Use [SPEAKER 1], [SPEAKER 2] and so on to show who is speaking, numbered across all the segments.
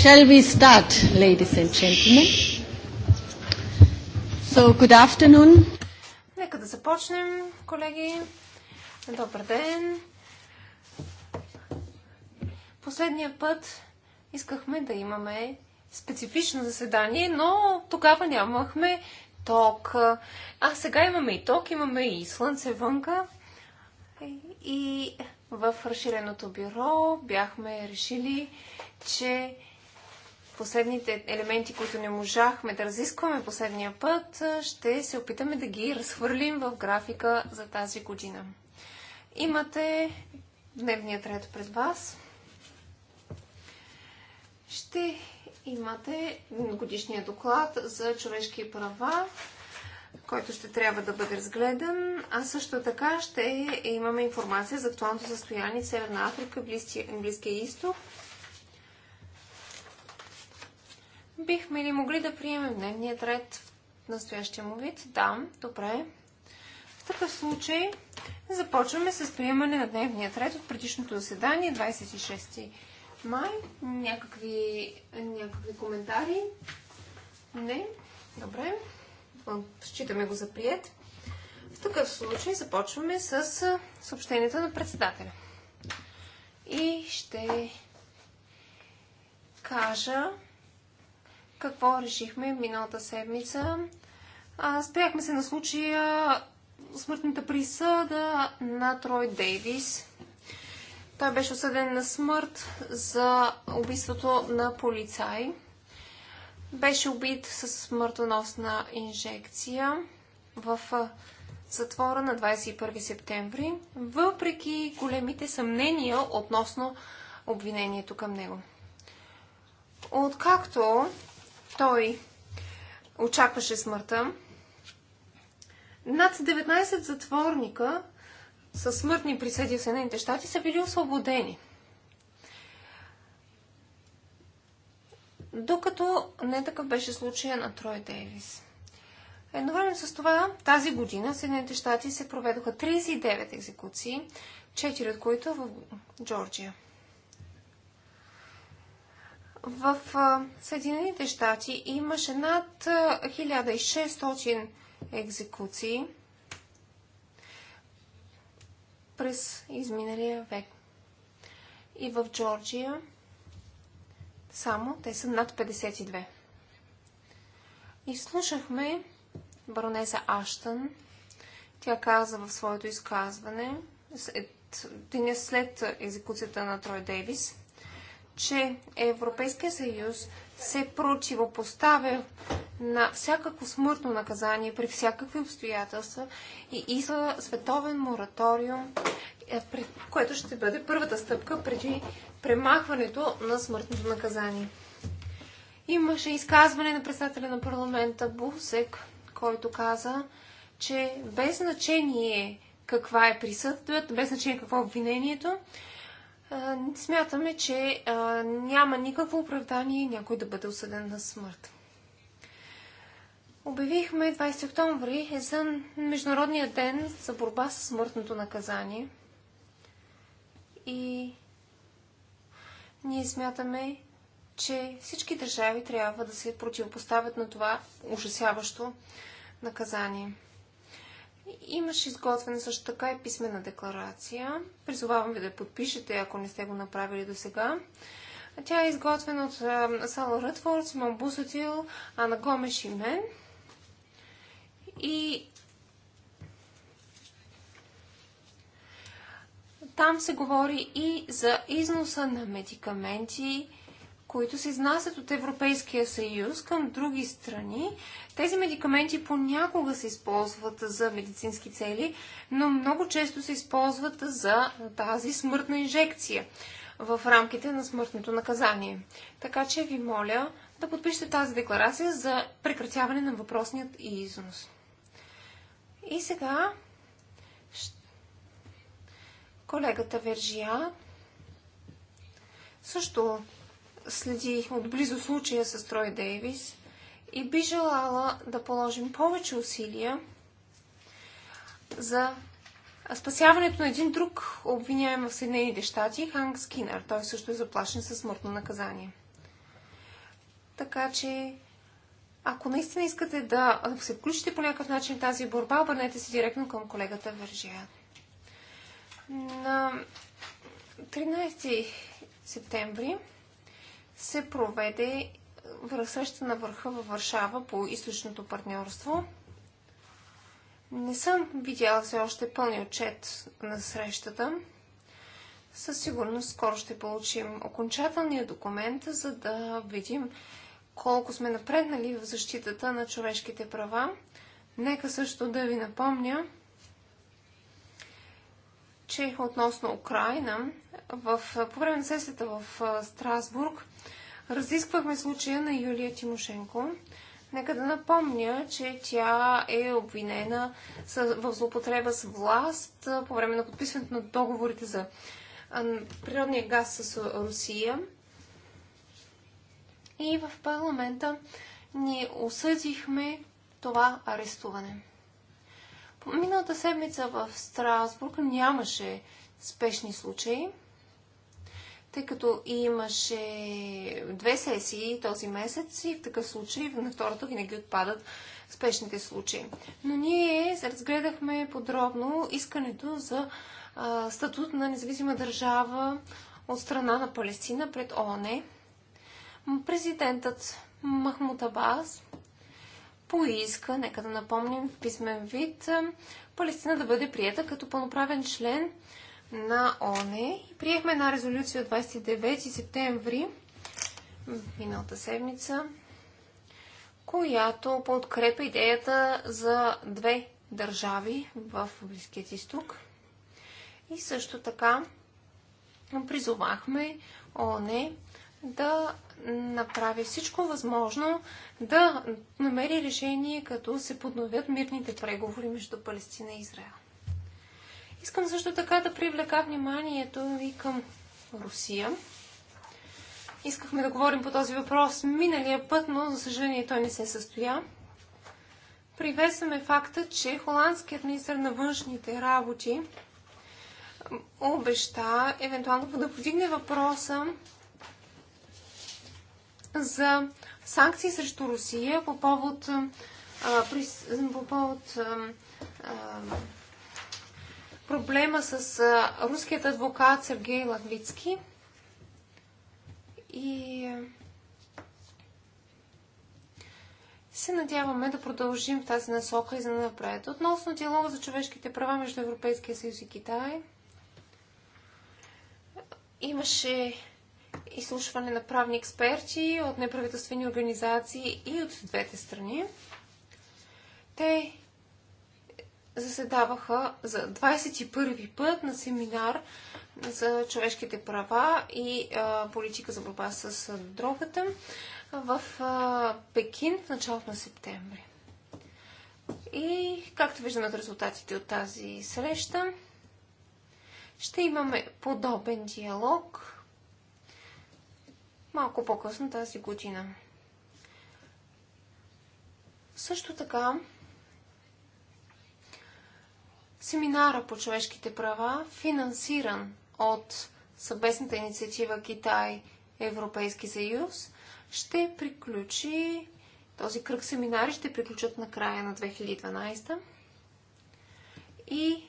[SPEAKER 1] Shall we start, ladies and gentlemen? So, good afternoon.
[SPEAKER 2] Нека да започнем, колеги. Добър ден. Последния път искахме да имаме специфично заседание, но тогава нямахме ток. А сега имаме и ток, имаме и слънце вънка. И в разширеното бюро бяхме решили че последните елементи, които не можахме да разискваме последния път, ще се опитаме да ги разхвърлим в графика за тази година. Имате дневният ред пред вас. Ще имате годишния доклад за човешки права, който ще трябва да бъде разгледан, а също така ще имаме информация за актуалното състояние в Северна Африка, Близкия, Близкия изток – Бихме ли могли да приемем дневният ред в настоящия му вид? Да, добре. В такъв случай започваме с приемане на дневният ред от предишното заседание, 26 май. Някакви, някакви коментари? Не? Добре. Считаме го за прият. В такъв случай започваме с съобщенията на председателя. И ще кажа Какво решихме миналата седмица? А, спряхме се на случая смъртната присъда на Трой Дейвис. Той беше осъден на смърт за убийството на полицай. Беше убит със смъртоносна инжекция в затвора на 21 септември, въпреки големите съмнения относно обвинението към него. Откакто Той очакваше смъртта. Над 19 затворника със смъртни присъди в Съединените щати са били освободени. Докато не такъв беше случая на Трой Дейвис. Едновременно с това, тази година в Съединените щати се проведоха 39 екзекуции, 4 от които в Джорджия в Съединените щати имаше над 1600 екзекуции през изминалия век. И в Джорджия само те са над 52. И слушахме баронеса Аштън. Тя каза в своето изказване, след, деня след екзекуцията на Трой Дейвис – че Европейския съюз се противопоставя на всякакво смъртно наказание при всякакви обстоятелства и изла световен мораториум, което ще бъде първата стъпка преди премахването на смъртното наказание. Имаше изказване на председателя на парламента Бусек, който каза, че без значение каква е присъдата, без значение какво е обвинението, смятаме, че а, няма никакво оправдание някой да бъде осъден на смърт. Обявихме 20 октомври за Международния ден за борба с смъртното наказание. И ние смятаме, че всички държави трябва да се противопоставят на това ужасяващо наказание. Имаше изготвена също така и писмена декларация. Призовавам ви да подпишете, ако не сте го направили до сега. Тя е изготвена от Сала Рътфорд, Симон Бусотил, Ана Гомеш и мен. И там се говори и за износа на медикаменти, които се изнасят от Европейския съюз към други страни. Тези медикаменти понякога се използват за медицински цели, но много често се използват за тази смъртна инжекция в рамките на смъртното наказание. Така че ви моля да подпишете тази декларация за прекратяване на въпросният износ. И сега колегата Вержия също следих отблизо случая с Трой Дейвис и би желала да положим повече усилия за спасяването на един друг обвиняем в Съединените щати, Ханг Скинър. Той също е заплашен със смъртно наказание. Така че, ако наистина искате да се включите по някакъв начин в тази борба, обърнете се директно към колегата Вържия. На 13 септември се проведе среща на върха във Варшава по източното партньорство. Не съм видяла все още пълни отчет на срещата. Със сигурност скоро ще получим окончателния документ, за да видим колко сме напреднали в защитата на човешките права. Нека също да ви напомня, че относно Украина, в, по време на сесията в Страсбург разисквахме случая на Юлия Тимошенко. Нека да напомня, че тя е обвинена в злопотреба с власт по време на подписването на договорите за природния газ с Русия. И в парламента ни осъдихме това арестуване. Миналата седмица в Страсбург нямаше спешни случаи, тъй като имаше две сесии този месец и в такъв случай на втората винаги отпадат спешните случаи. Но ние разгледахме подробно искането за а, статут на независима държава от страна на Палестина пред ООН. Президентът Махмуд Абас поиска, нека да напомним в писмен вид, Палестина да бъде прията като пълноправен член на ОНЕ. Приехме една резолюция от 29 септември миналата седмица, която подкрепя идеята за две държави в Близкият изток. И също така призовахме ОНЕ да направи всичко възможно да намери решение, като се подновят мирните преговори между Палестина и Израел. Искам също така да привлека вниманието ви към Русия. Искахме да говорим по този въпрос миналия път, но за съжаление той не се състоя. Привесваме факта, че холандският министр на външните работи обеща евентуално да подигне въпроса за санкции срещу Русия по повод, а, при, по повод а, а, проблема с а, руският адвокат Сергей Лагвицки. И се надяваме да продължим в тази насока и за напред. Относно диалога за човешките права между Европейския съюз и Китай, имаше изслушване на правни експерти от неправителствени организации и от двете страни. Те заседаваха за 21-и път на семинар за човешките права и а, политика за борба с дрогата в а, Пекин в началото на септември. И както виждаме от резултатите от тази среща, ще имаме подобен диалог малко по-късно тази година. Също така, семинара по човешките права, финансиран от съвместната инициатива Китай Европейски съюз, ще приключи този кръг семинари ще приключат на края на 2012 и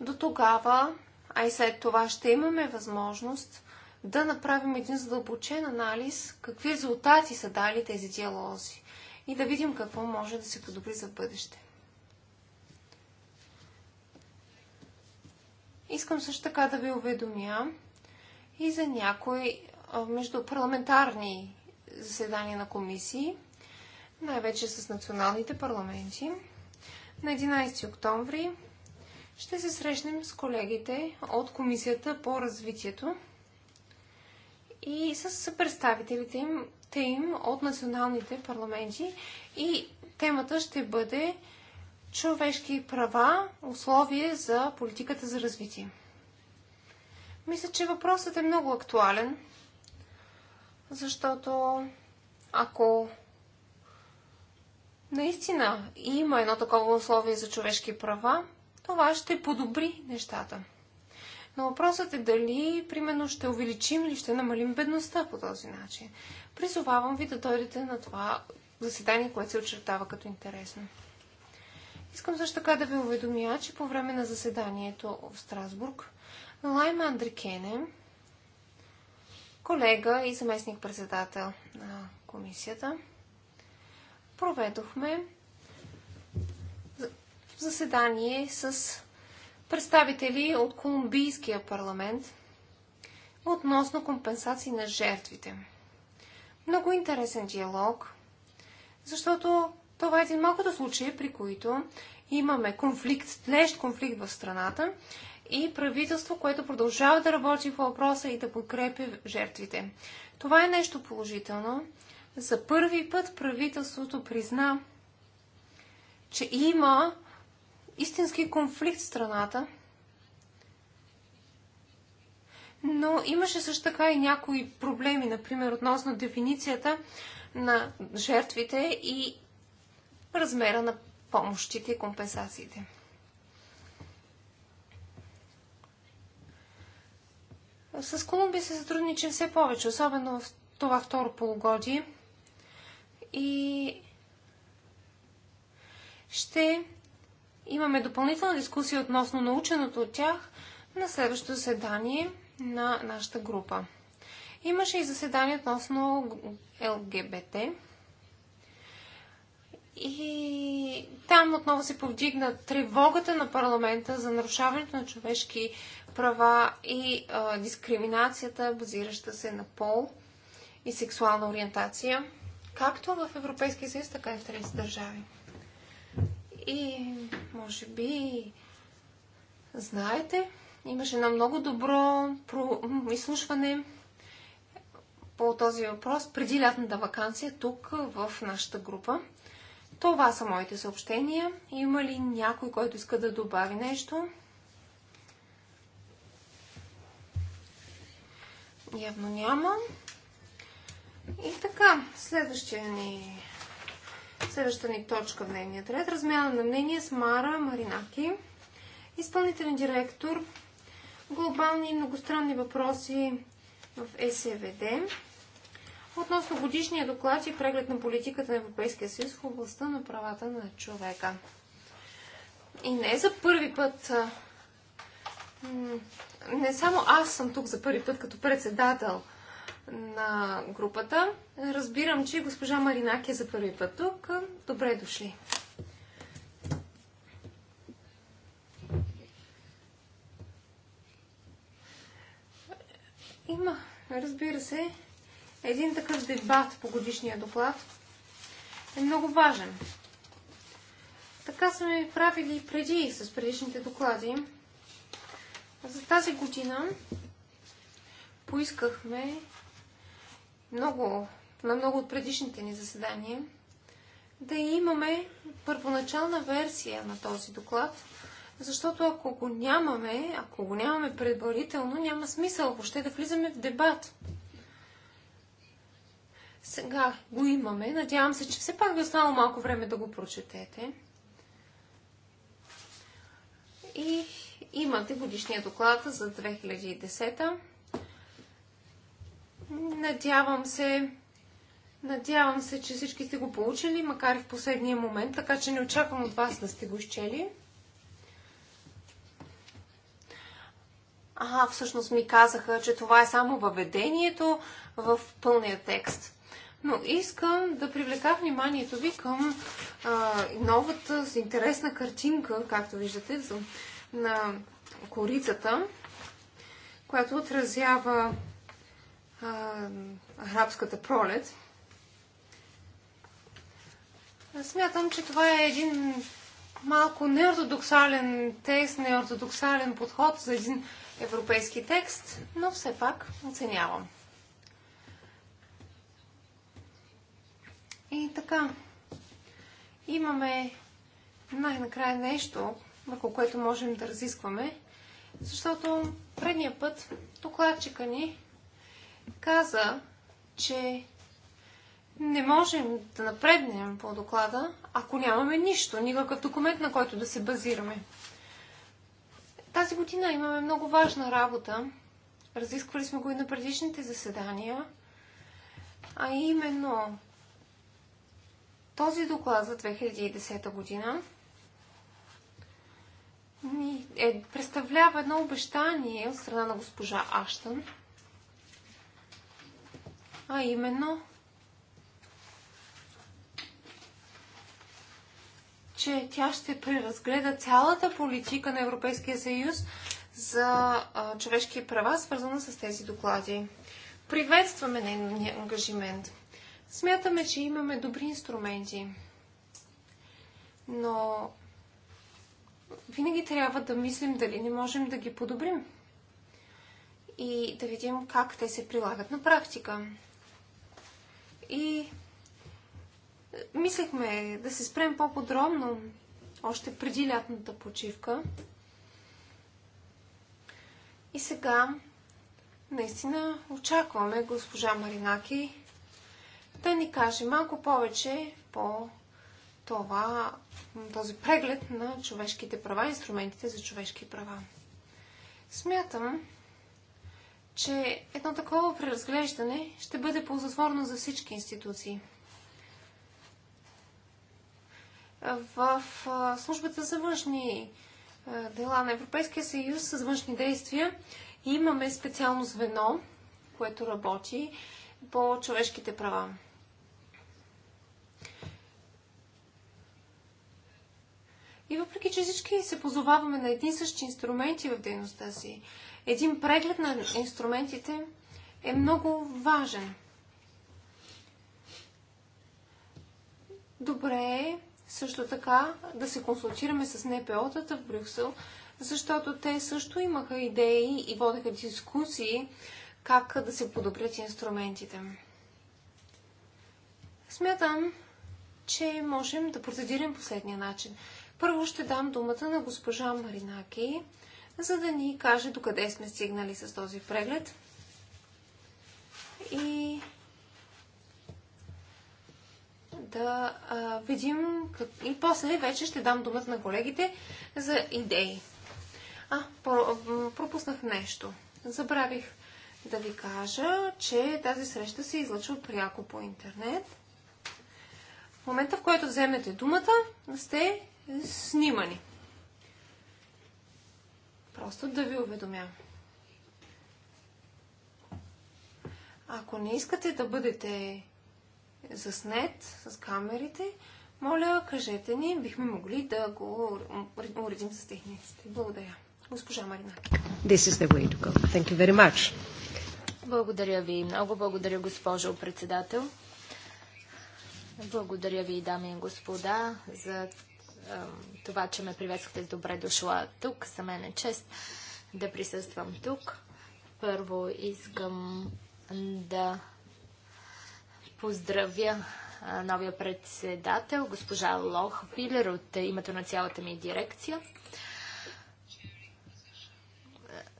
[SPEAKER 2] до тогава, а и след това ще имаме възможност да направим един задълбочен анализ какви резултати са дали тези диалози и да видим какво може да се подобри за бъдеще. Искам също така да ви уведомя и за някои междупарламентарни заседания на комисии, най-вече с националните парламенти. На 11 октомври ще се срещнем с колегите от Комисията по развитието и с представителите им, те им от националните парламенти. И темата ще бъде човешки права, условие за политиката за развитие. Мисля, че въпросът е много актуален, защото ако наистина има едно такова условие за човешки права, това ще подобри нещата. Но въпросът е дали, примерно, ще увеличим или ще намалим бедността по този начин. Призовавам ви да дойдете на това заседание, което се очертава като интересно. Искам също така да ви уведомя, че по време на заседанието в Страсбург Лайма Андрикене, колега и заместник-председател на комисията, проведохме заседание с представители от Колумбийския парламент относно компенсации на жертвите. Много интересен диалог, защото това е един малкото случай, при които имаме конфликт, тлещ конфликт в страната и правителство, което продължава да работи по въпроса и да подкрепи жертвите. Това е нещо положително. За първи път правителството призна, че има истински конфликт в страната. Но имаше също така и някои проблеми, например, относно дефиницията на жертвите и размера на помощите и компенсациите. С Колумбия се сътрудничим все повече, особено в това второ полугодие. И ще имаме допълнителна дискусия относно наученото от тях на следващото заседание на нашата група. Имаше и заседание относно ЛГБТ. И там отново се повдигна тревогата на парламента за нарушаването на човешки права и а, дискриминацията, базираща се на пол и сексуална ориентация, както в Европейския съюз, така и в трети държави. И, може би, знаете, имаше едно много добро изслушване по този въпрос преди лятната вакансия тук в нашата група. Това са моите съобщения. Има ли някой, който иска да добави нещо? Явно няма. И така, следващия ни Следващата ни точка в дневния ред. Размяна на мнение с Мара Маринаки, изпълнителен директор глобални и многостранни въпроси в СВД относно годишния доклад и преглед на политиката на Европейския съюз в областта на правата на човека. И не за първи път. Не само аз съм тук за първи път като председател на групата. Разбирам, че госпожа Маринак е за първи път тук. Добре дошли! Има, разбира се, един такъв дебат по годишния доклад е много важен. Така сме правили и преди с предишните доклади. За тази година поискахме много, на много от предишните ни заседания, да имаме първоначална версия на този доклад, защото ако го нямаме, ако го нямаме предварително, няма смисъл въобще да влизаме в дебат. Сега го имаме. Надявам се, че все пак ви останало малко време да го прочетете. И имате годишния доклад за 2010 Надявам се, надявам се, че всички сте го получили, макар и в последния момент, така че не очаквам от вас да сте го изчели. А, всъщност ми казаха, че това е само въведението в пълния текст. Но искам да привлека вниманието ви към а, новата интересна картинка, както виждате, на корицата, която отразява арабската пролет. Смятам, че това е един малко неортодоксален текст, неортодоксален подход за един европейски текст, но все пак оценявам. И така, имаме най-накрая нещо, върху което можем да разискваме, защото предния път докладчика ни каза, че не можем да напреднем по доклада, ако нямаме нищо, никакъв документ, на който да се базираме. Тази година имаме много важна работа. Разисквали сме го и на предишните заседания. А именно този доклад за 2010 година ни е, представлява едно обещание от страна на госпожа Аштън – а именно, че тя ще преразгледа цялата политика на Европейския съюз за а, човешки права, свързана с тези доклади. Приветстваме нейния ангажимент. Смятаме, че имаме добри инструменти, но винаги трябва да мислим дали не можем да ги подобрим и да видим как те се прилагат на практика и мислехме да се спрем по-подробно още преди лятната почивка. И сега наистина очакваме госпожа Маринаки да ни каже малко повече по това, този преглед на човешките права, инструментите за човешки права. Смятам, че едно такова преразглеждане ще бъде ползотворно за всички институции. В службата за външни дела на Европейския съюз с външни действия имаме специално звено, което работи по човешките права. И въпреки, че всички се позоваваме на един същи инструменти в дейността си, един преглед на инструментите е много важен. Добре е също така да се консултираме с НПО-тата в Брюксел, защото те също имаха идеи и водеха дискусии как да се подобрят инструментите. Смятам, че можем да процедирам последния начин. Първо ще дам думата на госпожа Маринаки, за да ни каже докъде сме стигнали с този преглед. И да а, видим. Как... И после вече ще дам думата на колегите за идеи. А, пропуснах нещо. Забравих да ви кажа, че тази среща се излъчва пряко по интернет. В момента, в който вземете думата, сте снимани. Просто да ви уведомя. Ако не искате да бъдете заснет с камерите, моля, кажете ни, бихме могли да го
[SPEAKER 3] уредим с техниците. Благодаря. Госпожа Марина.
[SPEAKER 2] This is the way to go. Thank you very much.
[SPEAKER 3] Благодаря ви. Много благодаря, госпожо председател. Благодаря ви, дами и господа, за това, че ме приветствате добре дошла тук. За мен е чест да присъствам тук. Първо искам да поздравя новия председател, госпожа Лох Пилер от името на цялата ми дирекция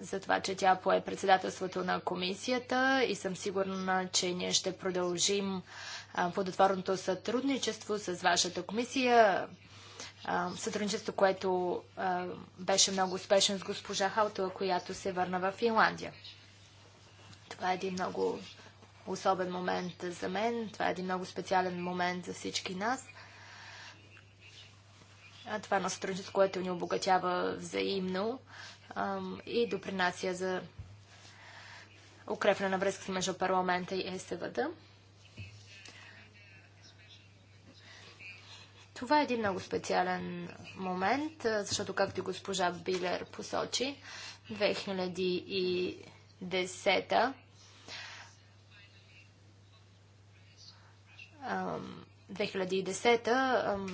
[SPEAKER 3] за това, че тя пое председателството на комисията и съм сигурна, че ние ще продължим плодотворното сътрудничество с вашата комисия сътрудничество, което беше много успешно с госпожа Халтова, която се върна в Финландия. Това е един много особен момент за мен, това е един много специален момент за всички нас. това е на сътрудничество, което ни обогатява взаимно и допринася за укрепване на връзка между парламента и СВД. Това е един много специален момент, защото, както и госпожа Билер посочи, 2010 2010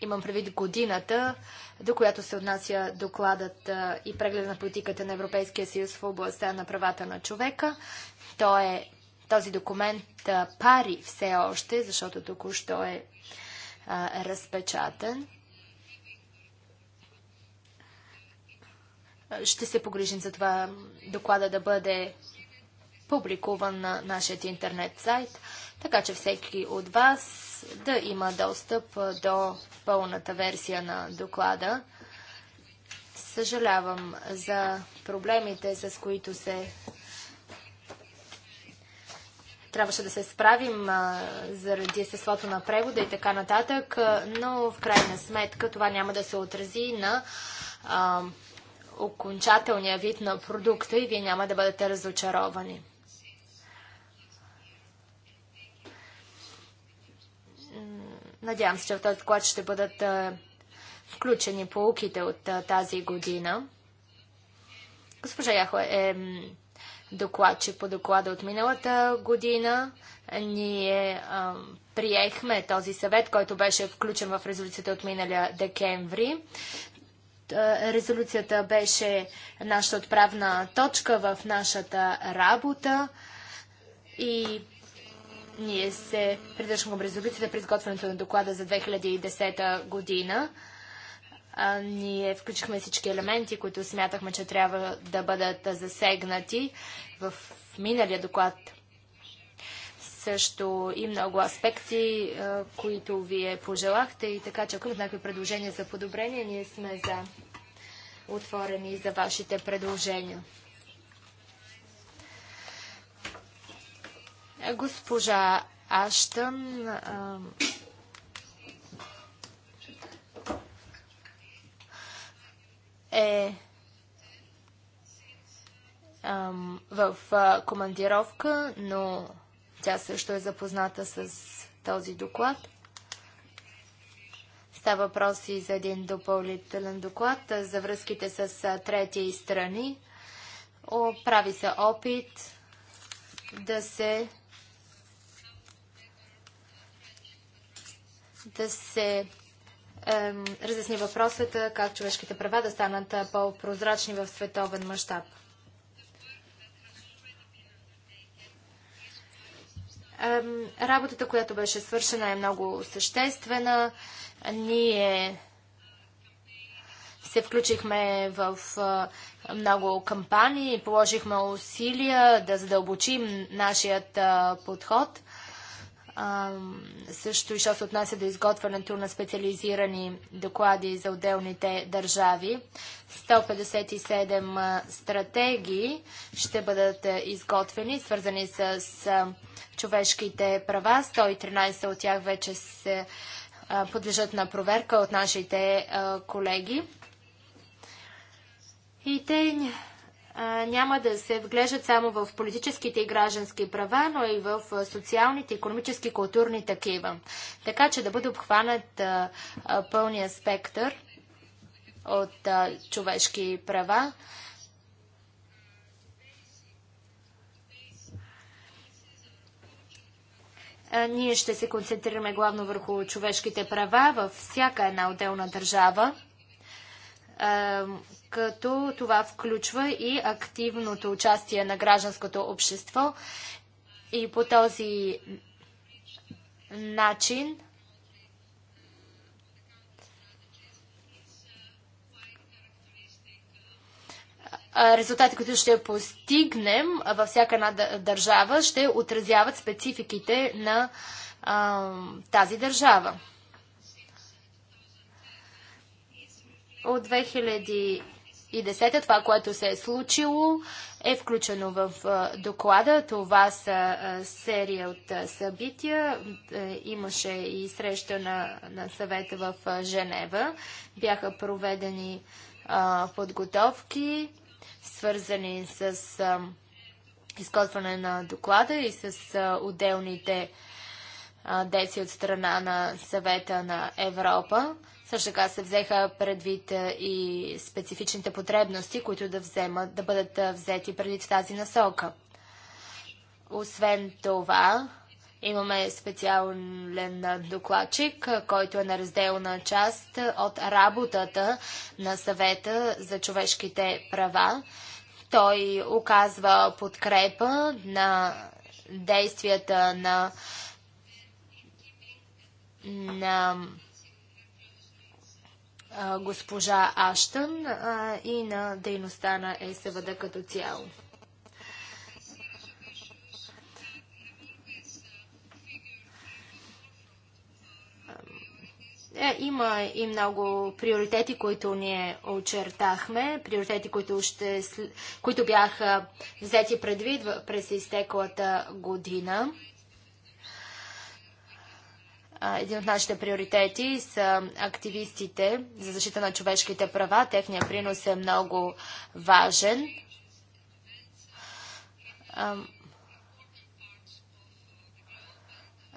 [SPEAKER 3] имам предвид годината, до която се отнася докладът и преглед на политиката на Европейския съюз в областта на правата на човека. То е, този документ пари все още, защото току-що е разпечатан. Ще се погрижим за това доклада да бъде публикуван на нашия интернет сайт, така че всеки от вас да има достъп до пълната версия на доклада. Съжалявам за проблемите, с които се трябваше да се справим а, заради естеството на превода и така нататък, но в крайна сметка това няма да се отрази на а, окончателния вид на продукта и вие няма да бъдете разочаровани. Надявам се, че в този доклад ще бъдат а, включени полуките от а, тази година. Госпожа Яхо е е докладчик по доклада от миналата година. Ние а, приехме този съвет, който беше включен в резолюцията от миналия декември. Резолюцията беше нашата отправна точка в нашата работа и ние се придържаме към резолюцията при изготвянето на доклада за 2010 година а, ние включихме всички елементи, които смятахме, че трябва да бъдат засегнати в миналия доклад. Също и много аспекти, а, които вие пожелахте и така, че ако имате някакви предложения за подобрение, ние сме за отворени за вашите предложения. Госпожа Аштън а, е ам, в а, командировка, но тя също е запозната с този доклад. Става въпрос и за един допълнителен доклад за връзките с трети страни. О, прави се опит да се да се разясни въпросът как човешките права да станат по-прозрачни в световен мащаб. Работата, която беше свършена е много съществена. Ние се включихме в много кампании, положихме усилия да задълбочим нашият подход – също и що се отнася до изготвянето на специализирани доклади за отделните държави. 157 стратегии ще бъдат изготвени, свързани с, човешките права. 113 от тях вече се подлежат на проверка от нашите колеги. И те няма да се вглеждат само в политическите и граждански права, но и в социалните, економически, културни такива. Така че да бъде обхванат пълния спектър от човешки права. Ние ще се концентрираме главно върху човешките права във всяка една отделна държава като това включва и активното участие на гражданското общество и по този начин резултатите, които ще постигнем във всяка една държава, ще отразяват спецификите на а, тази държава. От 2010 това, което се е случило, е включено в доклада. Това са серия от събития. Имаше и среща на, на съвета в Женева. Бяха проведени подготовки, свързани с изготвяне на доклада и с отделните действия от страна на съвета на Европа. Също така се взеха предвид и специфичните потребности, които да, вземат, да бъдат взети преди в тази насока. Освен това, имаме специален докладчик, който е на разделна част от работата на съвета за човешките права. Той оказва подкрепа на действията на, на госпожа Аштън и на дейността на ЕСВД като цяло. има и много приоритети, които ние очертахме, приоритети, които, ще, които бяха взети предвид през изтеклата година един от нашите приоритети са активистите за защита на човешките права. Техният принос е много важен.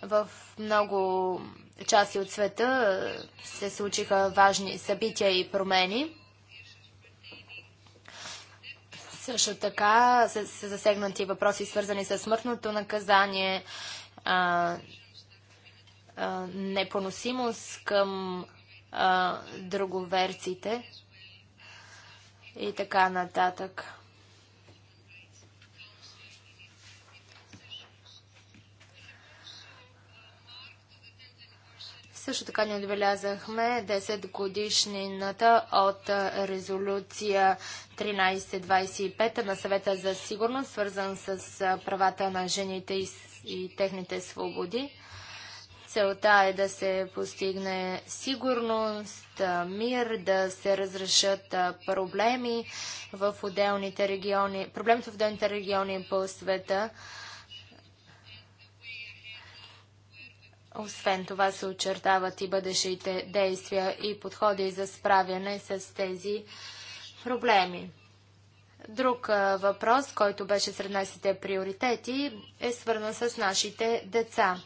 [SPEAKER 3] В много части от света се случиха важни събития и промени. Също така са засегнати въпроси, свързани с смъртното наказание, непоносимост към друговерците и така нататък. Също така ни отбелязахме 10 годишнината от резолюция 1325 на съвета за сигурност, свързан с правата на жените и техните свободи. Целта е да се постигне сигурност, мир, да се разрешат проблеми в отделните региони, проблемите в отделните региони по света. Освен това се очертават и бъдещите действия и подходи за справяне с тези проблеми. Друг а, въпрос, който беше сред нашите приоритети, е свързан с нашите деца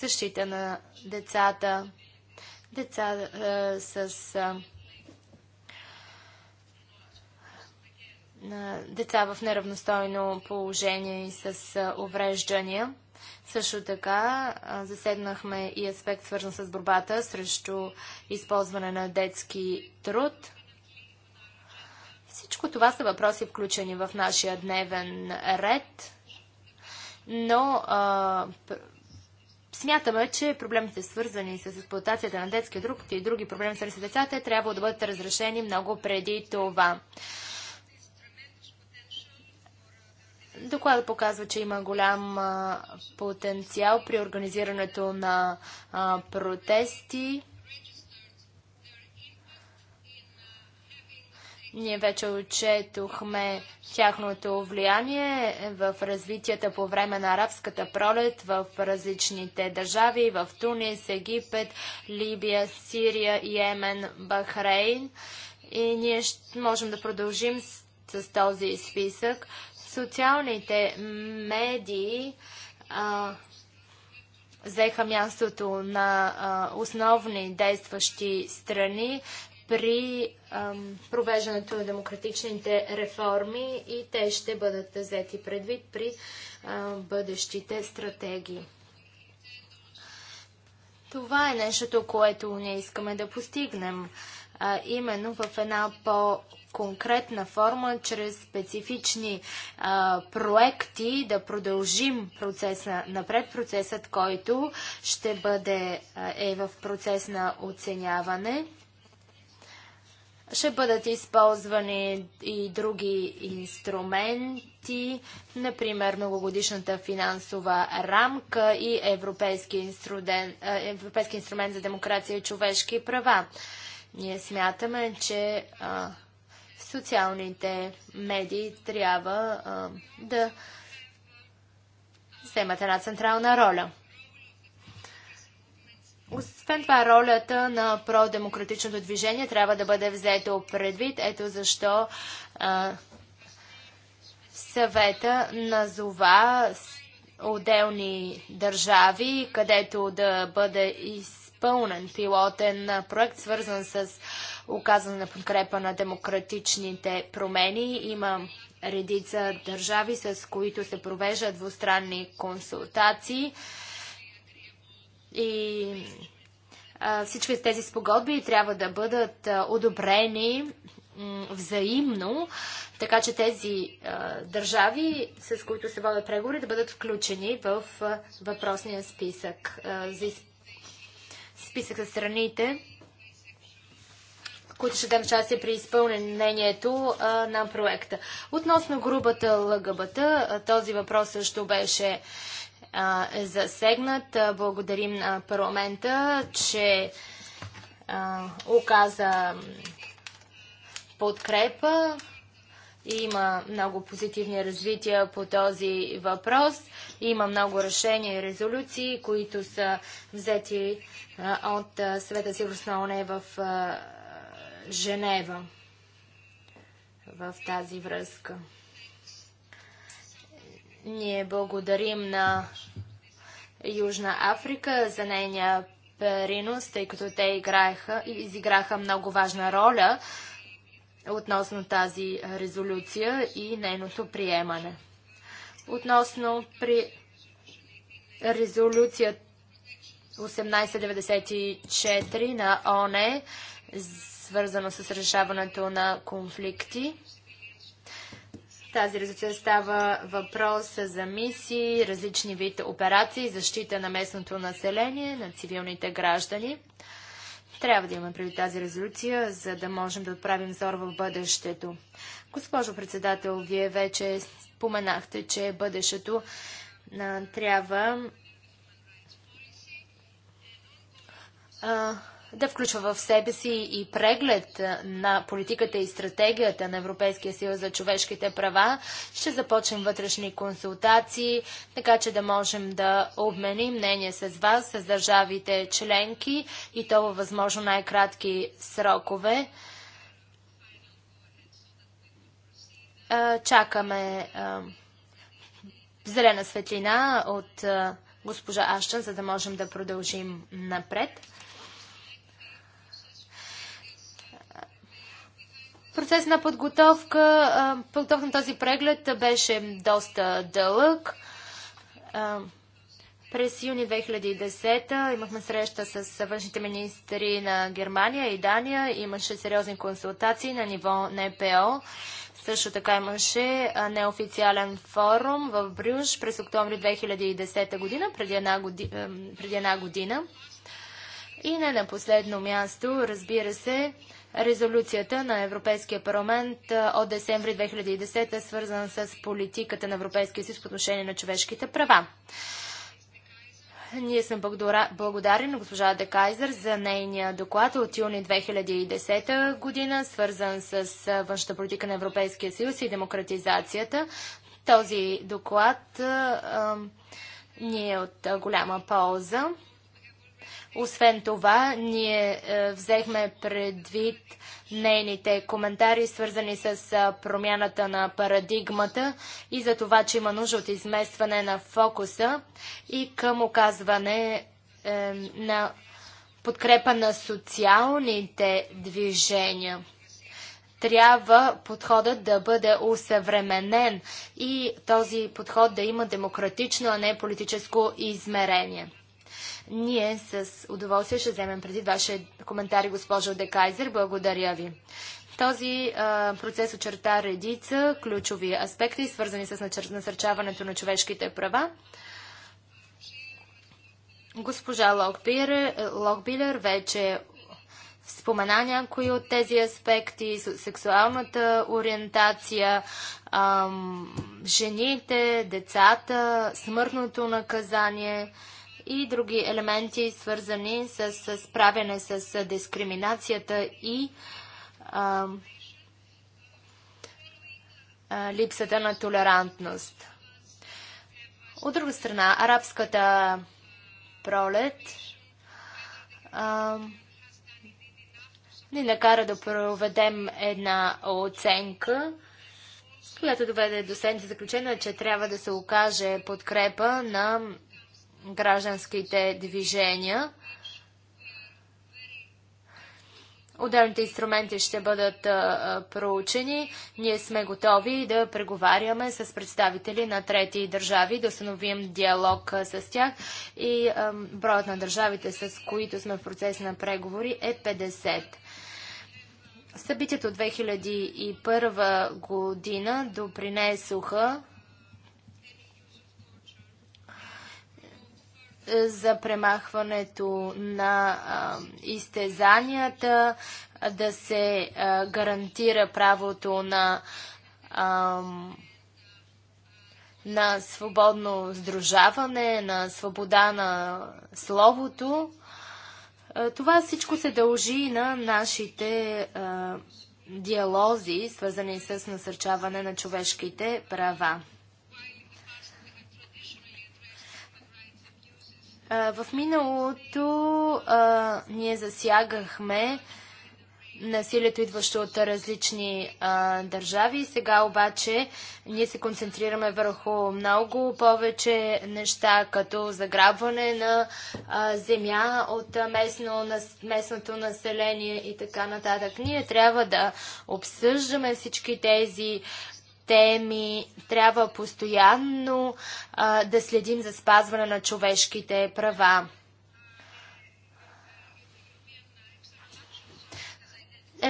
[SPEAKER 3] защита на децата, деца с деца в неравностойно положение и с увреждания. Също така заседнахме и аспект свързан с борбата срещу използване на детски труд. Всичко това са въпроси включени в нашия дневен ред, но Смятаме, че проблемите свързани с експлуатацията на детски друг и други проблеми с децата трябва да бъдат разрешени много преди това. Докладът показва, че има голям потенциал при организирането на протести Ние вече отчетохме тяхното влияние в развитията по време на арабската пролет в различните държави, в Тунис, Египет, Либия, Сирия, Йемен, Бахрейн. И ние можем да продължим с, с този списък. Социалните медии а, взеха мястото на а, основни действащи страни при ам, провеждането на демократичните реформи и те ще бъдат взети предвид при ам, бъдещите стратегии. Това е нещото, което ние искаме да постигнем, а, именно в една по-конкретна форма, чрез специфични а, проекти да продължим процеса напред, процесът, който ще бъде а, е в процес на оценяване. Ще бъдат използвани и други инструменти, например многогодишната финансова рамка и Европейски инструден, Европейски инструмент за демокрация и човешки права. Ние смятаме, че а, социалните медии трябва а, да вземат една централна роля. Освен това, ролята на продемократичното движение трябва да бъде взето предвид. Ето защо а, съвета назова отделни държави, където да бъде изпълнен пилотен проект, свързан с оказване на подкрепа на демократичните промени. Има редица държави, с които се провеждат двустранни консултации. И всички тези спогодби трябва да бъдат одобрени взаимно, така че тези държави, с които се водят преговори, да бъдат включени в въпросния списък. за списък за страните, които ще дам част при изпълнението на проекта. Относно групата ЛГБТ, този въпрос също беше засегнат. Благодарим на парламента, че оказа подкрепа. и Има много позитивни развития по този въпрос. Има много решения и резолюции, които са взети от Света сигурност на ОНЕ в Женева в тази връзка. Ние благодарим на Южна Африка за нейния принос, тъй като те играеха, и изиграха много важна роля относно тази резолюция и нейното приемане. Относно при резолюция 1894 на ОНЕ, свързано с решаването на конфликти, Тази резолюция става въпрос за мисии, различни вид операции, защита на местното население, на цивилните граждани. Трябва да имаме преди тази резолюция, за да можем да отправим зор в бъдещето. Госпожо председател, вие вече споменахте, че бъдещето а, трябва а, да включва в себе си и преглед на политиката и стратегията на Европейския съюз за човешките права. Ще започнем вътрешни консултации, така че да можем да обменим мнение с вас, с държавите членки и то във възможно най-кратки срокове. Чакаме зелена светлина от госпожа Аштън, за да можем да продължим напред. процес на подготовка. Подготовка на този преглед беше доста дълъг. През юни 2010 имахме среща с външните министри на Германия и Дания. Имаше сериозни консултации на ниво НПО. Също така имаше неофициален форум в Брюш през октомври 2010 година, преди една година. И не на последно място, разбира се, резолюцията на Европейския парламент от десември 2010 е свързана с политиката на Европейския съюз по отношение на човешките права. Ние сме благодарни на госпожа Де Кайзер за нейния доклад от юни 2010 година, свързан с външната политика на Европейския съюз и демократизацията. Този доклад а, ни е от голяма полза. Освен това, ние взехме предвид нейните коментари, свързани с промяната на парадигмата и за това, че има нужда от изместване на фокуса и към оказване на подкрепа на социалните движения. Трябва подходът да бъде усъвременен и този подход да има демократично, а не политическо измерение. Ние с удоволствие ще вземем преди вашия коментари, госпожо Декайзер. Благодаря ви. Този а, процес очерта редица ключови аспекти, свързани с насърчаването на човешките права. Госпожа Локбилер, Локбилер вече спомена някои от тези аспекти, сексуалната ориентация, ам, жените, децата, смъртното наказание – и други елементи, свързани с справяне с дискриминацията и а, а, липсата на толерантност. От друга страна, арабската пролет а, ни накара да проведем една оценка, която доведе до следните заключения, че трябва да се окаже подкрепа на гражданските движения. Отделните инструменти ще бъдат проучени. Ние сме готови да преговаряме с представители на трети държави, да установим диалог с тях и броят на държавите, с които сме в процес на преговори е 50. Събитието 2001 година допринесоха за премахването на изтезанията, да се гарантира правото на, на свободно сдружаване, на свобода на словото. Това всичко се дължи на нашите диалози, свързани с насърчаване на човешките права. В миналото а, ние засягахме насилието, идващо от различни а, държави. Сега обаче ние се концентрираме върху много повече неща, като заграбване на а, земя от местно, нас, местното население и така нататък. Ние трябва да обсъждаме всички тези теми. Трябва постоянно а, да следим за спазване на човешките права.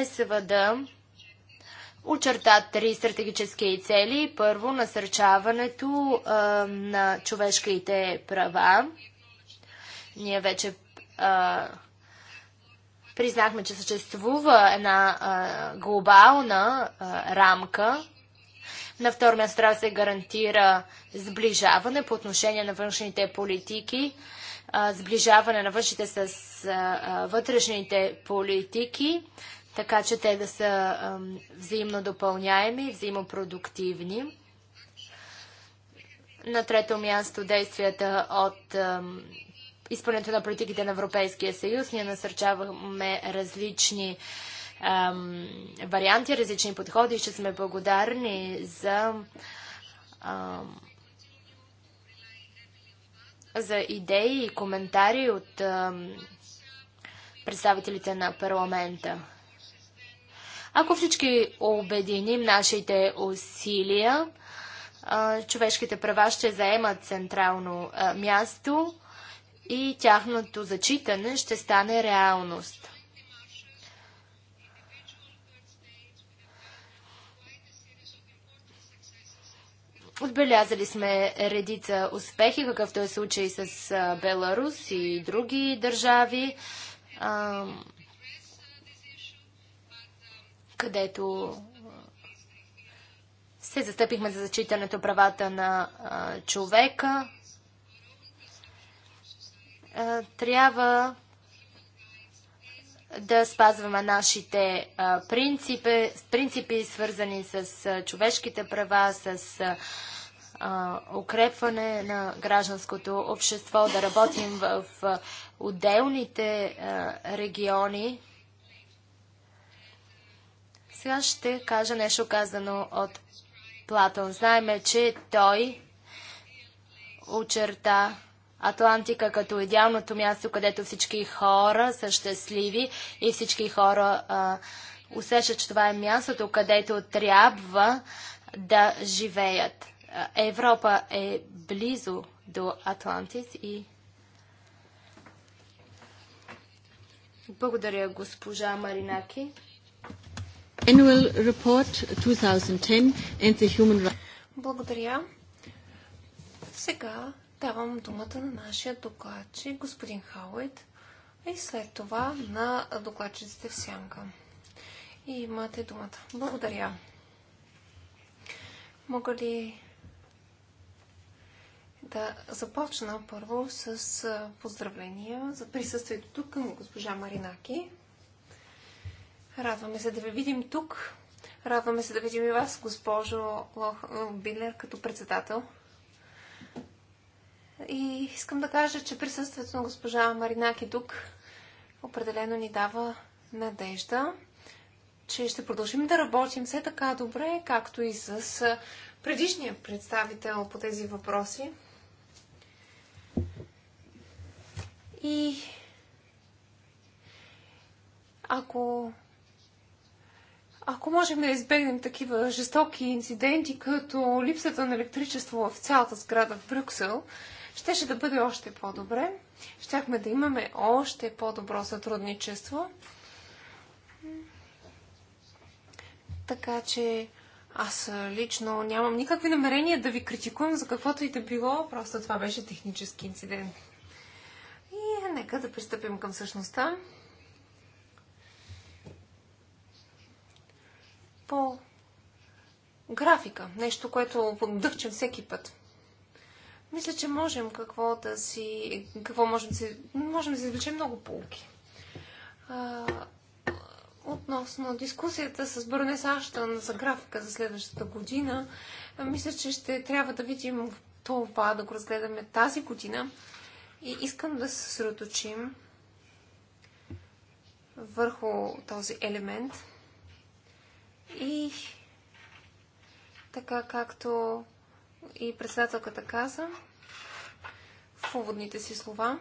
[SPEAKER 3] СВД очерта три стратегически цели. Първо, насърчаването а, на човешките права. Ние вече а, признахме, че съществува една а, глобална а, рамка На второ място трябва да се гарантира сближаване по отношение на външните политики, сближаване на външните с вътрешните политики, така че те да са взаимно допълняеми, взаимопродуктивни. На трето място действията от изпълнението на политиките на Европейския съюз. Ние насърчаваме различни um, варианти, различни подходи. Ще сме благодарни за, um, за идеи и коментари от um, представителите на парламента. Ако всички обединим нашите усилия, човешките права ще заемат централно място и тяхното зачитане ще стане реалност. Отбелязали сме редица успехи, какъвто е случай с Беларус и други държави, където се застъпихме за зачитането правата на човека. трябва да спазваме нашите принципи, принципи свързани с човешките права, с укрепване на гражданското общество, да работим в отделните региони. Сега ще кажа нещо казано от Платон. Знаеме, че той очерта Атлантика като идеалното място, където всички хора са щастливи и всички хора а, усещат, че това е мястото, където трябва да живеят. Европа е близо до Атлантис и Благодаря, госпожа Маринаки.
[SPEAKER 1] Annual Report 2010 and the Human Rights.
[SPEAKER 3] Благодаря.
[SPEAKER 2] Сега Давам думата на нашия докладчик, господин Хауит, и след това на докладчиците в сянка. И имате думата. Благодаря. Мога ли да започна първо с поздравления за присъствието тук към госпожа Маринаки. Радваме се да ви видим тук. Радваме се да видим и вас, госпожо Лох... Билер, като председател И искам да кажа, че присъствието на госпожа Маринаки тук определено ни дава надежда, че ще продължим да работим все така добре, както и с предишния представител по тези въпроси. И ако ако можем да избегнем такива жестоки инциденти, като липсата на електричество в цялата сграда в Брюксел, щеше да бъде още по-добре. Щяхме да имаме още по-добро сътрудничество. Така че аз лично нямам никакви намерения да ви критикувам за каквото и да било, просто това беше технически инцидент. И нека да пристъпим към същността. По графика, нещо, което поддъхчам всеки път мисля, че можем какво да си... Какво можем да си... Можем да си извлечем много полки. А, Относно дискусията с Бърнес Аштън за графика за следващата година, мисля, че ще трябва да видим това, да го разгледаме тази година. И искам да се съсредоточим върху този елемент. И така както и председателката каза в уводните си слова.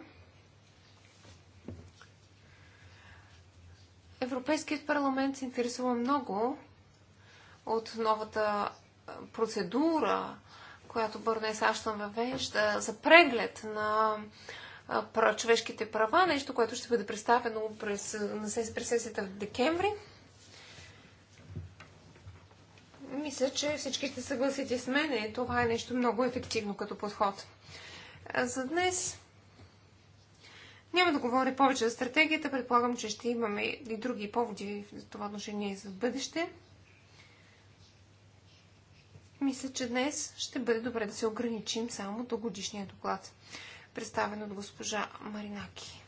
[SPEAKER 2] Европейският парламент се интересува много от новата процедура, която Бърнес Аштън въвежда за преглед на човешките права, нещо, което ще бъде представено през, през сесията в декември. Мисля, че всички ще съгласите с мен. Това е нещо много ефективно като подход. За днес няма да говоря повече за стратегията. Предполагам, че ще имаме и други поводи в това отношение за бъдеще. Мисля, че днес ще бъде добре да се ограничим само до годишния доклад, представен от госпожа Маринаки.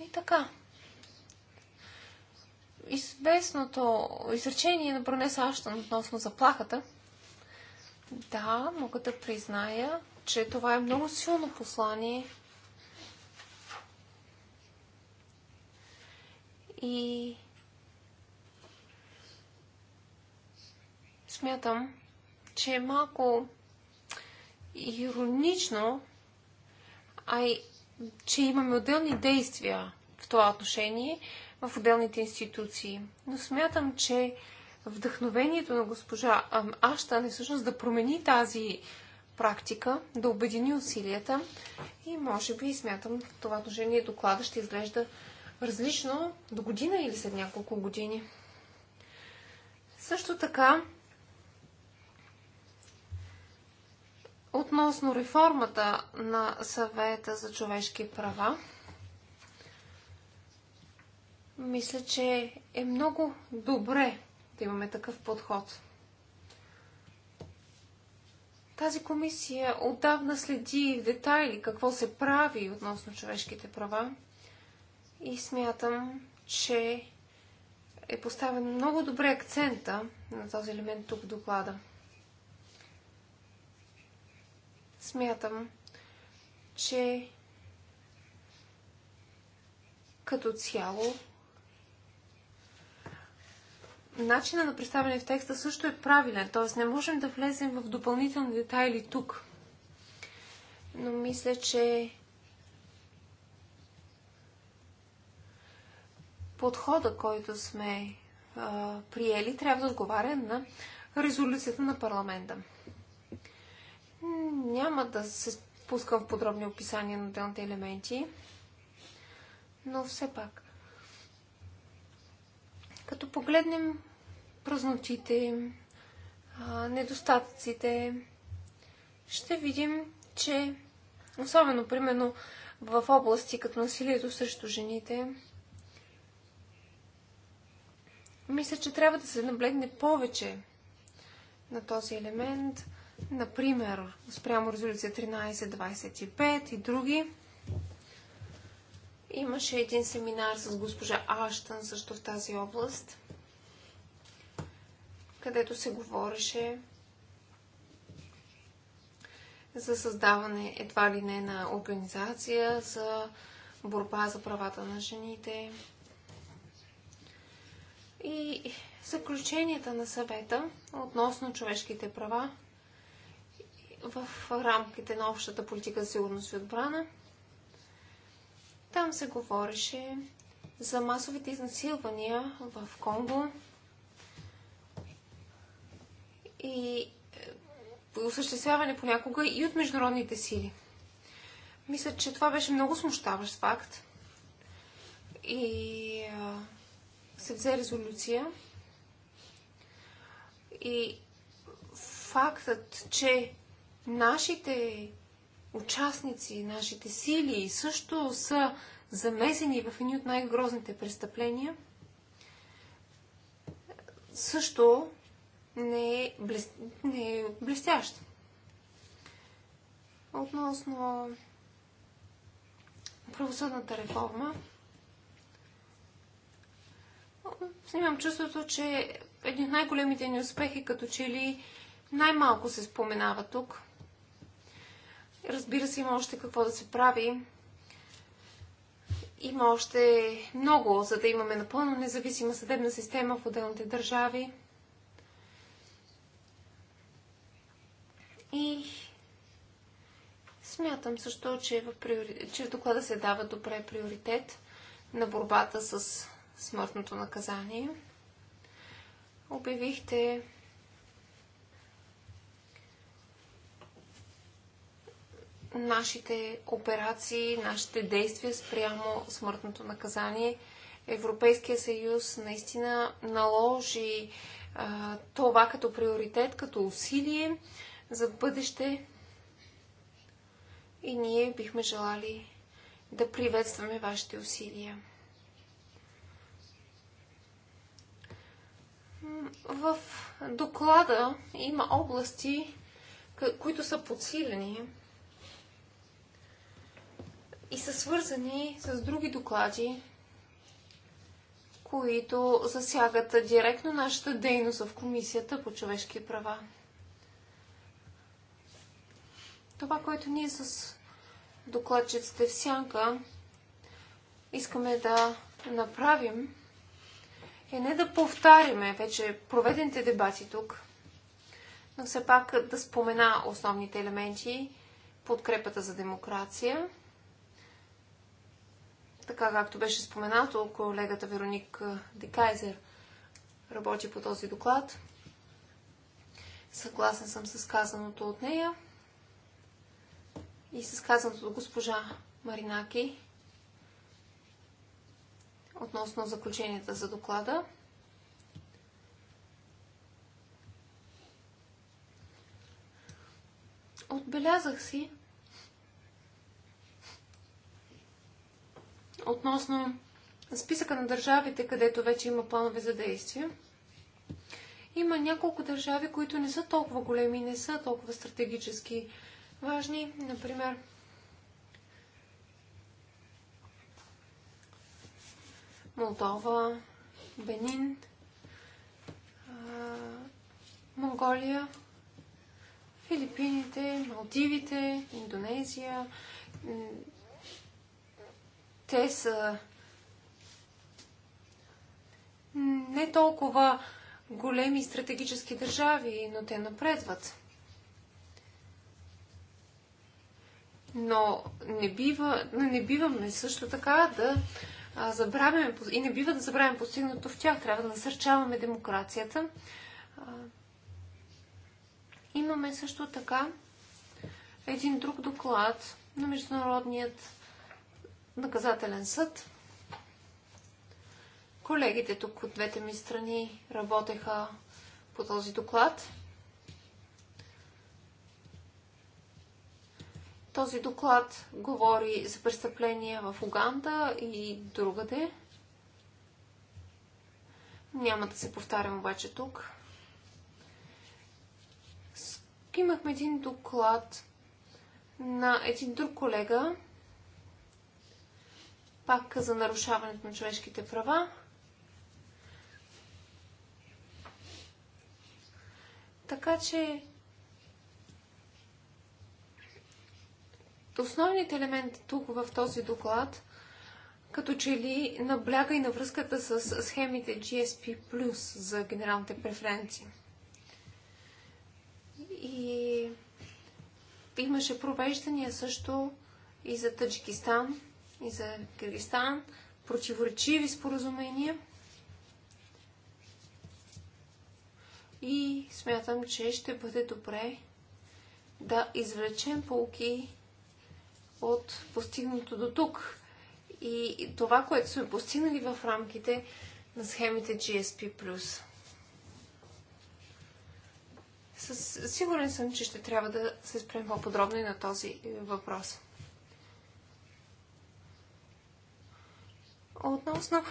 [SPEAKER 2] И така, известното изречение на Броне Аштон относно заплахата, да, мога да призная, че това е много силно послание. И смятам, че е малко иронично, а и че имаме отделни действия в това отношение, в отделните институции. Но смятам, че вдъхновението на госпожа Аштан е всъщност да промени тази практика, да обедини усилията и може би смятам това отношение доклада ще изглежда различно до година или след няколко години. Също така, относно реформата на съвета за човешки права, Мисля, че е много добре да имаме такъв подход. Тази комисия отдавна следи в детайли какво се прави относно човешките права и смятам, че е поставен много добре акцента на този елемент тук в доклада. Смятам, че като цяло начина на представяне в текста също е правилен, т.е. не можем да влезем в допълнителни детайли тук. Но мисля, че подхода, който сме а, приели, трябва да отговаря на резолюцията на парламента. Няма да се спускам в подробни описания на отделните елементи, но все пак Като погледнем празнотите, недостатъците, ще видим, че особено примерно в области като насилието срещу жените, мисля, че трябва да се наблегне повече на този елемент, например, спрямо резолюция 13, 25 и други. Имаше един семинар с госпожа Аштън също в тази област, където се говореше за създаване едва ли не на организация за борба за правата на жените. И заключенията на съвета относно човешките права в рамките на общата политика за сигурност и отбрана – Там се говореше за масовите изнасилвания в Конго и осъществяване понякога и от международните сили. Мисля, че това беше много смущаващ факт. И а, се взе резолюция. И фактът, че нашите участници, нашите сили също са замесени в едни от най-грозните престъпления, също не е, блес... не е блестящ. Относно правосъдната реформа, снимам чувството, че един от най-големите ни успехи като че ли най-малко се споменава тук – Разбира се, има още какво да се прави. Има още много, за да имаме напълно независима съдебна система в отделните държави. И смятам също, че в, приори... че в доклада се дава добре приоритет на борбата с смъртното наказание. Обявихте нашите операции, нашите действия спрямо смъртното наказание. Европейския съюз наистина наложи а, това като приоритет, като усилие за бъдеще. И ние бихме желали да приветстваме вашите усилия. В доклада има области, които са подсилени и са свързани с други доклади, които засягат директно нашата дейност в Комисията по човешки права. Това, което ние с докладчиците в сянка искаме да направим, е не да повтаряме вече проведените дебати тук, но все пак да спомена основните елементи, подкрепата за демокрация – така както беше споменато, колегата Вероник Декайзер работи по този доклад. Съгласен съм с казаното от нея и с казаното от госпожа Маринаки относно заключенията за доклада. Отбелязах си, относно списъка на държавите, където вече има планове за действие. Има няколко държави, които не са толкова големи не са толкова стратегически важни. Например, Молдова, Бенин, Монголия, Филипините, Малдивите, Индонезия, те са не толкова големи стратегически държави, но те напредват. Но не, бива, не биваме също така да забравяме и не бива да забравяме постигнато в тях. Трябва да насърчаваме демокрацията. Имаме също така един друг доклад на Международният наказателен съд. Колегите тук от двете ми страни работеха по този доклад. Този доклад говори за престъпления в Уганда и другаде. Няма да се повтарям обаче тук. Имахме един доклад на един друг колега, пак за нарушаването на човешките права. Така че основният елемент тук в този доклад като че ли набляга и на връзката с схемите GSP Plus за генералните преференции. И имаше провеждания също и за Таджикистан, и за Киргистан, противоречиви споразумения. И смятам, че ще бъде добре да извлечем полки от постигнато до тук. И това, което сме постигнали в рамките на схемите GSP+. Със сигурен съм, че ще трябва да се спрем по-подробно и на този въпрос. Относно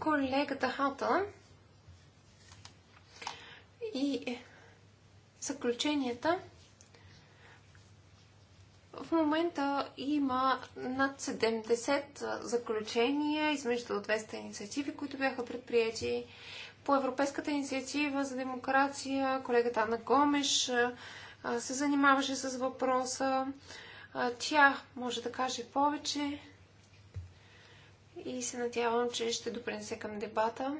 [SPEAKER 2] колегата Хата и заключенията, в момента има над 70 заключения измежду 200 инициативи, които бяха предприяти. По Европейската инициатива за демокрация колегата Анна Гомеш се занимаваше с въпроса. Тя може да каже повече и се надявам, че ще допринесе към дебата.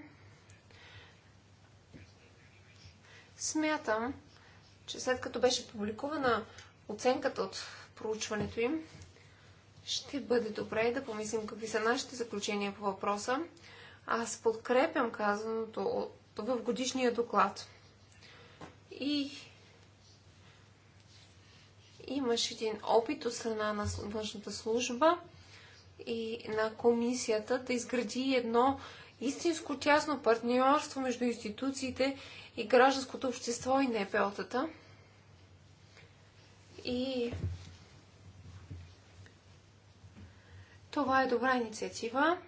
[SPEAKER 2] Смятам, че след като беше публикувана оценката от проучването им, ще бъде добре да помислим какви са нашите заключения по въпроса. Аз подкрепям казаното в годишния доклад. И имаше един опит от страна на външната служба и на комисията да изгради едно истинско тясно партньорство между институциите и гражданското общество и НПО-тата. И това е добра инициатива.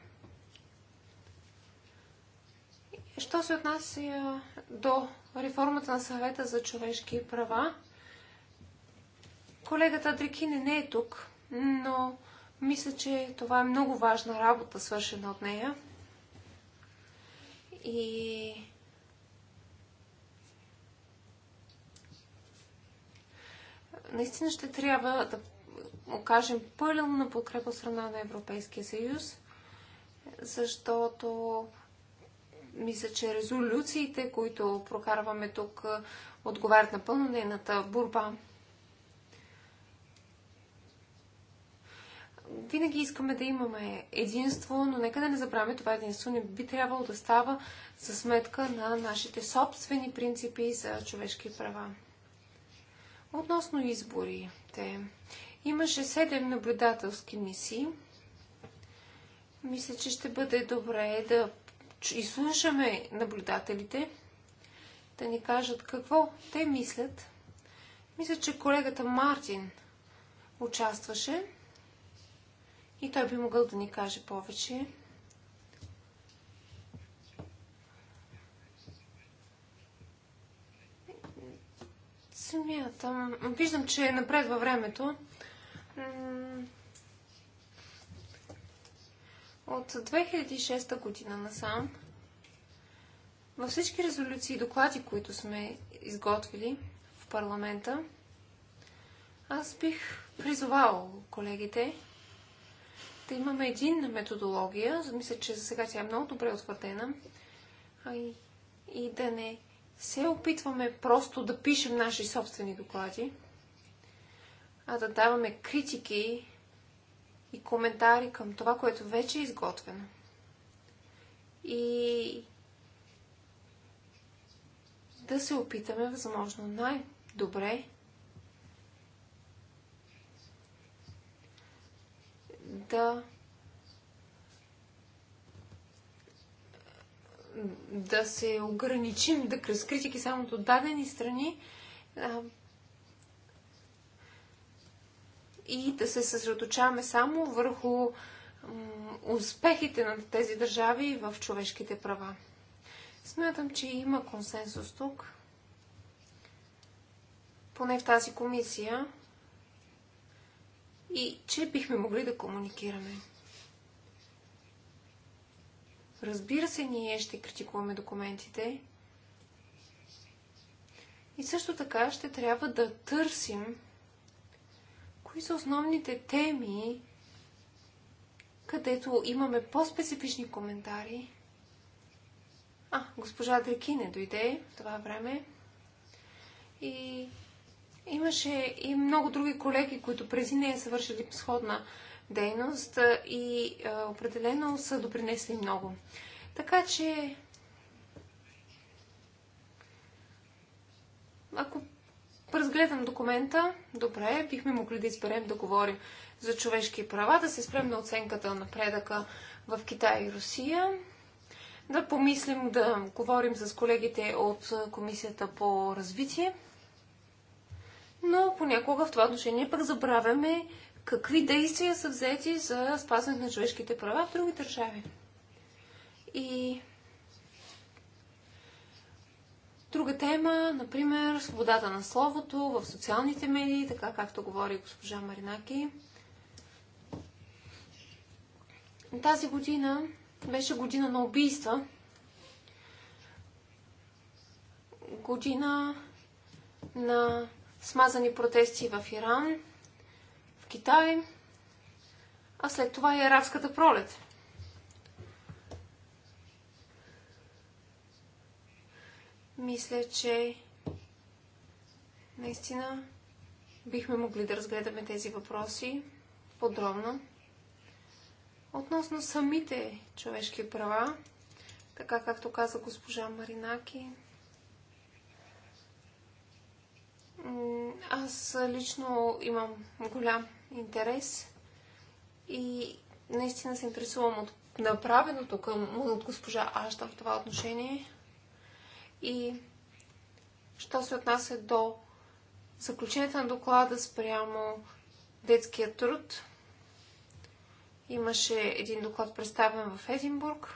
[SPEAKER 2] Що се отнася до реформата на съвета за човешки права, Колегата Дрикине не е тук, но мисля, че това е много важна работа, свършена от нея. И наистина ще трябва да окажем пълна подкрепа страна на Европейския съюз, защото мисля, че резолюциите, които прокарваме тук, отговарят напълно нейната борба винаги искаме да имаме единство, но нека да не забравяме това единство. Не би трябвало да става за сметка на нашите собствени принципи за човешки права. Относно изборите. Имаше седем наблюдателски мисии. Мисля, че ще бъде добре да изслушаме наблюдателите, да ни кажат какво те мислят. Мисля, че колегата Мартин участваше и той би могъл да ни каже повече. Смятам. Виждам, че е напред във времето. От 2006 година насам, във всички резолюции и доклади, които сме изготвили в парламента, аз бих призовал колегите Ще имаме единна методология. Мисля, че за сега тя е много добре утвърдена. И, и да не се опитваме просто да пишем наши собствени доклади, а да даваме критики и коментари към това, което вече е изготвено. И да се опитаме възможно най-добре to да се ограничим, да разкритики само от дадени страни а, и да се съсредоточаваме само върху м, успехите на тези държави в човешките права. Смятам, че има консенсус тук, поне в тази комисия, и че бихме могли да комуникираме. Разбира се, ние ще критикуваме документите и също така ще трябва да търсим кои са основните теми, където имаме по-специфични коментари. А, госпожа Дрекине дойде в това време и Имаше и много други колеги, които през нея са вършили сходна дейност и а, определено са допринесли много. Така че, ако разгледам документа, добре, бихме могли да изберем да говорим за човешки права, да се спрем на оценката на предъка в Китай и Русия, да помислим да говорим с колегите от Комисията по развитие но понякога в това отношение пък забравяме какви действия са взети за спазване на човешките права в други държави. И друга тема, например, свободата на словото в социалните медии, така както говори госпожа Маринаки. Тази година беше година на убийства. Година на смазани протести в Иран, в Китай, а след това и арабската пролет. Мисля, че наистина бихме могли да разгледаме тези въпроси подробно. Относно самите човешки права, така както каза госпожа Маринаки, Аз лично имам голям интерес и наистина се интересувам от направеното към, от госпожа Ашта в това отношение. И що се отнася до заключението на доклада спрямо детския труд, имаше един доклад представен в Единбург.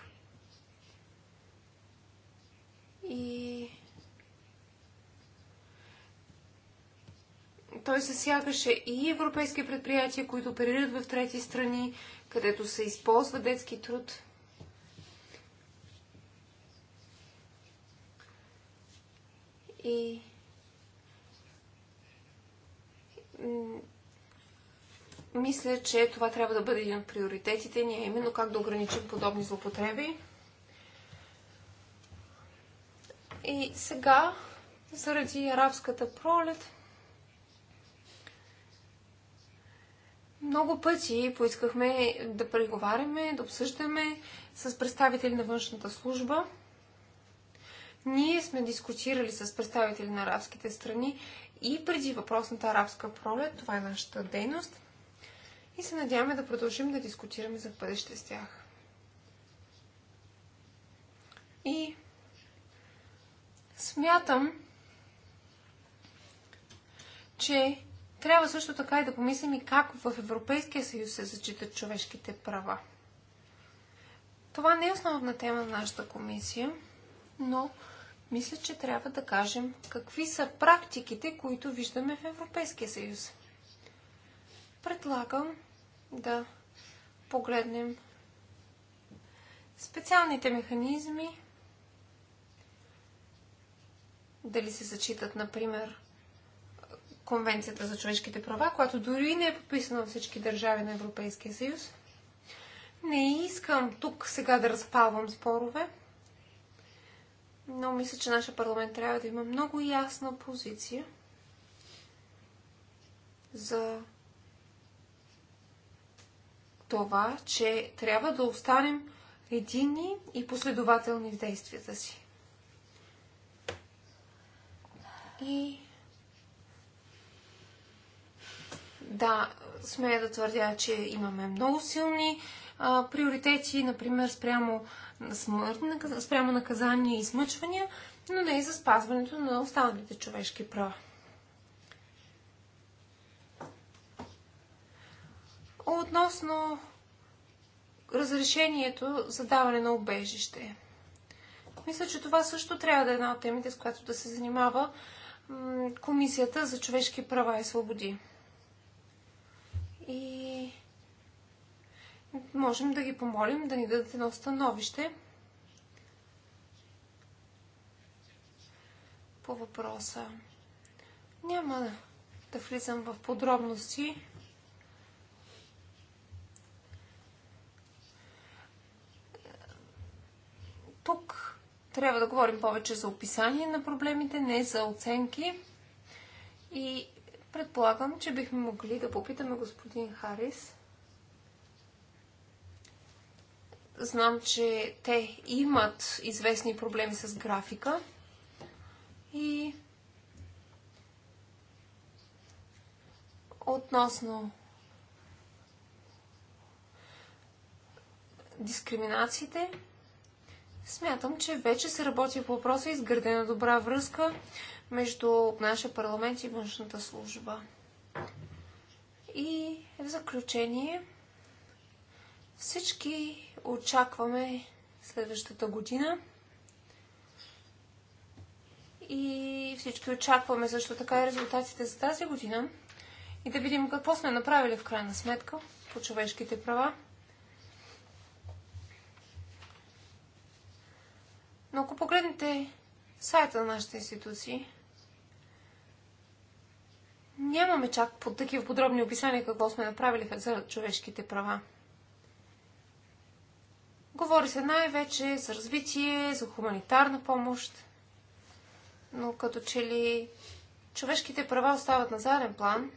[SPEAKER 2] И той засягаше и европейски предприятия, които оперират в трети страни, където се използва детски труд. И мисля, че това трябва да бъде един от приоритетите ни, а именно как да ограничим подобни злопотреби. И сега, заради арабската пролет, Много пъти поискахме да преговаряме, да обсъждаме с представители на външната служба. Ние сме дискутирали с представители на арабските страни и преди въпросната арабска пролет, това е нашата дейност, и се надяваме да продължим да дискутираме за бъдеще с тях. И смятам, че Трябва също така и да помислим и как в Европейския съюз се зачитат човешките права. Това не е основна тема на нашата комисия, но мисля, че трябва да кажем какви са практиките, които виждаме в Европейския съюз. Предлагам да погледнем специалните механизми, дали се зачитат, например, Конвенцията за човешките права, която дори не е подписана във всички държави на Европейския съюз. Не искам тук сега да разпалвам спорове, но мисля, че нашия парламент трябва да има много ясна позиция за това, че трябва да останем единни и последователни в действията си. И да, смея да твърдя, че имаме много силни а, приоритети, например спрямо, смърт, спрямо наказания и измъчвания, но не и за спазването на останалите човешки права. Относно разрешението за даване на убежище. Мисля, че това също трябва да е една от темите, с която да се занимава Комисията за човешки права и свободи и можем да ги помолим да ни дадат едно становище по въпроса. Няма да влизам в подробности. Тук трябва да говорим повече за описание на проблемите, не за оценки. И Предполагам, че бихме могли да попитаме господин Харис. Знам, че те имат известни проблеми с графика и относно дискриминациите, смятам, че вече се работи по въпроса изградена добра връзка между нашия парламент и външната служба. И в заключение, всички очакваме следващата година. И всички очакваме също така и резултатите за тази година. И да видим какво сме направили в крайна сметка по човешките права. Но ако погледнете сайта на нашите институции. Нямаме чак под такива подробни описания какво сме направили за човешките права. Говори се най-вече за развитие, за хуманитарна помощ, но като че ли човешките права остават на заден план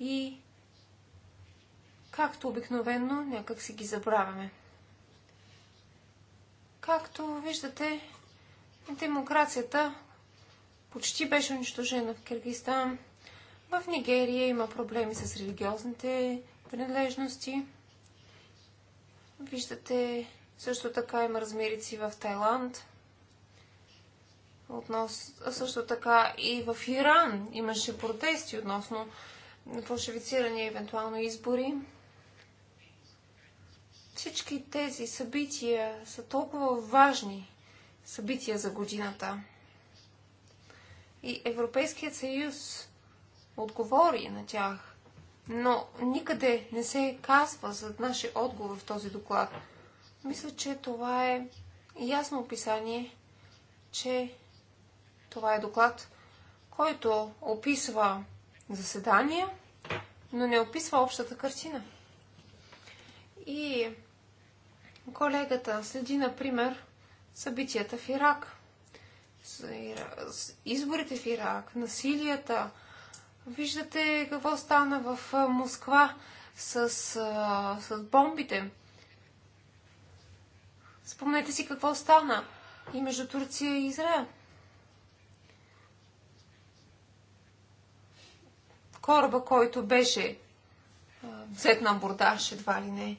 [SPEAKER 2] и както обикновено някак си ги забравяме. Както виждате, демокрацията почти беше унищожена в Киргизстан. В Нигерия има проблеми с религиозните принадлежности. Виждате, също така има размерици в Тайланд. Относ... Също така и в Иран имаше протести относно фалшифицирани евентуално избори. Всички тези събития са толкова важни събития за годината. И Европейският съюз отговори на тях, но никъде не се казва за наши отговор в този доклад. Мисля, че това е ясно описание, че това е доклад, който описва заседания, но не описва общата картина. И колегата следи, например, събитията в Ирак, изборите в Ирак, насилията. Виждате какво стана в Москва с, с бомбите. Спомнете си какво стана и между Турция и Израел. Кораба, който беше взет на бордаж, едва ли не.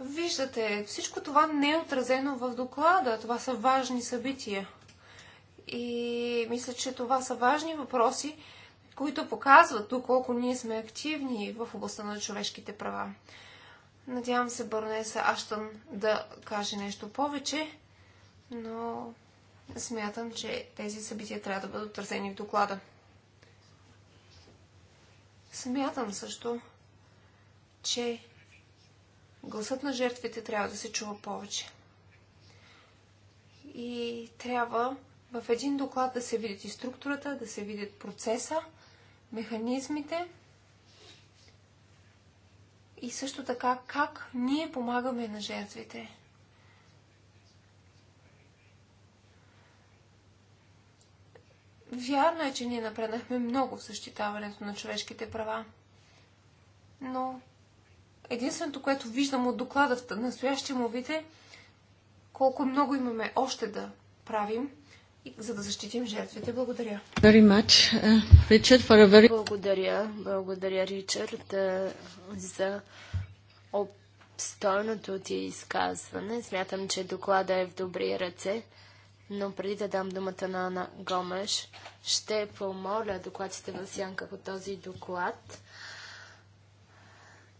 [SPEAKER 2] Виждате, всичко това не е отразено в доклада. Това са важни събития. И мисля, че това са важни въпроси, които показват доколко ние сме активни в областта на човешките права. Надявам се Бърнеса Аштън да каже нещо повече, но смятам, че тези събития трябва да бъдат отразени в доклада. Смятам също, че гласът на жертвите трябва да се чува повече. И трябва в един доклад да се видят и структурата, да се видят процеса, механизмите и също така как ние помагаме на жертвите. Вярно е, че ние напреднахме много в защитаването на човешките права, но единственото, което виждам от доклада в настоящия му вид е колко много имаме
[SPEAKER 3] още да правим, за да защитим жертвите. Благодаря.
[SPEAKER 1] Very much, uh, Richard, for a very...
[SPEAKER 3] Благодаря, благодаря, Ричард, за обстойното ти изказване. Смятам, че доклада е в добри ръце. Но преди да дам думата на Ана Гомеш, ще помоля докладите на Сянка по този доклад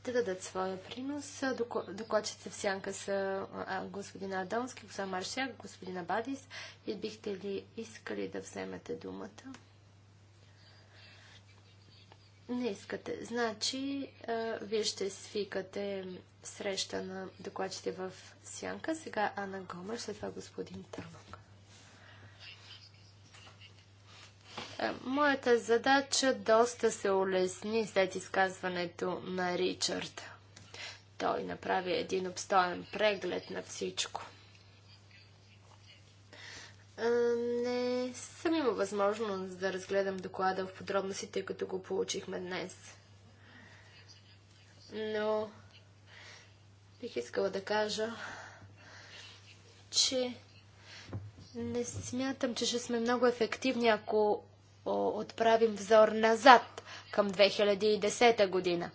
[SPEAKER 3] ще дадат своя принос. се в сянка са господин Адонски, господин Маршак, господин Абадис. И бихте ли искали да вземете думата? Не искате. Значи, вие ще свикате среща на докладчите в сянка. Сега Ана Гомер, след това господин Танов. Моята задача доста се улесни след изказването на Ричард. Той направи един обстоен преглед на всичко. Не съм имал възможност да разгледам доклада в подробностите, като го получихме днес. Но бих искала да кажа, че не смятам, че ще сме много ефективни, ако отправим взор назад към 2010 година.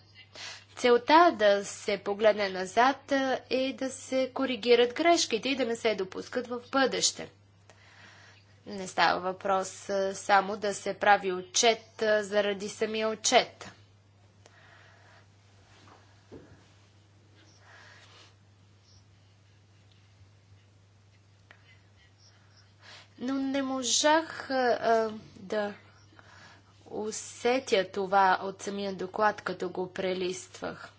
[SPEAKER 3] Целта да се погледне назад е да се коригират грешките и да не се допускат в бъдеще. Не става въпрос само да се прави отчет заради самия отчет. Но не можах да усетя това от самия доклад, като го прелиствах.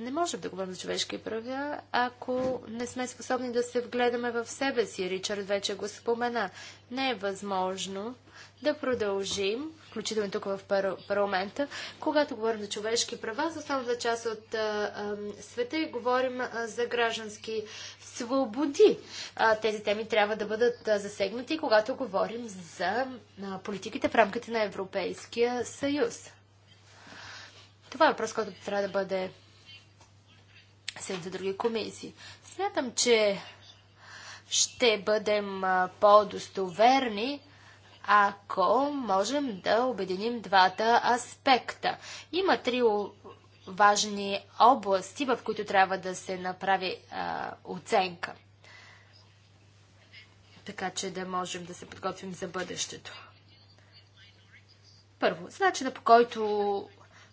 [SPEAKER 3] Не може да говорим за човешки права, ако не сме способни да се вгледаме в себе си. Ричард вече го спомена. Не е възможно да продължим, включително тук в пар парламента, когато говорим за човешки права, за основната част от а, а, света и говорим а, за граждански свободи. А, тези теми трябва да бъдат а, засегнати, когато говорим за а, политиките в рамките на Европейския съюз. Това е въпрос, който трябва да бъде седмица други комисии. Смятам, че ще бъдем по-достоверни, ако можем да обединим двата аспекта. Има три важни области, в които трябва да се направи а, оценка, така че да можем да се подготвим за бъдещето. Първо, начина по който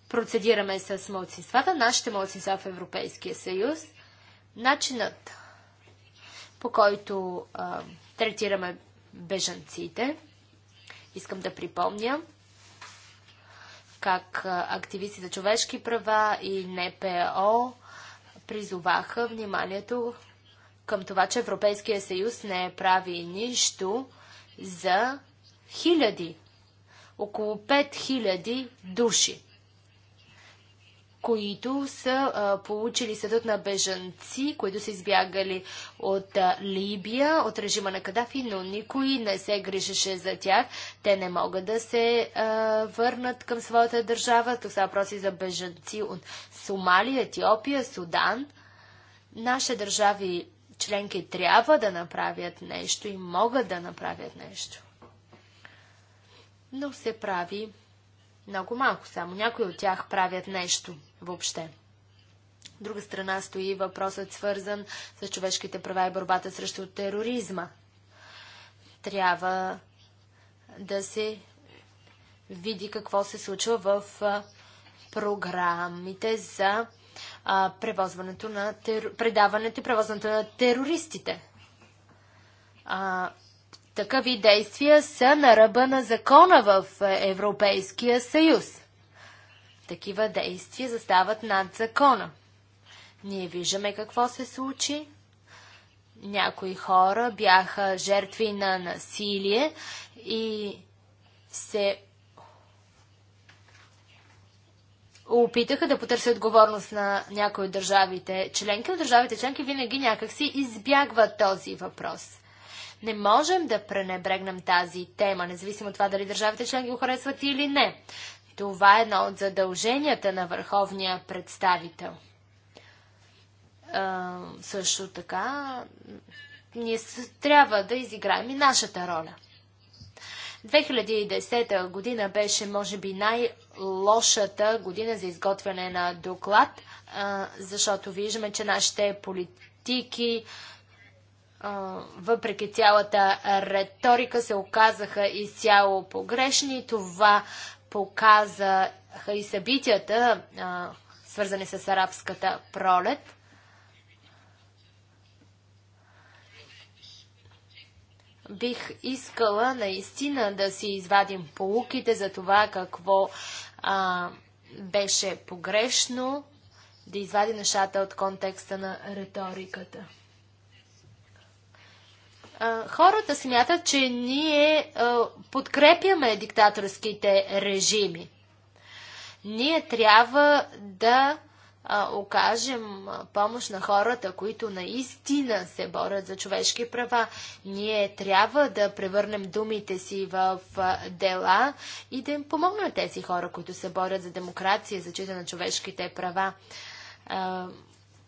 [SPEAKER 3] процедираме с младсинствата, нашите младсинства в Европейския съюз, начинът по който а, третираме бежанците, искам да припомня, как активисти за човешки права и НПО призоваха вниманието към това, че Европейския съюз не прави нищо за хиляди, около 5000 души които са а, получили статут на бежанци, които са избягали от а, Либия, от режима на Кадафи, но никой не се грижеше за тях. Те не могат да се а, върнат към своята държава. Тук са въпроси за бежанци от Сомалия, Етиопия, Судан. Наши държави членки трябва да направят нещо и могат да направят нещо. Но се прави Много малко само. Някои от тях правят нещо въобще. друга страна стои въпросът свързан с човешките права и борбата срещу тероризма. Трябва да се види какво се случва в програмите за превозването на тер... предаването и превозването на терористите. А, такъви действия са на ръба на закона в Европейския съюз. Такива действия застават над закона. Ние виждаме какво се случи. Някои хора бяха жертви на насилие и се опитаха да потърсят отговорност на някои от държавите членки, но държавите членки винаги някакси избягват този въпрос. Не можем да пренебрегнем тази тема, независимо от това дали държавите членки го харесват или не. Това е едно от задълженията на върховния представител. А, също така, ние трябва да изиграем и нашата роля. 2010 година беше, може би, най-лошата година за изготвяне на доклад, а, защото виждаме, че нашите политики въпреки цялата риторика, се оказаха изцяло погрешни. Това показаха и събитията, свързани с арабската пролет. Бих искала наистина да си извадим полуките за това какво а, беше погрешно, да извади нещата от контекста на риториката хората смятат, че ние подкрепяме диктаторските режими. Ние трябва да окажем помощ на хората, които наистина се борят за човешки права. Ние трябва да превърнем думите си в дела и да им помогнем тези хора, които се борят за демокрация, зачита на човешките права.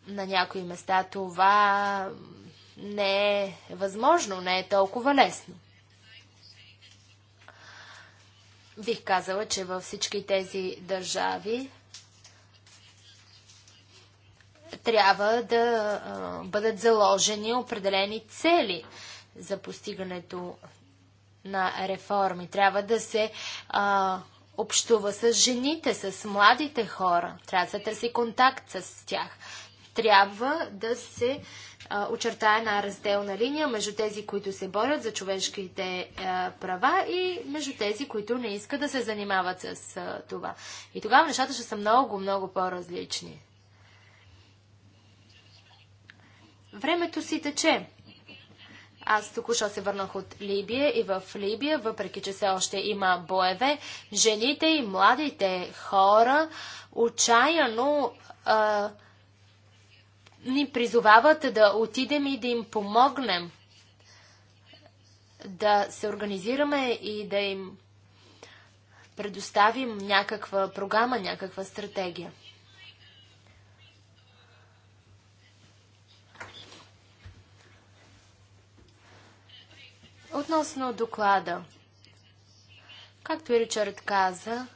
[SPEAKER 3] На някои места това не е възможно, не е толкова лесно. Бих казала, че във всички тези държави трябва да а, бъдат заложени определени цели за постигането на реформи. Трябва да се а, общува с жените, с младите хора. Трябва да се търси контакт с тях. Трябва да се а, очертаена разделна линия между тези, които се борят за човешките права и между тези, които не искат да се занимават с това. И тогава нещата ще са много, много по-различни. Времето си тече. Аз току-що се върнах от Либия и в Либия, въпреки че все още има боеве, жените и младите хора отчаяно а, ни призовават да отидем и да им помогнем да се организираме и да им предоставим някаква програма, някаква стратегия. Относно доклада, както и Ричард каза,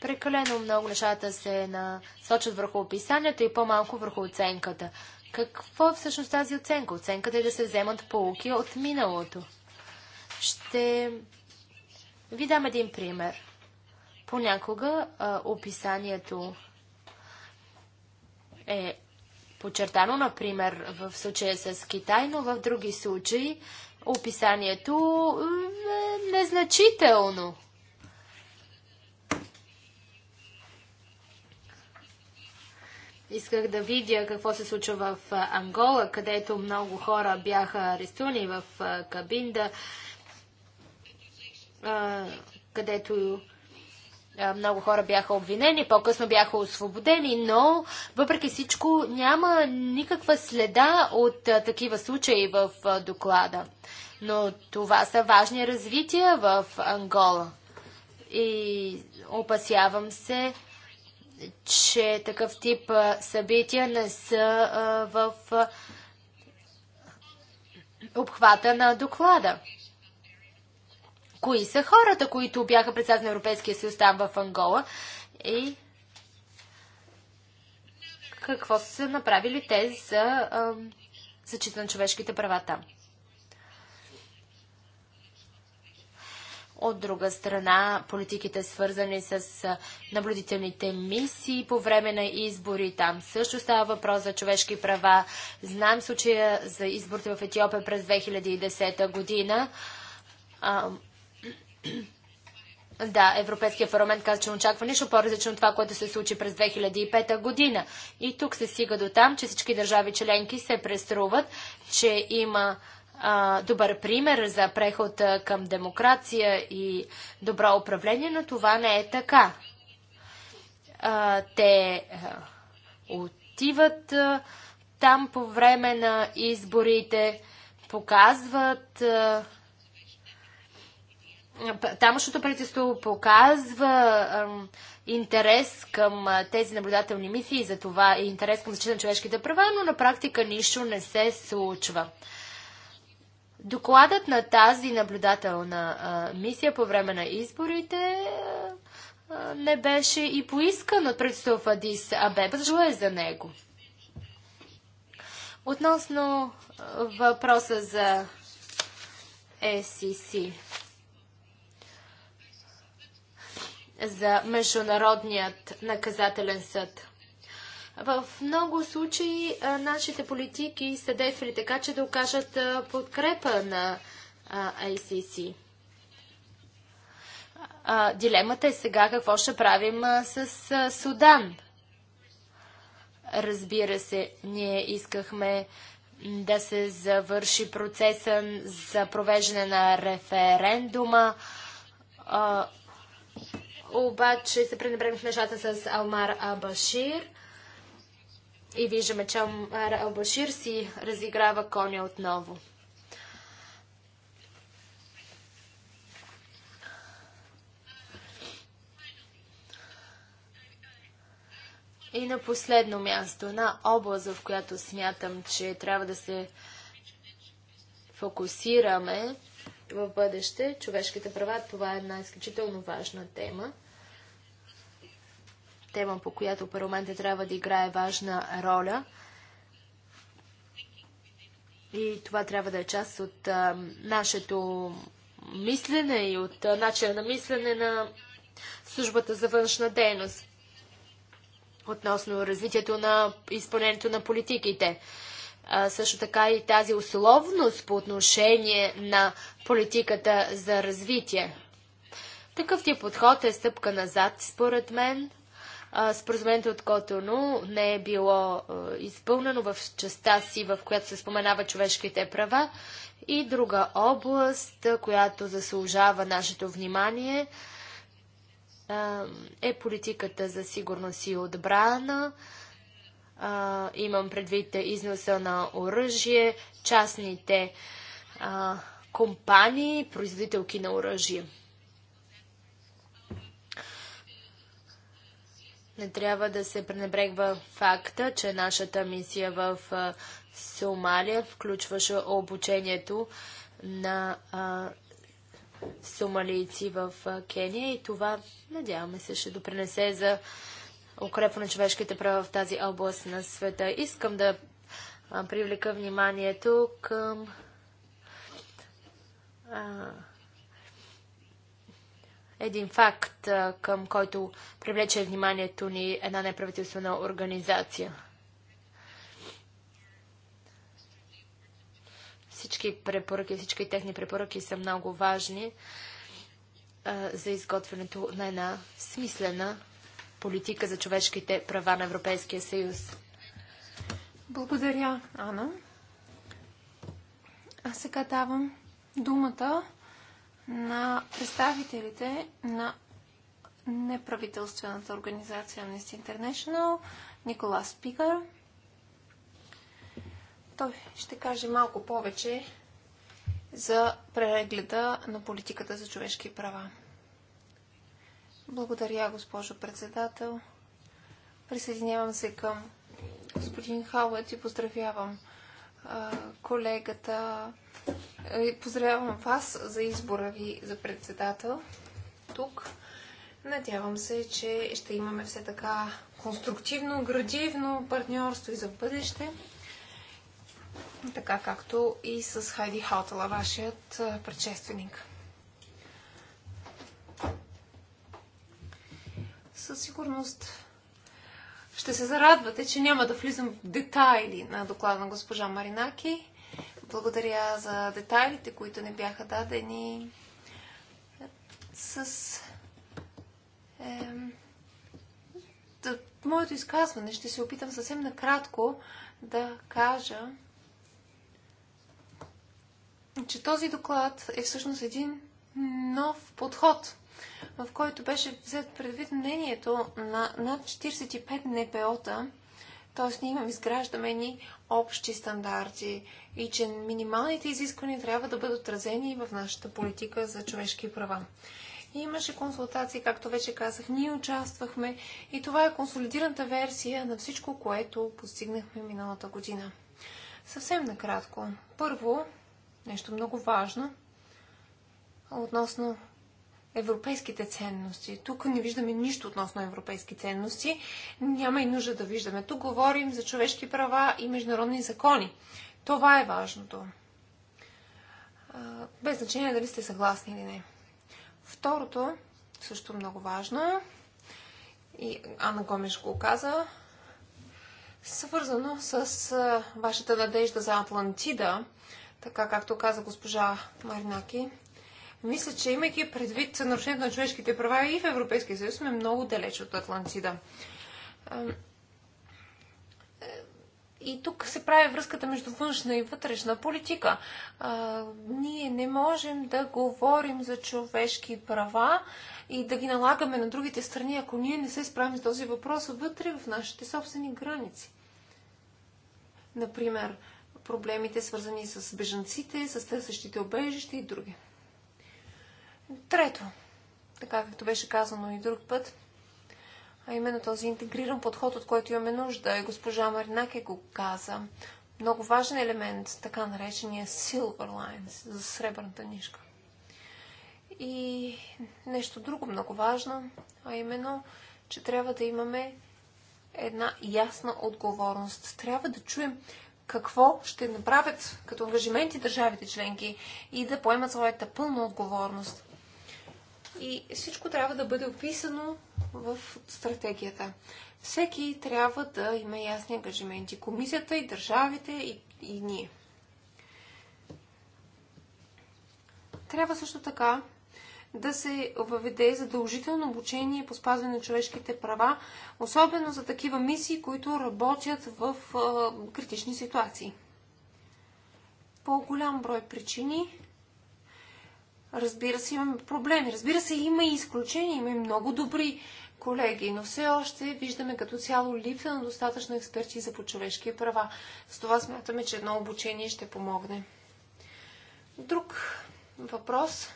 [SPEAKER 3] Прекалено много нещата се насочат върху описанието и по-малко върху оценката. Какво е всъщност тази оценка? Оценката е да се вземат полуки от миналото. Ще ви дам един пример. Понякога а, описанието е подчертано, например, в случая с Китай, но в други случаи описанието е незначително. Исках да видя какво се случва в Ангола, където много хора бяха арестувани в Кабинда, където много хора бяха обвинени, по-късно бяха освободени, но въпреки всичко няма никаква следа от такива случаи в доклада. Но това са важни развития в Ангола. И опасявам се, че такъв тип събития не са в обхвата на доклада. Кои са хората, които бяха председател на Европейския съюз там в Ангола и какво са направили те за зачитане на човешките права там? От друга страна, политиките свързани с наблюдителните мисии по време на избори. Там също става въпрос за човешки права. Знам случая за изборите в Етиопия през 2010 година. А, да, Европейския парламент каза, че не очаква нищо по-различно от това, което се случи през 2005 година. И тук се стига до там, че всички държави членки се преструват, че има добър пример за преход към демокрация и добро управление, но това не е така. те отиват там по време на изборите, показват. А, тамошното правителство показва интерес към тези наблюдателни мисии за това и интерес към защита на човешките права, но на практика нищо не се случва. Докладът на тази наблюдателна а, мисия по време на изборите а, не беше и поискан от правителството в Адис Абеба. Защо е за него? Относно въпроса за SEC, за Международният наказателен съд. В много случаи нашите политики са действали така, че да окажат подкрепа на ICC. Дилемата е сега какво ще правим с Судан. Разбира се, ние искахме да се завърши процеса за провеждане на референдума. обаче се пренебрегнахме нещата с Алмар Абашир и виждаме, че Албашир си разиграва коня отново. И на последно място, на област, в която смятам, че трябва да се фокусираме в бъдеще, човешките права, това е една изключително важна тема тема, по която парламентът трябва да играе важна роля. И това трябва да е част от а, нашето мислене и от а, начина на мислене на службата за външна дейност относно развитието на изпълнението на политиките. А, също така и тази условност по отношение на политиката за развитие. Такъв ти подход е стъпка назад, според мен. Споразумението от Котону не е било изпълнено в частта си, в която се споменава човешките права. И друга област, която заслужава нашето внимание, е политиката за сигурност и отбрана. Имам предвид износа на оръжие, частните компании, производителки на оръжие. Не трябва да се пренебрегва факта, че нашата мисия в Сомалия включваше обучението на сомалийци в Кения и това, надяваме се, ще допринесе за укрепване на човешките права в тази област на света. Искам да привлека вниманието към а, един факт, към който привлече вниманието ни една неправителствена организация. Всички препоръки, всички техни препоръки са много важни за изготвянето на една смислена политика за човешките права на Европейския съюз. Благодаря,
[SPEAKER 2] Ана. А сега давам думата на представителите на неправителствената организация Amnesty International, Николас Спикър. Той ще каже малко повече за прегледа на политиката за човешки права. Благодаря, госпожо председател. Присъединявам се към господин Хауът и поздравявам колегата. Поздравявам вас за избора ви за председател тук. Надявам се, че ще имаме все така конструктивно, градивно партньорство и за бъдеще. Така както и с Хайди Хаутала, вашият предшественик. Със сигурност Ще се зарадвате, че няма да влизам в детайли на доклада на госпожа Маринаки. Благодаря за детайлите, които не бяха дадени с е, да, моето изказване. Ще се опитам съвсем накратко да кажа, че този доклад е всъщност един нов подход в който беше взет предвид мнението на над 45 НПО-та, т.е. ние имаме, изграждаме ни общи стандарти и че минималните изисквания трябва да бъдат отразени в нашата политика за човешки права. И имаше консултации, както вече казах, ние участвахме и това е консолидираната версия на всичко, което постигнахме миналата година. Съвсем накратко. Първо, нещо много важно, относно европейските ценности. Тук не виждаме нищо относно европейски ценности. Няма и нужда да виждаме. Тук говорим за човешки права и международни закони. Това е важното. Без значение дали сте съгласни или не. Второто, също много важно, и Анна Гомеш го каза, свързано с вашата надежда за Атлантида, така както каза госпожа Маринаки, Мисля, че имайки предвид нарушението на човешките права и в Европейския съюз сме много далеч от Атлантида. И тук се прави връзката между външна и вътрешна политика. А, ние не можем да говорим за човешки права и да ги налагаме на другите страни, ако ние не се справим с този въпрос вътре в нашите собствени граници. Например, проблемите свързани с бежанците, с търсещите обежище и други. Трето, така както беше казано и друг път, а именно този интегриран подход, от който имаме нужда. И госпожа Маринаке го каза. Много важен елемент, така наречения Silver Lines, за сребърната нишка. И нещо друго много важно, а именно, че трябва да имаме една ясна отговорност. Трябва да чуем какво ще направят като ангажименти държавите членки и да поемат своята пълна отговорност. И всичко трябва да бъде описано в стратегията. Всеки трябва да има ясни ангажименти. Комисията и държавите и, и ние. Трябва също така да се въведе задължително обучение по спазване на човешките права, особено за такива мисии, които работят в а, критични ситуации. По голям брой причини Разбира се, имаме проблеми. Разбира се, има и изключения. Има и много добри колеги, но все още виждаме като цяло липса на достатъчно експерти за по човешки права. С това смятаме, че едно обучение ще помогне. Друг въпрос.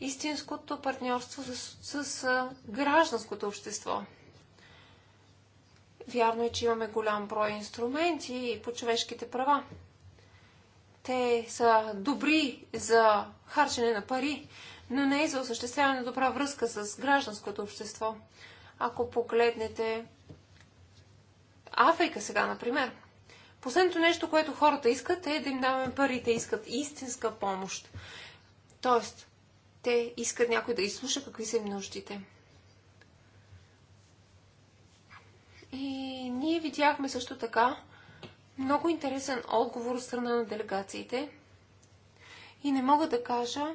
[SPEAKER 2] Истинското партньорство с, с гражданското общество. Вярно е, че имаме голям брой инструменти и по човешките права, Те са добри за харчене на пари, но не и за осъществяване на добра връзка с гражданското общество. Ако погледнете Африка сега, например, последното нещо, което хората искат е да им даваме пари. Те искат истинска помощ. Тоест, те искат някой да изслуша какви са им нуждите. И ние видяхме също така, Много интересен отговор от страна на делегациите. И не мога да кажа,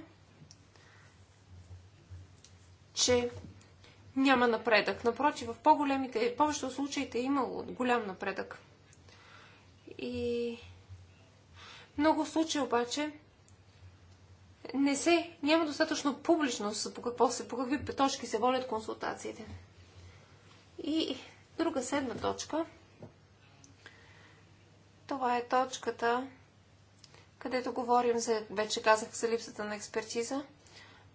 [SPEAKER 2] че няма напредък. Напротив, в по-големите, повечето случаите е имало голям напредък. И много случаи обаче не се, няма достатъчно публичност по, какво се, по какви точки се водят консултациите. И друга седма точка – Това е точката, където говорим за, вече казах, за липсата на експертиза,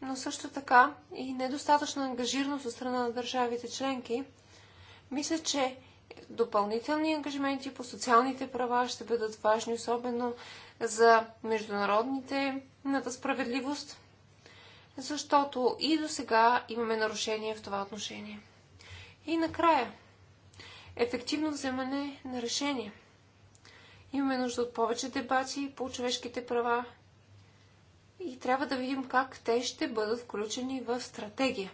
[SPEAKER 2] но също така и недостатъчна ангажираност от страна на държавите членки. Мисля, че допълнителни ангажименти по социалните права ще бъдат важни, особено за международните на справедливост, защото и до сега имаме нарушения в това отношение. И накрая, ефективно вземане на решения. Имаме нужда от повече дебати по човешките права и трябва да видим как те ще бъдат включени в стратегия.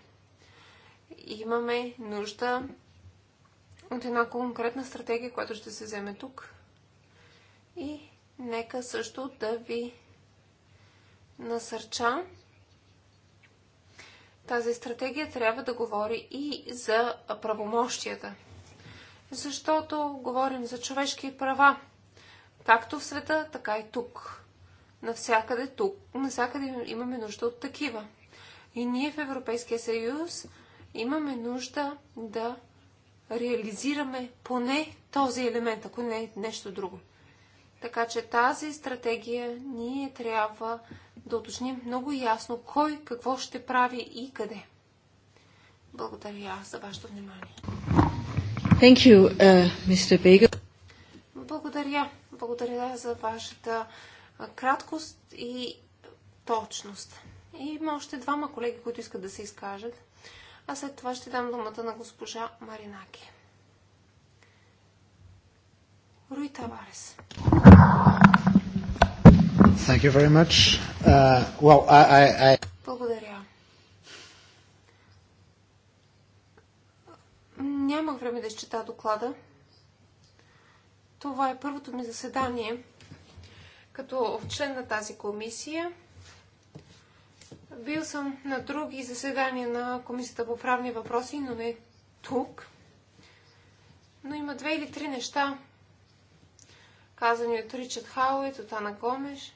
[SPEAKER 2] Имаме нужда от една конкретна стратегия, която ще се вземе тук. И нека също да ви насърча. Тази стратегия трябва да говори и за правомощията. Защото говорим за човешки права Както в света, така и тук. Навсякъде тук, навсякъде имаме нужда от такива. И ние в Европейския съюз имаме нужда да реализираме поне този елемент, ако не е нещо друго. Така че тази стратегия ние трябва да уточним много ясно кой какво ще прави и къде. Благодаря за вашето внимание.
[SPEAKER 1] Thank you, uh, Mr. Baker.
[SPEAKER 2] Благодаря. Благодаря за вашата краткост и точност. И има още двама колеги, които искат да се изкажат. А след това ще дам думата на госпожа Маринаки.
[SPEAKER 4] Руи Таварес. Thank you very much. Uh, well, I, I, I... Благодаря.
[SPEAKER 2] Нямах време да изчета доклада. Това е първото ми заседание като член на тази комисия. Бил съм на други заседания на Комисията по правни въпроси, но не тук. Но има две или три неща, казани от Ричард Хаует, от Ана Гомеш.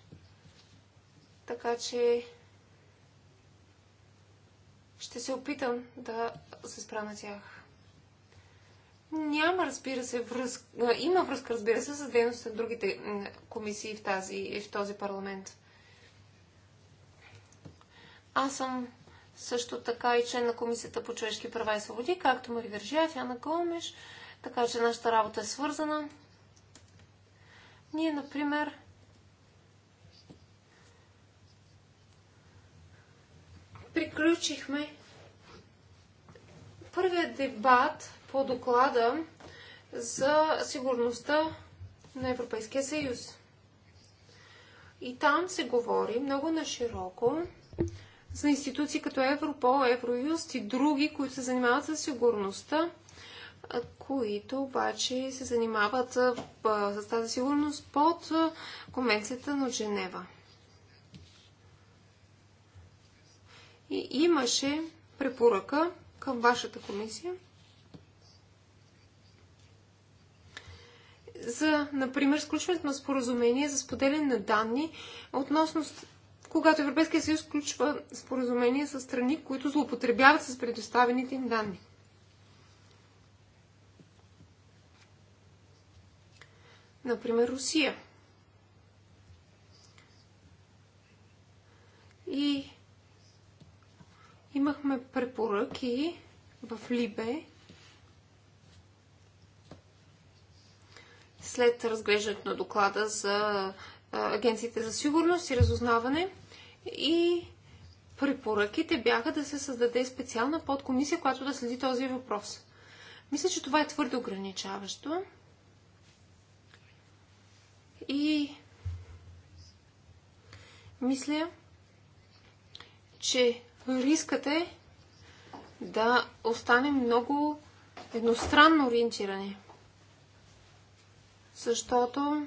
[SPEAKER 2] Така че ще се опитам да се спра на тях. Няма, разбира се, връзка, има връзка, разбира се, с дейността на другите комисии в, тази, в този парламент. Аз съм също така и член на Комисията по човешки права и свободи, както Мари Вержиев, Яна Гомеш, така че нашата работа е свързана. Ние, например, приключихме първият дебат по доклада за сигурността на Европейския съюз. И там се говори много нашироко за институции като Европол, Евроюст и други, които се занимават с сигурността, които обаче се занимават с тази сигурност под Конвенцията на Женева. И имаше препоръка към вашата комисия – за, например, сключването на споразумение за споделяне на данни относно когато Европейския съюз включва споразумение с страни, които злоупотребяват с предоставените им данни. Например, Русия. И имахме препоръки в Либе след разглеждането на доклада за агенциите за сигурност и разузнаване и препоръките бяха да се създаде специална подкомисия, която да следи този въпрос. Мисля, че това е твърде ограничаващо. И мисля, че рискът е да останем много едностранно ориентирани защото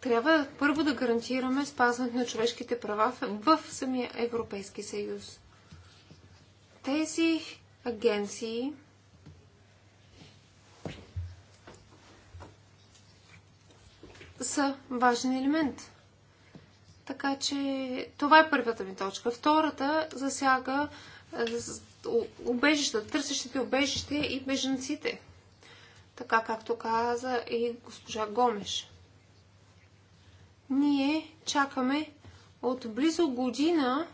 [SPEAKER 2] трябва първо да гарантираме спазването на човешките права в, самия Европейски съюз. Тези агенции са важен елемент. Така че това е първата ми точка. Втората засяга убежищата, търсещите убежище и беженците. Така както каза и госпожа Гомеш. Ние чакаме от близо година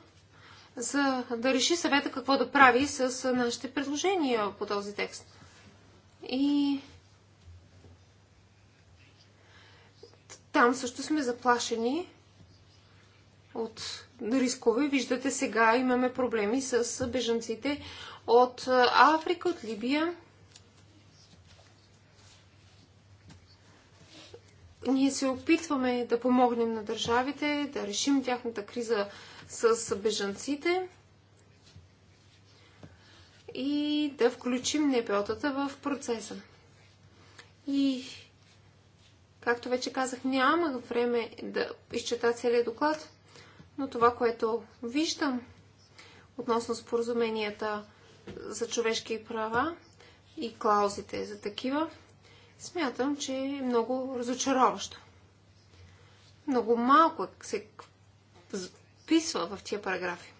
[SPEAKER 2] за да реши съвета какво да прави с нашите предложения по този текст. И там също сме заплашени от рискове. Виждате сега имаме проблеми с бежанците от Африка, от Либия. Ние се опитваме да помогнем на държавите, да решим тяхната криза с бежанците и да включим НПО-тата в процеса. И, както вече казах, нямах време да изчета целият доклад, Но това, което виждам относно споразуменията за човешки права и клаузите за такива, смятам, че е много разочароващо. Много малко се вписва в тия параграфи.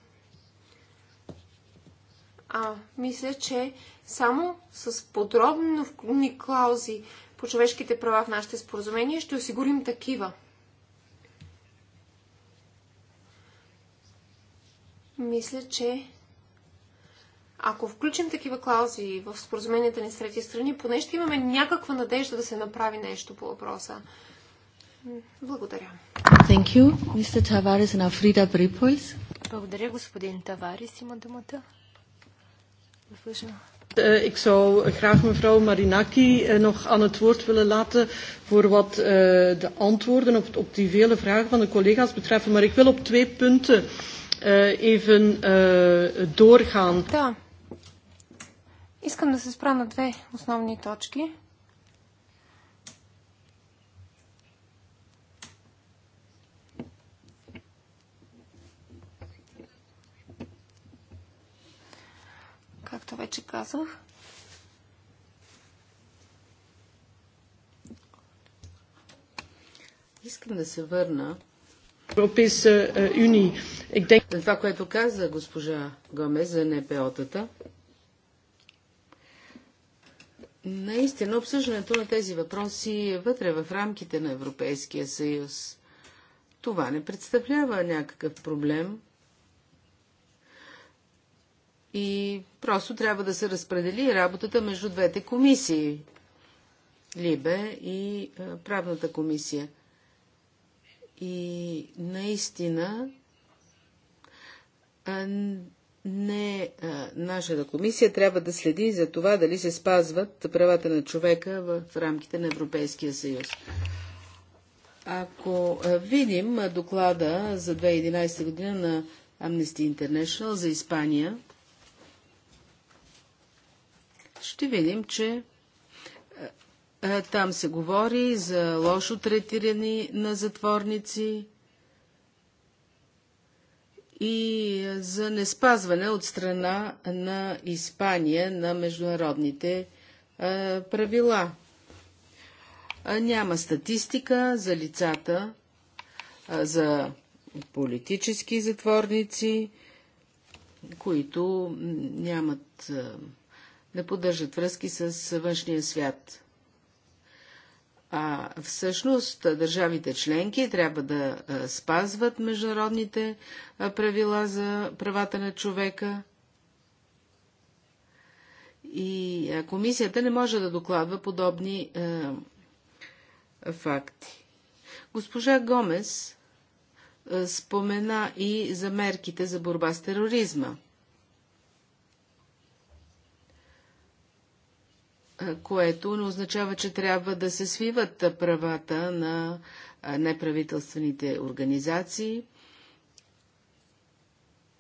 [SPEAKER 2] А мисля, че само с подробни клаузи по човешките права в нашите споразумения ще осигурим такива. Мисля, че ако включим такива клаузи в споразуменията ни с трети страни, поне ще имаме някаква надежда да се направи
[SPEAKER 3] нещо по въпроса. Благодаря.
[SPEAKER 1] Thank you, Mr. Tavares and Frida Bripols.
[SPEAKER 3] Благодаря, господин Таварис. Има думата.
[SPEAKER 1] Eh, ik zou eh, graag mevrouw Marinaki eh, nog aan het woord willen laten voor wat de antwoorden op, die vele vragen van de collega's betreffen. Maar ik wil op twee punten uh, even uh, доorgaan. Да.
[SPEAKER 2] Искам да се спра на две основни точки. Както вече казах,
[SPEAKER 1] Искам да се върна Европейска уния. Това, което каза госпожа Гомес за НПО-тата, наистина обсъждането на тези въпроси е вътре в рамките на Европейския съюз. Това не представлява някакъв проблем. И просто трябва да се разпредели работата между двете комисии Либе и правната комисия. И наистина не нашата комисия трябва да следи за това дали се спазват правата на човека в рамките на Европейския съюз. Ако видим доклада за 2011 година на Amnesty International за Испания, ще видим, че Там се говори за лошо третиране на затворници и за неспазване от страна на Испания на международните правила. Няма статистика за лицата, за политически затворници, които нямат, не поддържат връзки с външния свят. А всъщност държавите членки трябва да спазват международните правила за правата на човека. И комисията не може да докладва подобни е, факти. Госпожа Гомес е, спомена и за мерките за борба с тероризма. което не означава, че трябва да се свиват правата на неправителствените организации.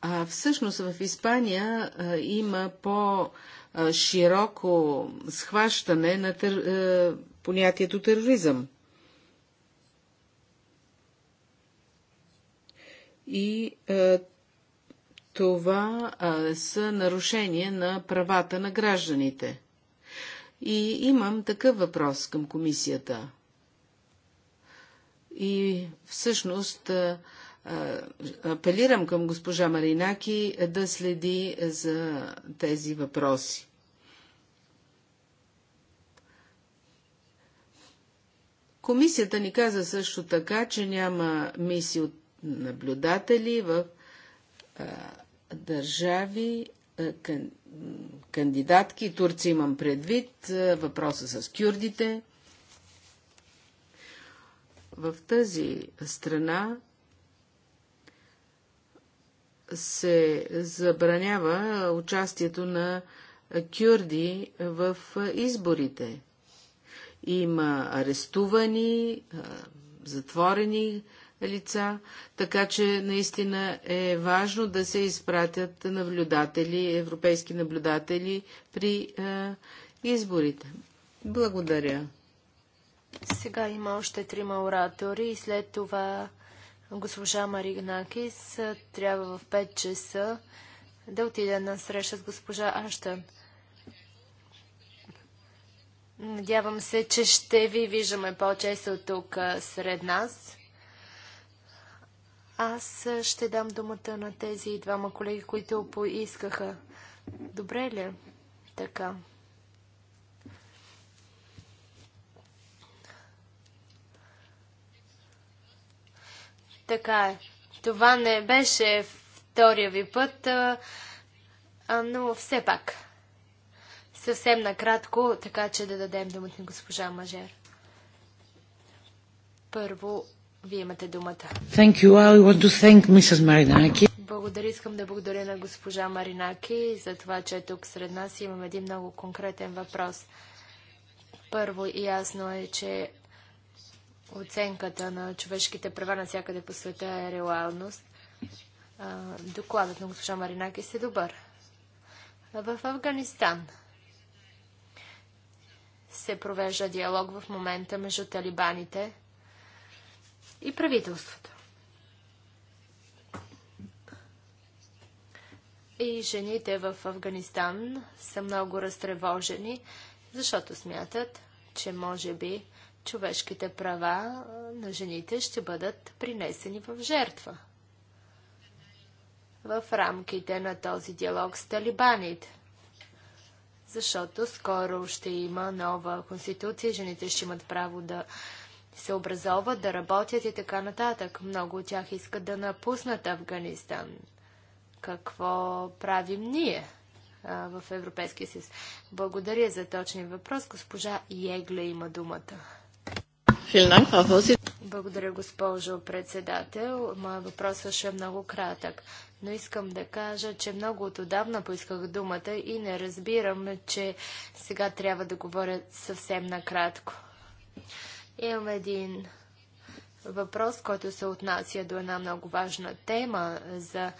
[SPEAKER 1] А всъщност в Испания има по-широко схващане на тър... понятието тероризъм. И а, това са нарушения на правата на гражданите. И имам такъв въпрос към комисията. И всъщност апелирам към госпожа Маринаки да следи за тези въпроси. Комисията ни каза също така, че няма мисии от наблюдатели в а, държави, а, кан, кандидатки. Турция имам предвид, въпроса с кюрдите. В тази страна се забранява участието на кюрди в изборите. Има арестувани, затворени лица, така че наистина е важно да се изпратят наблюдатели, европейски наблюдатели при е, изборите. Благодаря.
[SPEAKER 3] Сега има още трима оратори и след това госпожа Маригнакис трябва в 5 часа да отиде на среща с госпожа Аштън. Надявам се, че ще ви виждаме по-често тук сред нас. Аз ще дам думата на тези двама колеги, които поискаха. Добре ли? Така. Така е. Това не беше втория ви път, а, но все пак. Съвсем накратко, така че да дадем думата на госпожа Мажер. Първо, Вие думата.
[SPEAKER 1] Thank you. I want to thank Mrs. Marinaki.
[SPEAKER 3] Благодаря. Искам да благодаря на госпожа Маринаки за това, че е тук сред нас. Имам един много конкретен въпрос. Първо и ясно е, че оценката на човешките права навсякъде по света е реалност. Докладът на госпожа Маринаки е добър. В Афганистан се провежда диалог в момента между талибаните – и правителството. И жените в Афганистан са много разтревожени, защото смятат, че може би човешките права на жените ще бъдат принесени в жертва. В рамките на този диалог с талибаните. Защото скоро ще има нова конституция, жените ще имат право да се образоват, да работят и така нататък. Много от тях искат да напуснат Афганистан. Какво правим ние а, в Европейския съюз? Благодаря за точния въпрос. Госпожа Егле има думата. Благодаря, госпожо председател. Моя въпрос също е много кратък, но искам да кажа, че много от отдавна поисках думата и не разбирам, че сега трябва да говоря съвсем накратко. Имам един въпрос, който се отнася до една много важна тема за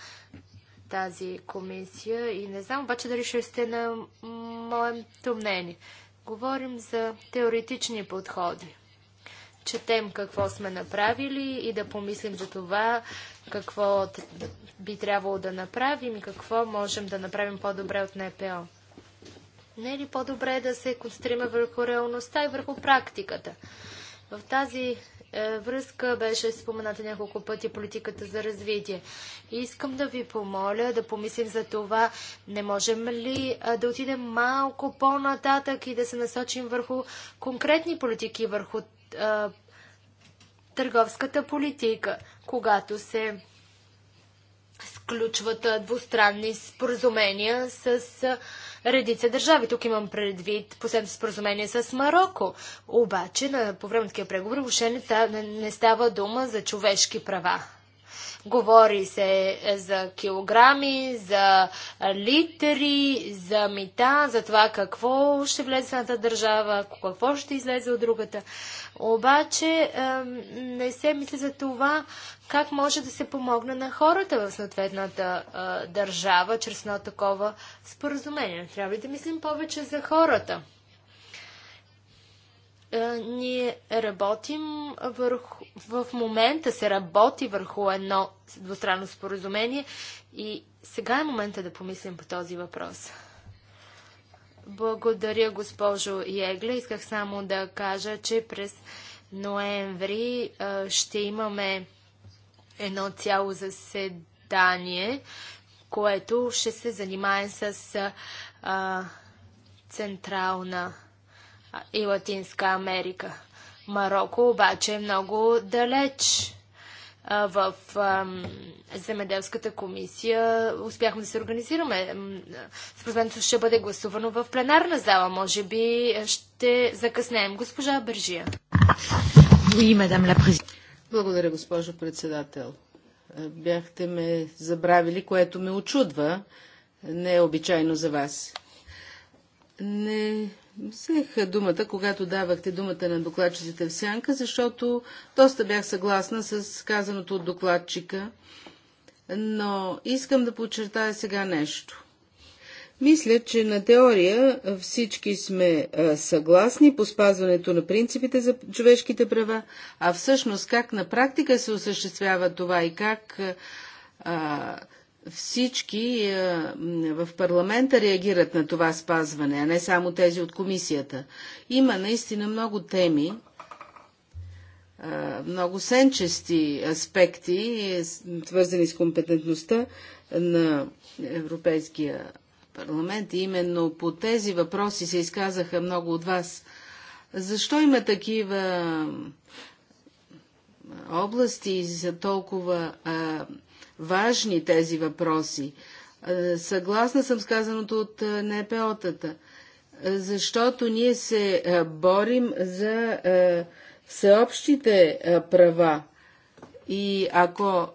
[SPEAKER 3] тази комисия и не знам обаче дали ще сте на моето мнение. Говорим за теоретични подходи. Четем какво сме направили и да помислим за това какво би трябвало да направим и какво можем да направим по-добре от НПО. Не е ли по-добре да се концентрираме върху реалността и върху практиката? В тази връзка беше спомената няколко пъти политиката за развитие. И искам да ви помоля да помислим за това, не можем ли да отидем малко по-нататък и да се насочим върху конкретни политики, върху е, търговската политика, когато се сключват двустранни споразумения с редица държави. Тук имам предвид последното споразумение с Марокко. Обаче на, по време такива преговори въобще не, не става дума за човешки права. Говори се за килограми, за литри, за мита, за това какво ще влезе в едната държава, какво ще излезе от другата. Обаче не се мисли за това как може да се помогне на хората в съответната държава чрез едно такова споразумение. Трябва ли да мислим повече за хората? ние работим върху, в момента се работи върху едно двустранно споразумение и сега е момента да помислим по този въпрос. Благодаря, госпожо Егле. Исках само да кажа, че през ноември ще имаме едно цяло заседание, което ще се занимае с а, Централна и Латинска Америка. Марокко обаче е много далеч. В земеделската комисия успяхме да се организираме. Споразумението ще бъде гласувано в пленарна зала. Може би ще закъснеем. Госпожа Бържия.
[SPEAKER 1] Благодаря, госпожо председател. Бяхте ме забравили, което ме очудва. Не е обичайно за вас. Не Взех думата, когато давахте думата на докладчиците в сянка, защото доста бях съгласна с казаното от докладчика, но искам да подчертая сега нещо. Мисля, че на теория всички сме съгласни по спазването на принципите за човешките права, а всъщност как на практика се осъществява това и как а, всички в парламента реагират на това спазване, а не само тези от комисията. Има наистина много теми, много сенчести аспекти, свързани с компетентността на Европейския парламент. И именно по тези въпроси се изказаха много от вас. Защо има такива области за толкова важни тези въпроси. Съгласна съм с казаното от НПО-тата, защото ние се борим за всеобщите права. И ако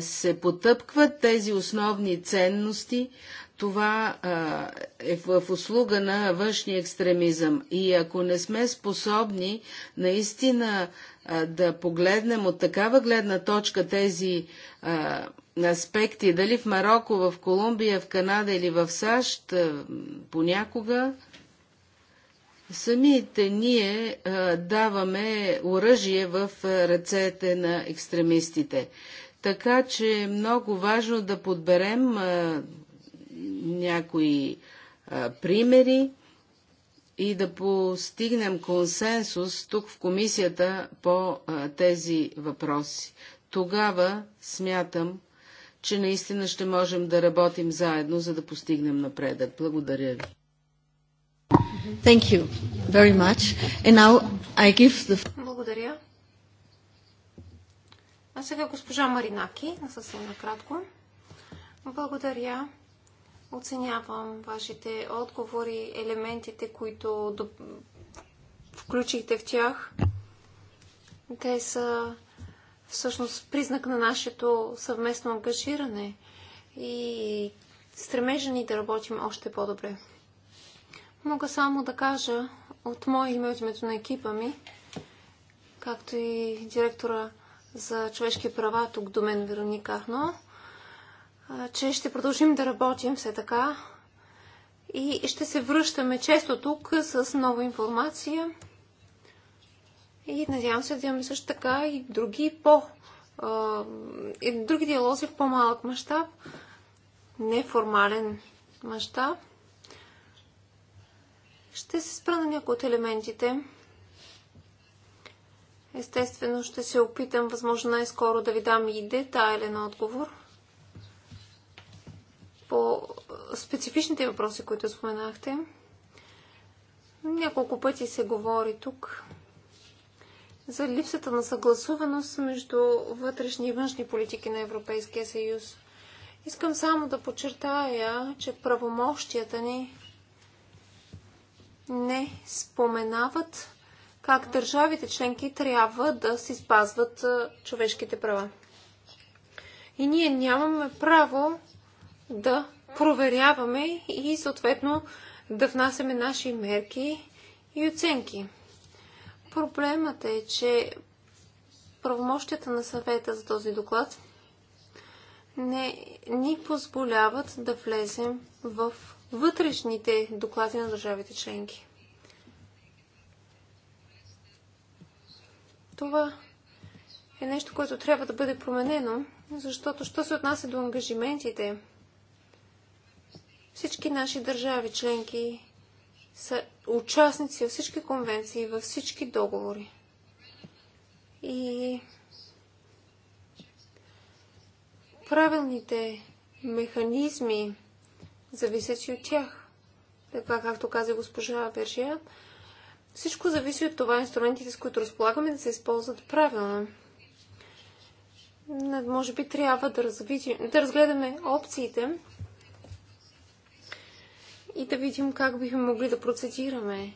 [SPEAKER 1] се потъпкват тези основни ценности, това е в услуга на външния екстремизъм. И ако не сме способни наистина да погледнем от такава гледна точка тези а, аспекти, дали в Марокко, в Колумбия, в Канада или в САЩ, понякога самите ние а, даваме оръжие в ръцете на екстремистите. Така че е много важно да подберем а, някои примери и да постигнем консенсус тук в комисията по тези въпроси. Тогава смятам, че наистина ще можем да работим заедно, за да постигнем напредък. Благодаря ви. Thank you very much. And now I give
[SPEAKER 2] the... Благодаря. А сега госпожа Маринаки, съвсем накратко. Благодаря. Оценявам вашите отговори, елементите, които до... включихте в тях. Те са всъщност признак на нашето съвместно ангажиране и стремежа ни да работим още по-добре. Мога само да кажа от мое име, от името на екипа ми, както и директора за човешки права тук до мен Вероника Ахно, че ще продължим да работим все така и ще се връщаме често тук с нова информация. И надявам се да имаме също така и други по и други диалози в по-малък мащаб, неформален мащаб. Ще се спра на някои от елементите. Естествено, ще се опитам, възможно най-скоро да ви дам и детайлен отговор по специфичните въпроси, които споменахте. Няколко пъти се говори тук за липсата на съгласуваност между вътрешни и външни политики на Европейския съюз. Искам само да подчертая, че правомощията ни не споменават как държавите членки трябва да си спазват човешките права. И ние нямаме право да проверяваме и съответно да внасяме наши мерки и оценки. Проблемът е, че правомощията на съвета за този доклад не ни позволяват да влезем в вътрешните доклади на държавите членки. Това е нещо, което трябва да бъде променено, защото що се отнася до ангажиментите – Всички наши държави членки са участници във всички конвенции, във всички договори. И правилните механизми зависят и от тях. Така, както каза госпожа Вержия, всичко зависи от това инструментите, с които разполагаме, да се използват правилно. Може би трябва да, развити, да разгледаме опциите, и да видим как бихме могли да процедираме.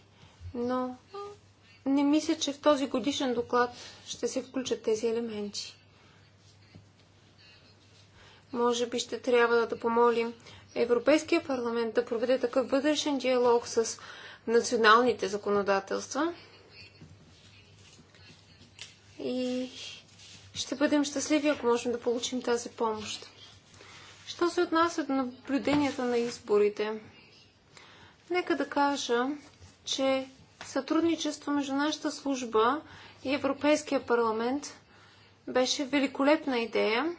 [SPEAKER 2] Но не мисля, че в този годишен доклад ще се включат тези елементи. Може би ще трябва да помолим Европейския парламент да проведе такъв вътрешен диалог с националните законодателства. И ще бъдем щастливи, ако можем да получим тази помощ. Що се отнася до наблюденията на изборите? Нека да кажа, че сътрудничество между нашата служба и Европейския парламент беше великолепна идея.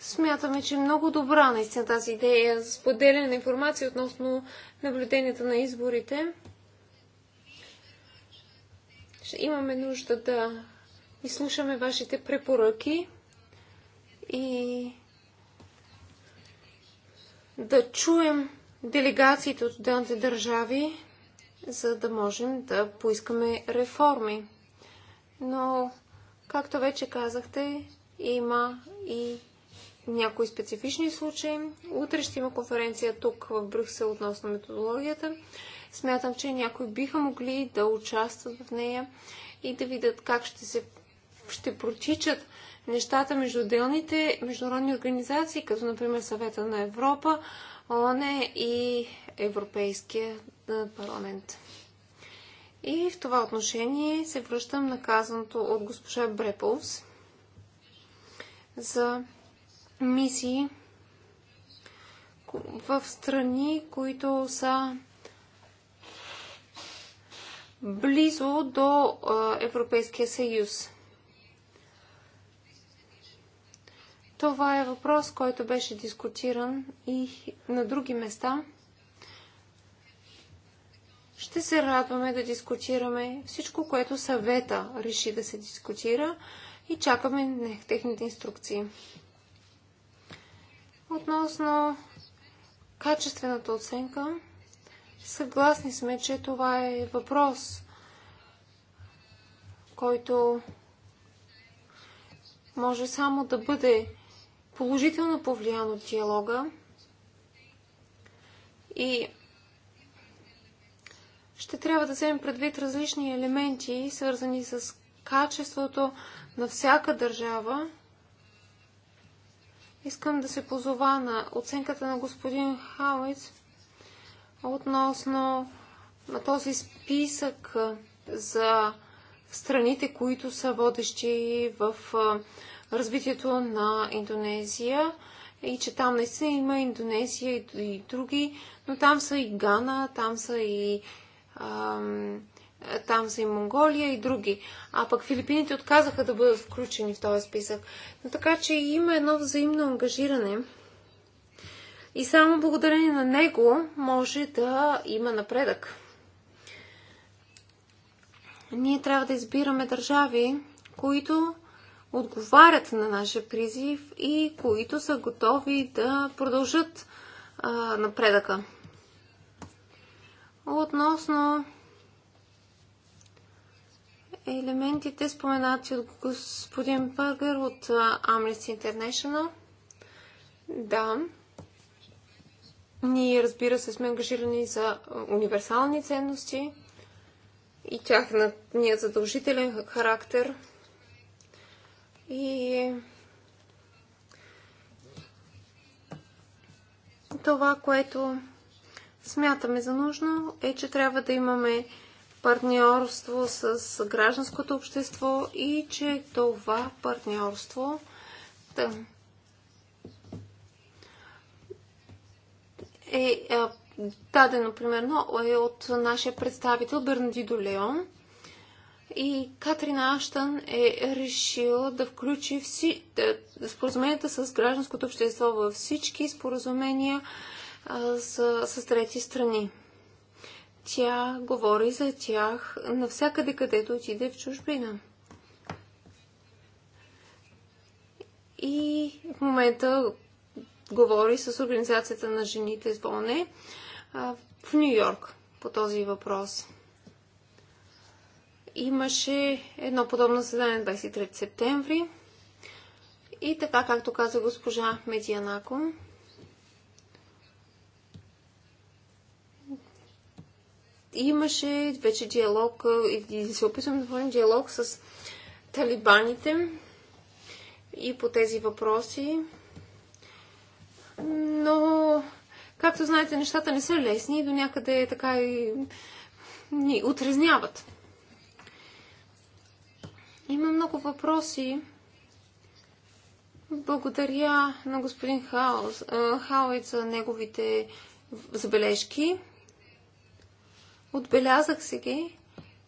[SPEAKER 2] Смятаме, че е много добра наистина тази идея за споделяне на информация относно наблюденията на изборите. Ще имаме нужда да изслушаме вашите препоръки и да чуем делегациите от отделните държави, за да можем да поискаме реформи. Но, както вече казахте, има и някои специфични случаи. Утре ще има конференция тук в Брюксел относно методологията. Смятам, че някои биха могли да участват в нея и да видят как ще се ще протичат нещата между отделните международни организации, като например Съвета на Европа, ООН и Европейския парламент. И в това отношение се връщам на казаното от госпожа Бреполс за мисии в страни, които са близо до Европейския съюз. Това е въпрос, който беше дискутиран и на други места. Ще се радваме да дискутираме всичко, което съвета реши да се дискутира и чакаме техните инструкции. Относно качествената оценка, съгласни сме, че това е въпрос, който може само да бъде положително повлиян от диалога и ще трябва да вземем предвид различни елементи, свързани с качеството на всяка държава. Искам да се позова на оценката на господин Хауиц относно на този списък за страните, които са водещи в развитието на Индонезия и че там не се има Индонезия и, и други, но там са и Гана, там са и ам, там са и Монголия и други. А пък Филипините отказаха да бъдат включени в този списък. Но така че има едно взаимно ангажиране. И само благодарение на него може да има напредък. Ние трябва да избираме държави, които отговарят на нашия призив и които са готови да продължат а, напредъка. Относно елементите, споменати от господин Пъргър от Amnesty International, да, ние разбира се сме ангажирани за универсални ценности и тяхният задължителен характер – И това, което смятаме за нужно, е, че трябва да имаме партньорство с гражданското общество и че това партньорство да, е, е дадено примерно е от нашия представител Бернадидо Леон И Катрин Аштън е решила да включи вси... споразуменията с гражданското общество във всички споразумения а, с, с трети страни. Тя говори за тях навсякъде, където отиде в чужбина. И в момента говори с Организацията на жените с ОНЕ в Нью Йорк по този въпрос имаше едно подобно заседание на 23 септември. И така, както каза госпожа Медианако, имаше вече диалог, и се опитвам да говорим диалог с талибаните и по тези въпроси. Но, както знаете, нещата не са лесни и до някъде така и ни отрезняват. Има много въпроси. Благодаря на господин Хаус, Хауит за неговите забележки. Отбелязах си ги,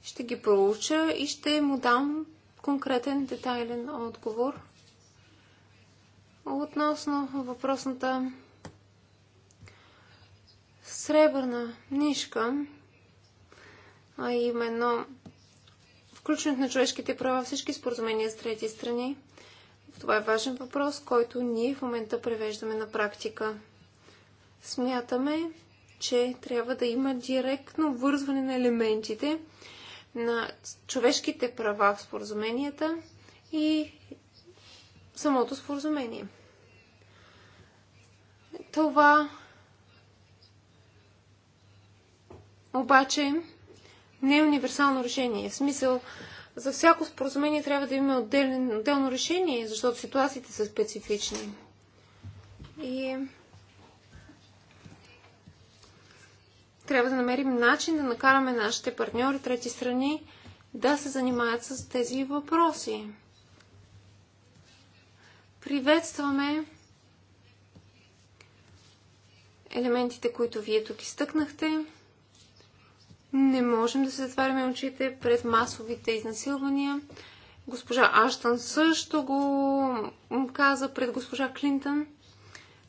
[SPEAKER 2] ще ги проуча и ще му дам конкретен детайлен отговор относно въпросната сребърна нишка, а именно включването на човешките права всички споразумения с трети страни. Това е важен въпрос, който ние в момента превеждаме на практика. Смятаме, че трябва да има директно вързване на елементите на човешките права в споразуменията и самото споразумение. Това обаче не е универсално решение. В смисъл, за всяко споразумение трябва да имаме отделен, отделно решение, защото ситуациите са специфични. И трябва да намерим начин да накараме нашите партньори, трети страни, да се занимават с тези въпроси. Приветстваме елементите, които вие тук изтъкнахте. Не можем да се затваряме очите пред масовите изнасилвания. Госпожа Аштън също го каза пред госпожа Клинтън,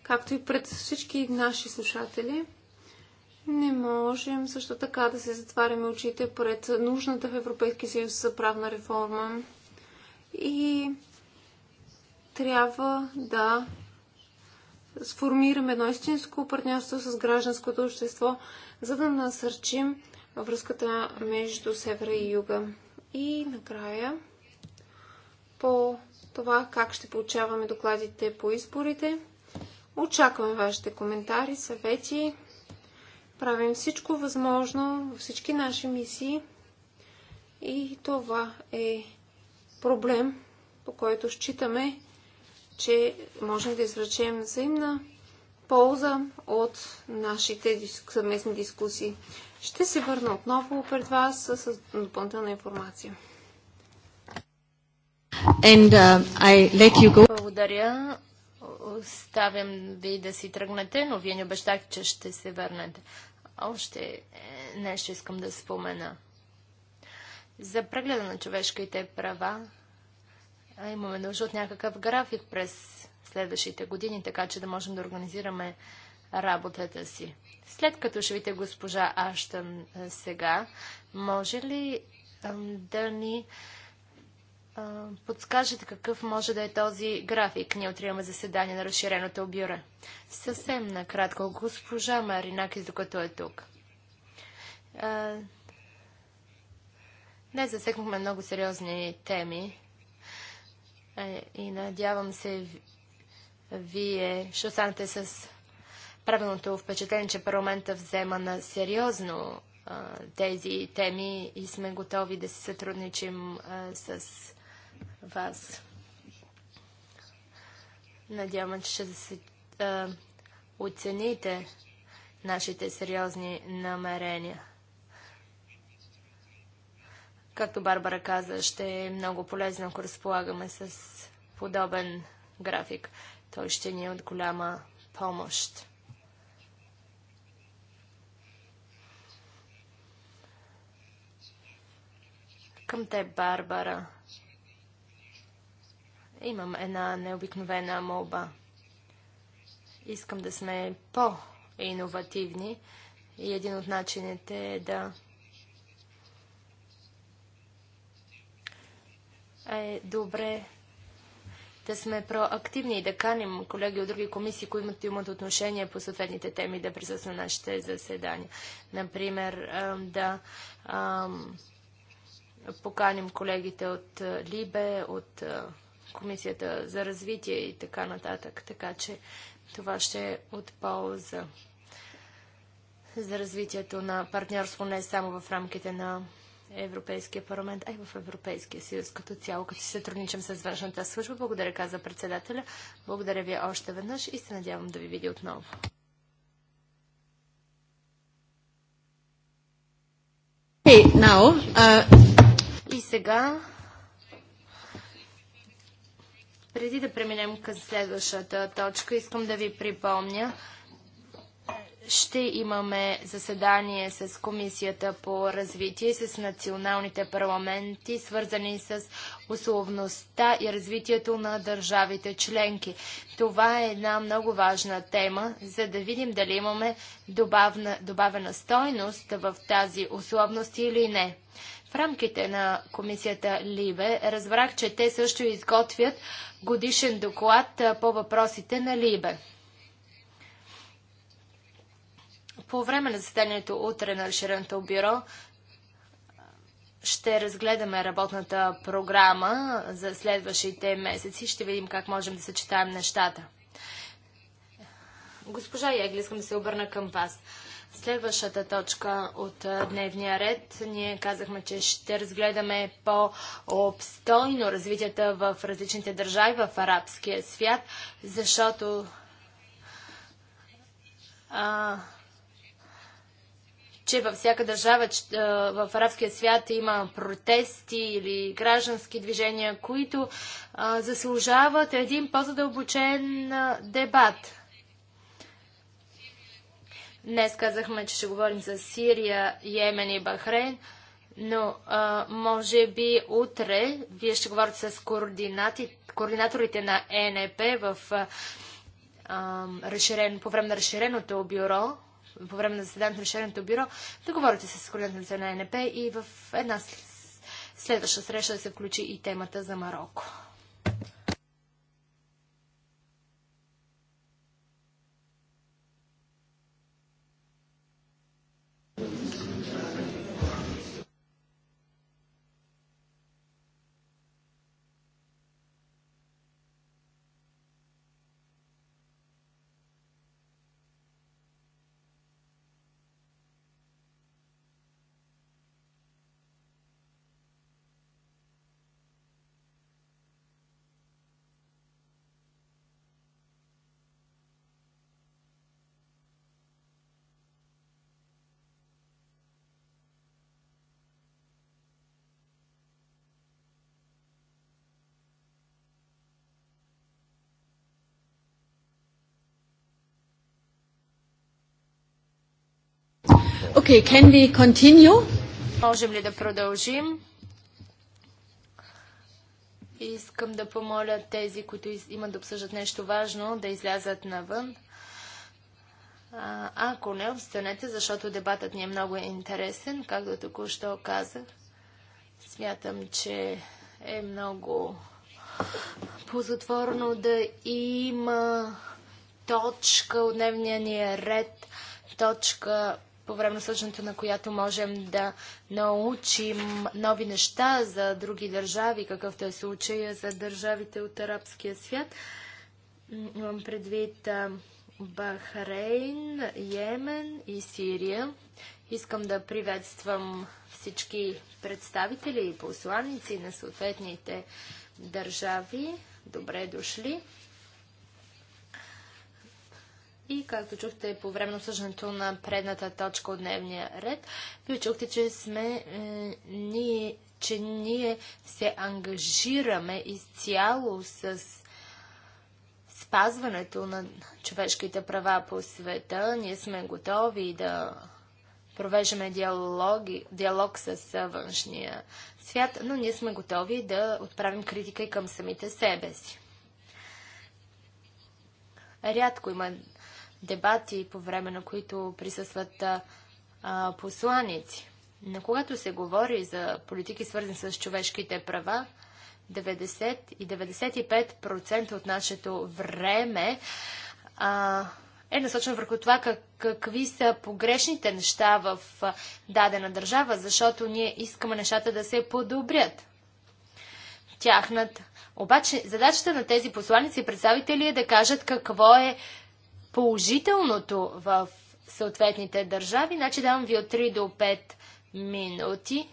[SPEAKER 2] както и пред всички наши слушатели. Не можем също така да се затваряме очите пред нужната в Европейски съюз за правна реформа. И трябва да сформираме едно истинско партньорство с гражданското общество, за да насърчим връзката между севера и юга. И накрая по това как ще получаваме докладите по изборите. Очакваме вашите коментари, съвети. Правим всичко възможно във всички наши мисии. И това е проблем, по който считаме, че можем да извлечем взаимна полза от нашите съвместни дискусии. Ще се върна отново пред вас с
[SPEAKER 3] допълнителна информация.
[SPEAKER 1] And, uh, I let you go.
[SPEAKER 3] Благодаря. Оставям ви да си тръгнете, но вие не обещахте, че ще се върнете. Още нещо искам да спомена. За прегледа на човешките права имаме нужда от някакъв график през следващите години, така че да можем да организираме работата си. След като живите госпожа Аштън сега, може ли да ни подскажете какъв може да е този график. Ние отриваме заседание на разширеното бюро. Съвсем накратко, госпожа Маринакис, докато е тук. Не засекнахме много сериозни теми и надявам се Вие ще останете с правилното впечатление, че парламента взема на сериозно а, тези теми и сме готови да се сътрудничим а, с вас. Надявам, че ще се а, оцените нашите сериозни намерения. Както Барбара каза, ще е много полезно, ако разполагаме с подобен график to ještě nie od Gulama pomožt. Kam to je Barbara? Mám ena neobyknuvená moba. Iskam da sme po inovativní. Jedin od je te da je te sme proaktivni da kanim kolege u drugih komisiji koji imate imati odnošenje po sofetnite temi da prisutno našte zasedanje. Naprimer, da um, pokanim kolegite od eh, Libe, od Комисията за развитие и така нататък. Така че това ще е от полза за развитието на партньорство не само v рамките на Европейския парламент, а и в Европейския съюз като цяло, като се сътрудничам с външната служба. Благодаря, каза председателя. Благодаря ви още веднъж и се надявам да ви видя отново.
[SPEAKER 1] Hey, now, uh...
[SPEAKER 3] И сега, преди да преминем към следващата точка, искам да ви припомня, ще имаме заседание с Комисията по развитие и с националните парламенти, свързани с условността и развитието на държавите членки. Това е една много важна тема, за да видим дали имаме добавна, добавена стойност в тази условност или не. В рамките на комисията Ливе разбрах, че те също изготвят годишен доклад по въпросите на Либе. По време на заседанието утре на разширеното бюро ще разгледаме работната програма за следващите месеци. Ще видим как можем да съчетаем нещата. Госпожа Ягли, искам да се обърна към вас. Следващата точка от дневния ред, ние казахме, че ще разгледаме по-обстойно развитията в различните държави в арабския свят, защото а, че във всяка държава в арабския свят има протести или граждански движения, които заслужават един по-задълбочен дебат. Днес казахме, че ще говорим за Сирия, Йемен и Бахрейн, но а, може би утре вие ще говорите с координаторите на ЕНП в а, а, по време на разширеното бюро по време на заседанието на решението бюро, да говорите с координаторите на НП и в една следваща среща да се включи и темата за Марокко.
[SPEAKER 1] Okay, can we continue?
[SPEAKER 3] Можем ли да продължим? Искам да помоля тези, които имат да обсъждат нещо важно, да излязат навън. А, ако не, останете, защото дебатът ни е много интересен, както току-що казах. Смятам, че е много ползотворно да има точка от дневния ни ред, точка по време на слъжането на която можем да научим нови неща за други държави, какъвто е случая за държавите от арабския свят. Имам предвид Бахрейн, Йемен и Сирия. Искам да приветствам всички представители и посланици на съответните държави. Добре дошли! И както чухте по време на обсъждането на предната точка от дневния ред, вие чухте, че сме е, ние, че ние се ангажираме изцяло с спазването на човешките права по света. Ние сме готови да провеждаме диалоги, диалог с външния свят, но ние сме готови да отправим критика и към самите себе си. Рядко има дебати, по време на които присъстват а, посланици. Но когато се говори за политики свързани с човешките права, 90 и 95% от нашето време а, е насочено върху това как, какви са погрешните неща в дадена държава, защото ние искаме нещата да се подобрят. Тяхнат. Обаче задачата на тези посланици и представители е да кажат какво е положителното в съответните държави. Значи давам ви от 3 до 5 минути.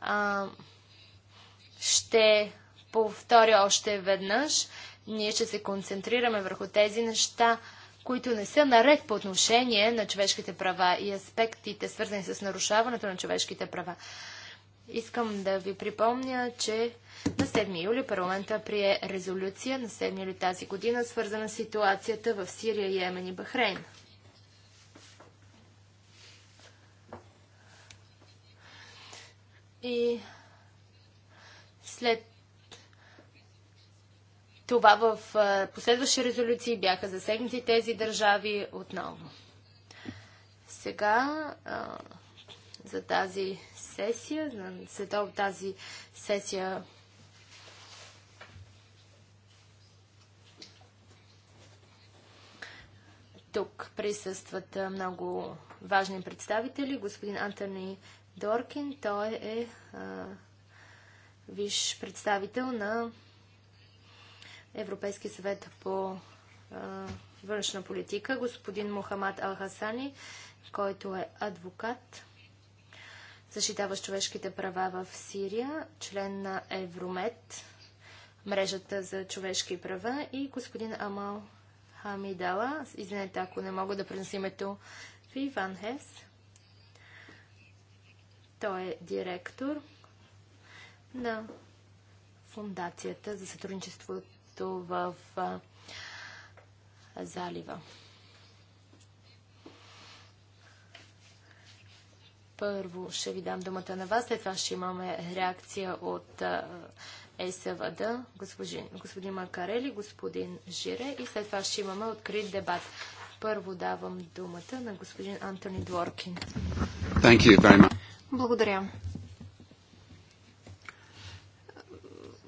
[SPEAKER 3] А, ще повторя още веднъж. Ние ще се концентрираме върху тези неща, които не са наред по отношение на човешките права и аспектите, свързани с нарушаването на човешките права. Искам да ви припомня, че на 7 юли парламента прие резолюция на 7 юли тази година, свързана с ситуацията в Сирия, Йемен и Бахрейн. И след това в последващи резолюции бяха засегнати тези държави отново. Сега за тази сесия. На след тази сесия Тук присъстват много важни представители. Господин Антони Доркин, той е а, виш представител на Европейски съвет по а, външна политика. Господин Мухамад Алхасани, който е адвокат защитаващ човешките права в Сирия, член на Евромет, мрежата за човешки права и господин Амал Хамидала, извинете ако не мога да пренеса името ви, Ван Хес. Той е директор на Фундацията за сътрудничеството в залива. Първо ще ви дам думата на вас, след това ще имаме реакция от ЕСВД, господин, господин Макарели, господин Жире и след това ще имаме открит дебат. Първо давам думата на господин Антони Дворкин. Благодаря.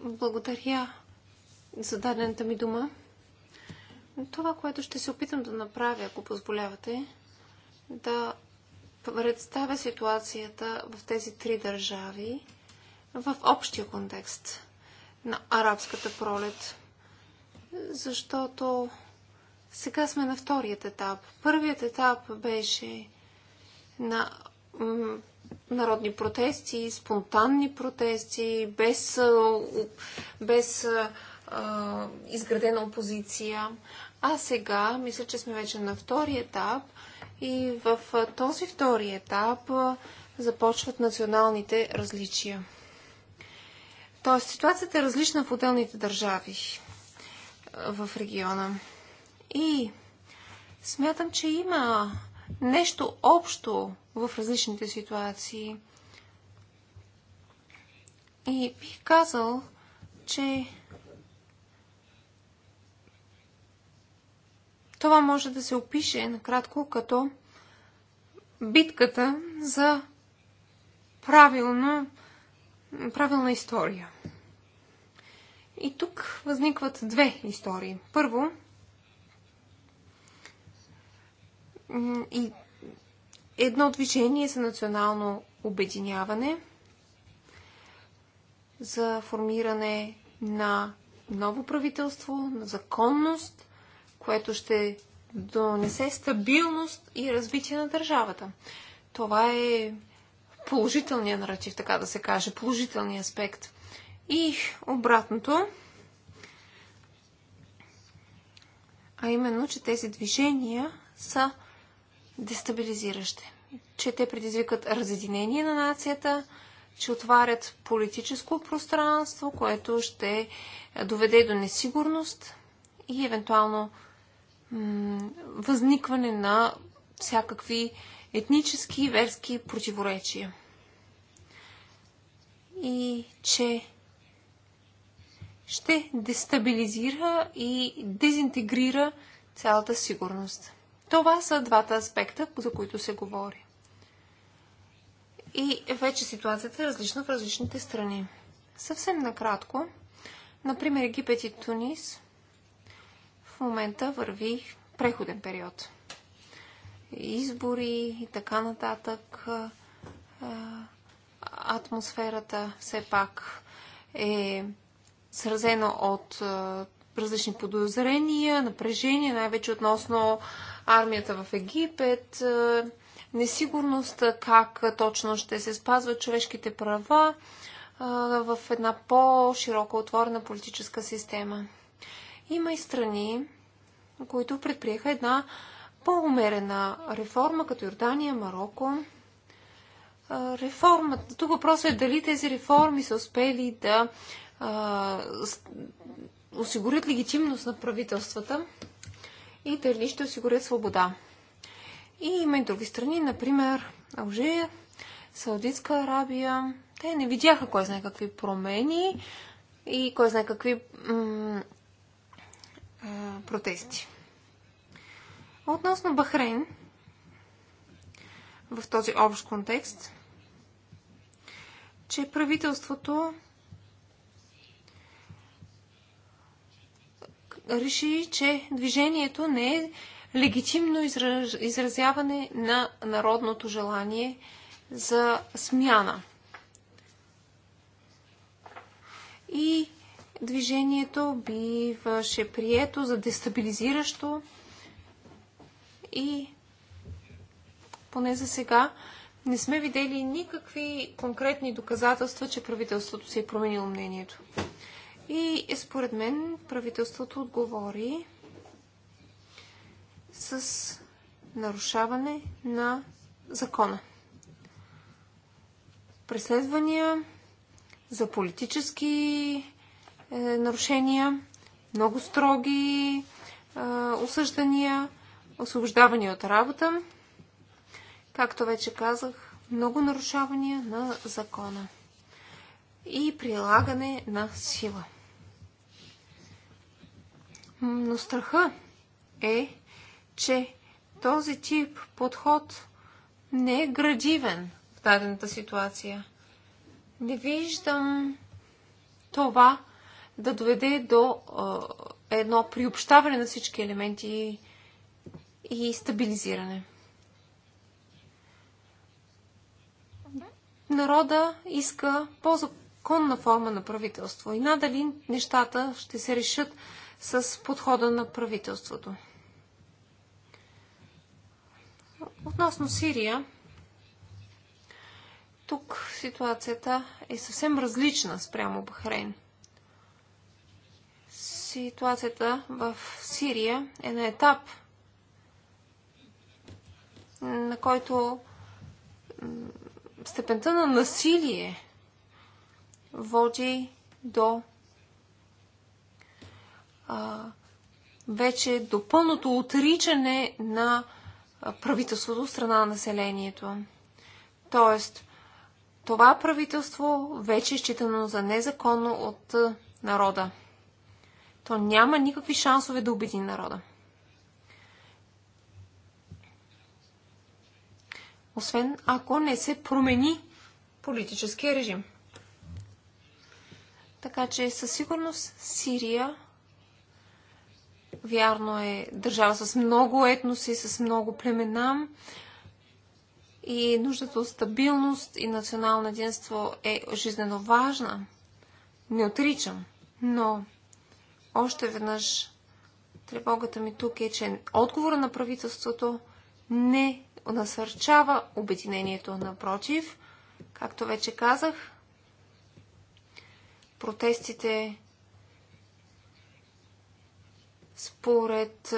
[SPEAKER 2] Благодаря за дадената ми дума. Това, което ще се опитам да направя, ако позволявате, да представя ситуацията в тези три държави в общия контекст на арабската пролет. Защото сега сме на вторият етап. Първият етап беше на народни протести, спонтанни протести, без, без а, изградена опозиция. А сега, мисля, че сме вече на втори етап – И в този втори етап започват националните различия. Тоест, ситуацията е различна в отделните държави в региона. И смятам, че има нещо общо в различните ситуации. И бих казал, че Това може да се опише накратко като битката за правилно, правилна история. И тук възникват две истории. Първо, и едно движение за национално обединяване, за формиране на ново правителство, на законност – което ще донесе стабилност и развитие на държавата. Това е положителният наратив, така да се каже, положителният аспект. И обратното, а именно, че тези движения са дестабилизиращи, че те предизвикат разединение на нацията, че отварят политическо пространство, което ще доведе до несигурност и евентуално възникване на всякакви етнически и верски противоречия. И че ще дестабилизира и дезинтегрира цялата сигурност. Това са двата аспекта, за които се говори. И вече ситуацията е различна в различните страни. Съвсем накратко, например Египет и Тунис – момента върви преходен период. Избори и така нататък. Атмосферата все пак е сразена от различни подозрения, напрежения, най-вече относно армията в Египет, несигурност как точно ще се спазват човешките права в една по-широко отворена политическа система. Има и страни, които предприеха една по-умерена реформа, като Йордания, Марокко. Реформата. Тук въпросът е дали тези реформи са успели да а, с, осигурят легитимност на правителствата и дали ще осигурят свобода. И има и други страни, например Алжир, Саудитска Арабия. Те не видяха кой знае какви промени и кой знае какви протести. Относно Бахрейн, в този общ контекст, че правителството реши, че движението не е легитимно изразяване на народното желание за смяна. И движението биваше прието за дестабилизиращо и поне за сега не сме видели никакви конкретни доказателства, че правителството се е променило мнението. И според мен правителството отговори с нарушаване на закона. Преследвания за политически нарушения, много строги осъждания, освобождавания от работа. Както вече казах, много нарушавания на закона и прилагане на сила. Но страха е, че този тип подход не е градивен в дадената ситуация. Не виждам това да доведе до едно приобщаване на всички елементи и стабилизиране. Народа иска по-законна форма на правителство и надали нещата ще се решат с подхода на правителството. Относно Сирия, тук ситуацията е съвсем различна спрямо Бахрейн. Ситуацията в Сирия е на етап, на който степента на насилие води до а, вече до пълното отричане на правителството страна на населението. Тоест, това правителство вече е считано за незаконно от народа то няма никакви шансове да убеди народа. Освен ако не се промени политическия режим. Така че със сигурност Сирия, вярно е, държава с много етноси, с много племена и нуждата от стабилност и национално единство е жизненно важна. Не отричам, но още веднъж тревогата ми тук е, че отговора на правителството не насърчава обединението. Напротив, както вече казах, протестите според,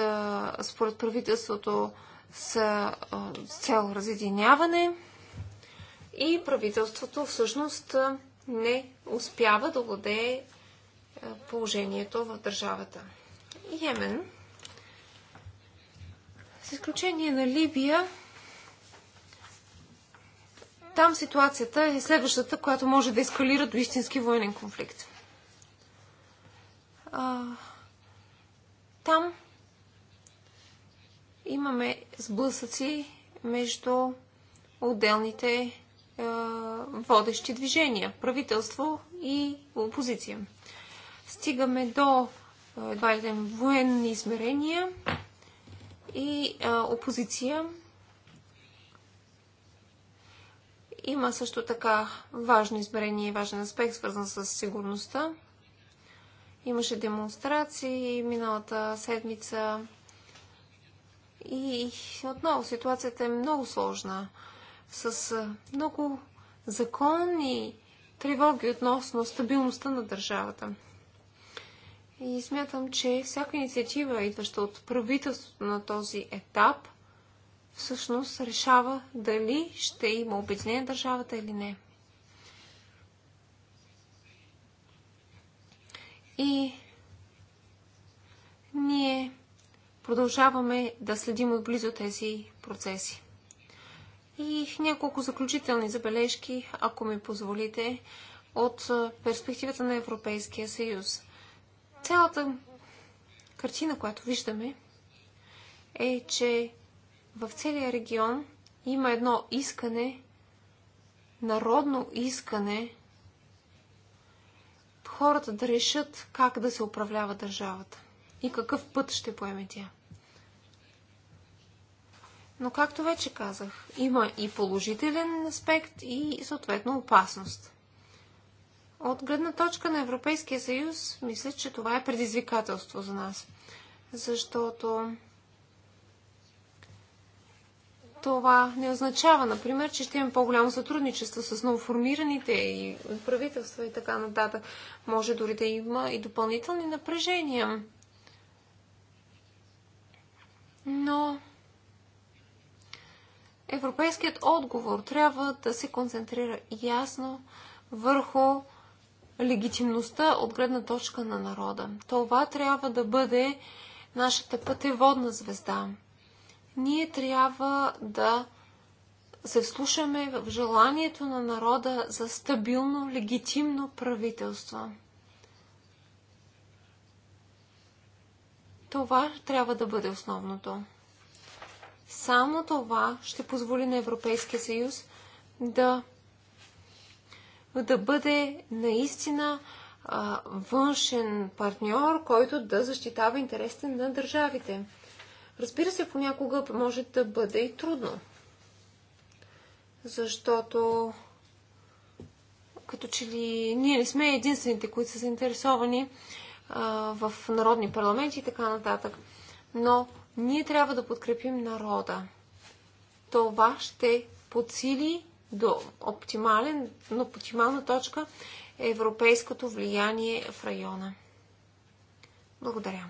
[SPEAKER 2] според правителството са с цел разединяване и правителството всъщност не успява да владее положението в държавата. Йемен, с изключение на Либия, там ситуацията е следващата, която може да ескалира до истински военен конфликт. А, там имаме сблъсъци между отделните а, водещи движения правителство и опозиция стигаме до едва ли военни измерения и а, опозиция. Има също така важно измерение и важен аспект, свързан с сигурността. Имаше демонстрации миналата седмица и отново ситуацията е много сложна, с много законни тревоги относно стабилността на държавата. И смятам, че всяка инициатива, идваща от правителството на този етап, всъщност решава дали ще има обединение на държавата или не. И ние продължаваме да следим отблизо тези процеси. И няколко заключителни забележки, ако ми позволите, от перспективата на Европейския съюз. Цялата картина, която виждаме, е, че в целия регион има едно искане, народно искане, хората да решат как да се управлява държавата и какъв път ще поеме тя. Но, както вече казах, има и положителен аспект и съответно опасност. От гледна точка на Европейския съюз, мисля, че това е предизвикателство за нас. Защото това не означава, например, че ще имаме по-голямо сътрудничество с новоформираните и правителства и така нататък. Може дори да има и допълнителни напрежения. Но европейският отговор трябва да се концентрира ясно върху легитимността от гледна точка на народа. Това трябва да бъде нашата пътеводна звезда. Ние трябва да се вслушаме в желанието на народа за стабилно, легитимно правителство. Това трябва да бъде основното. Само това ще позволи на Европейския съюз да да бъде наистина външен партньор, който да защитава интересите на държавите. Разбира се, понякога може да бъде и трудно, защото като че ли ние не сме единствените, които са заинтересовани в народни парламенти и така нататък. Но ние трябва да подкрепим народа. Това ще подсили до оптимален, но оптимална точка е европейското влияние в района. Благодаря.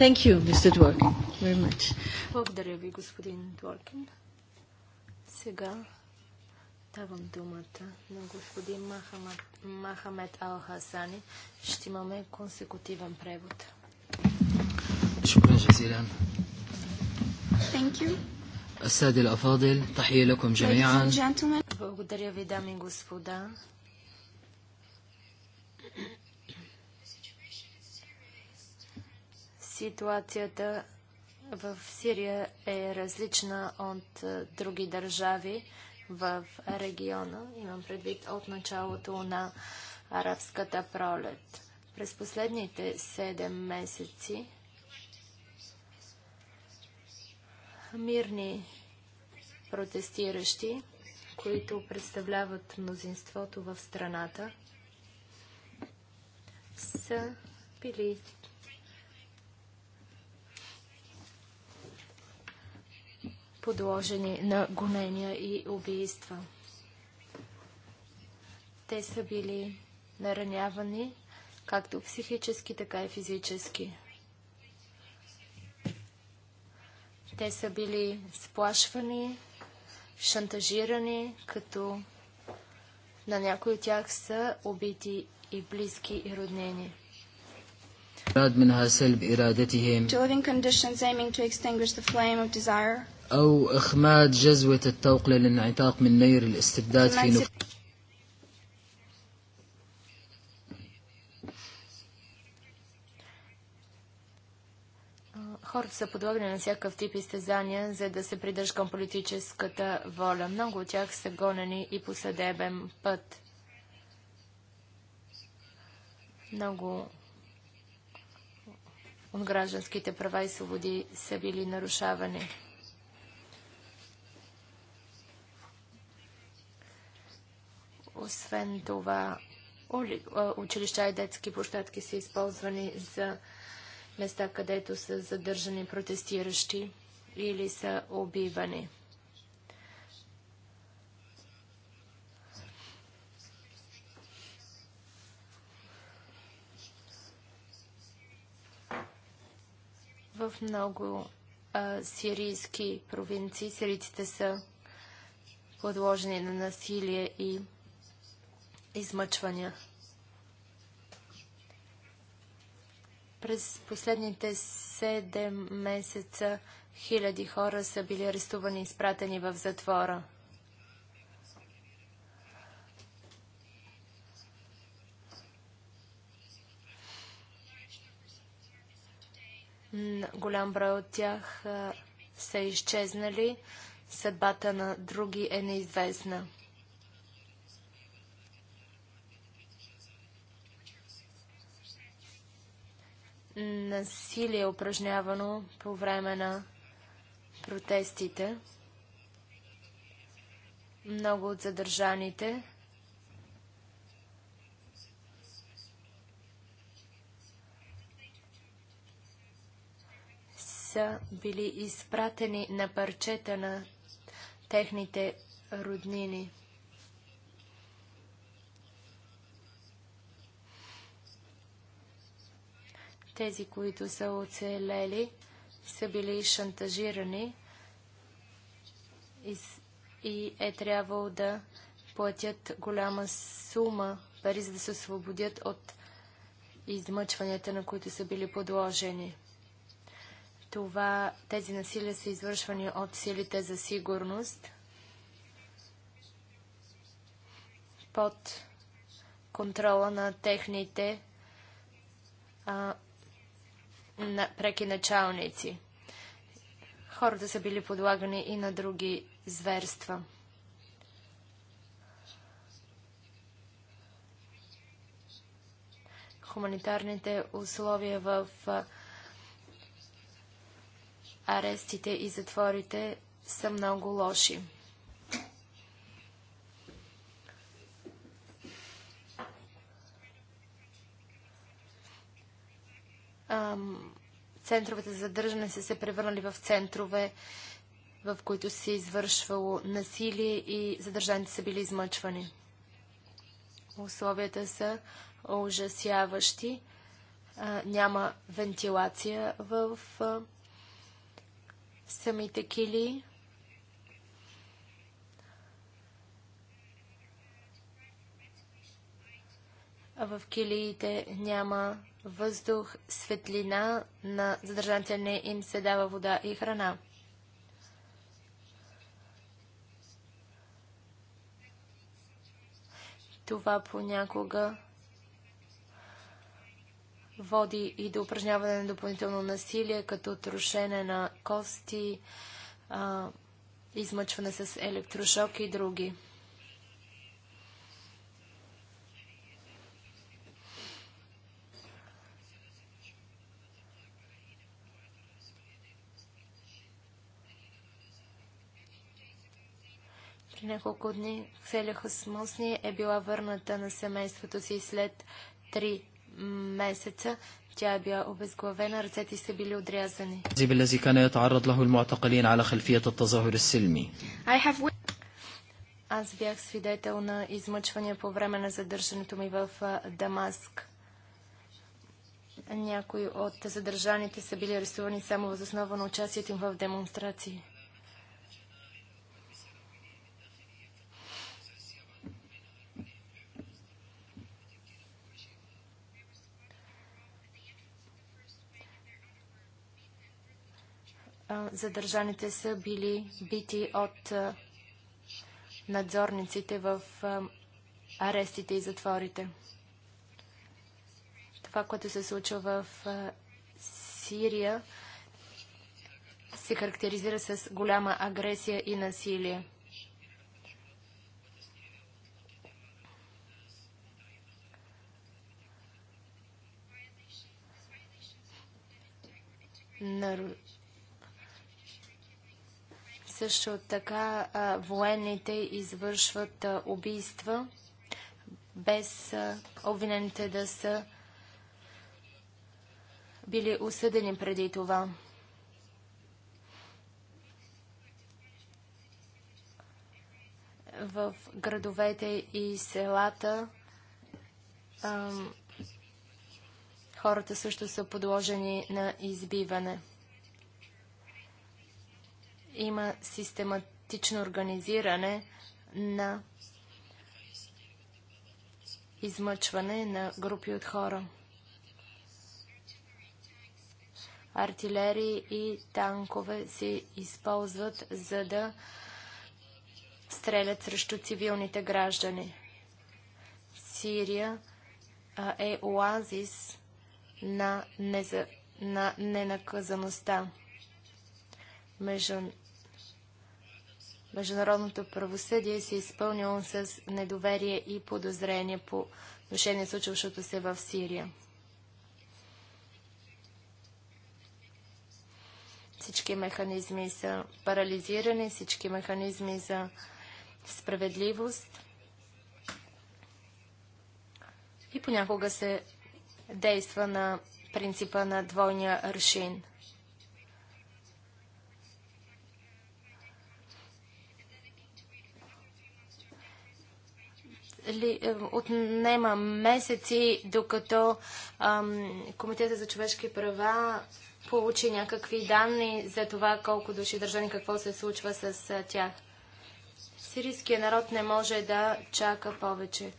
[SPEAKER 1] Thank you, Mr. Dworkin, very much.
[SPEAKER 3] Благодаря ви, господин Дворкин. Сега давам думата на господин Махамед, Махамед Ал-Хасани. Ще имаме консекутивен превод. Шукран Thank you.
[SPEAKER 4] السادة الأفاضل تحية لكم جميعا
[SPEAKER 3] Ситуацията в Сирия е различна от други държави в региона. Имам предвид от началото на арабската пролет. През последните 7 месеци мирни протестиращи, които представляват мнозинството в страната, са били подложени на гонения и убийства. Те са били наранявани както психически, така и физически. Те са били сплашвани, шантажирани, като на някои от тях са убити и близки и роднини. منها conditions aiming to extinguish the flame of desire
[SPEAKER 4] أو إخماد جزوة التوق للانعتاق من نير الاستبداد في نفوسهم
[SPEAKER 3] Хората са подлагани на всякакъв тип изтезания, за да се придържат към политическата воля. Много от тях са гонени и по съдебен път. Много от гражданските права и свободи са били нарушавани. Освен това, училища и детски площадки са използвани за места, където са задържани протестиращи или са убивани. В много а, сирийски провинции сирийците са подложени на насилие и измъчвания. През последните 7 месеца хиляди хора са били арестувани и изпратени в затвора. Голям брой от тях са изчезнали. Съдбата на други е неизвестна. насилие упражнявано по време на протестите. Много от задържаните са били изпратени на парчета на техните роднини. Тези, които са оцелели, са били шантажирани и, и е трябвало да платят голяма сума пари, за да се освободят от измъчванията, на които са били подложени. Това, тези насилия са извършвани от силите за сигурност под контрола на техните а, на преки началници. Хората са били подлагани и на други зверства. Хуманитарните условия в арестите и затворите са много лоши. центровете за задържане са се превърнали в центрове, в които се извършвало насилие и задържаните са били измъчвани. Условията са ужасяващи. А, няма вентилация в а, самите кили. В килиите няма въздух, светлина, на задържаните им се дава вода и храна. Това понякога води и до упражняване на допълнително насилие, като трошене на кости, измъчване с електрошок и други. При няколко дни Хселя Хосмусни е била върната на семейството си след три месеца. Тя е била обезглавена, ръцете са били отрязани. Аз бях свидетел на измъчвания по време на задържането ми в Дамаск. Някои от задържаните са били арестувани само въз основа на участието им в демонстрации. задържаните са били бити от надзорниците в арестите и затворите. Това, което се случва в Сирия, се характеризира с голяма агресия и насилие. Нарушение Също така военните извършват убийства без обвинените да са били осъдени преди това. В градовете и селата хората също са подложени на избиване има систематично организиране на измъчване на групи от хора. Артилерии и танкове се използват за да стрелят срещу цивилните граждани. Сирия е оазис на, неза... на ненаказаността. Между международното правосъдие се е изпълнило с недоверие и подозрение по отношение случващото се в Сирия. Всички механизми са парализирани, всички механизми за справедливост и понякога се действа на принципа на двойния аршин. отнема месеци, докато ам, Комитета за човешки права получи някакви данни за това колко души държани, какво се случва с тях. Сирийският народ не може да чака повече.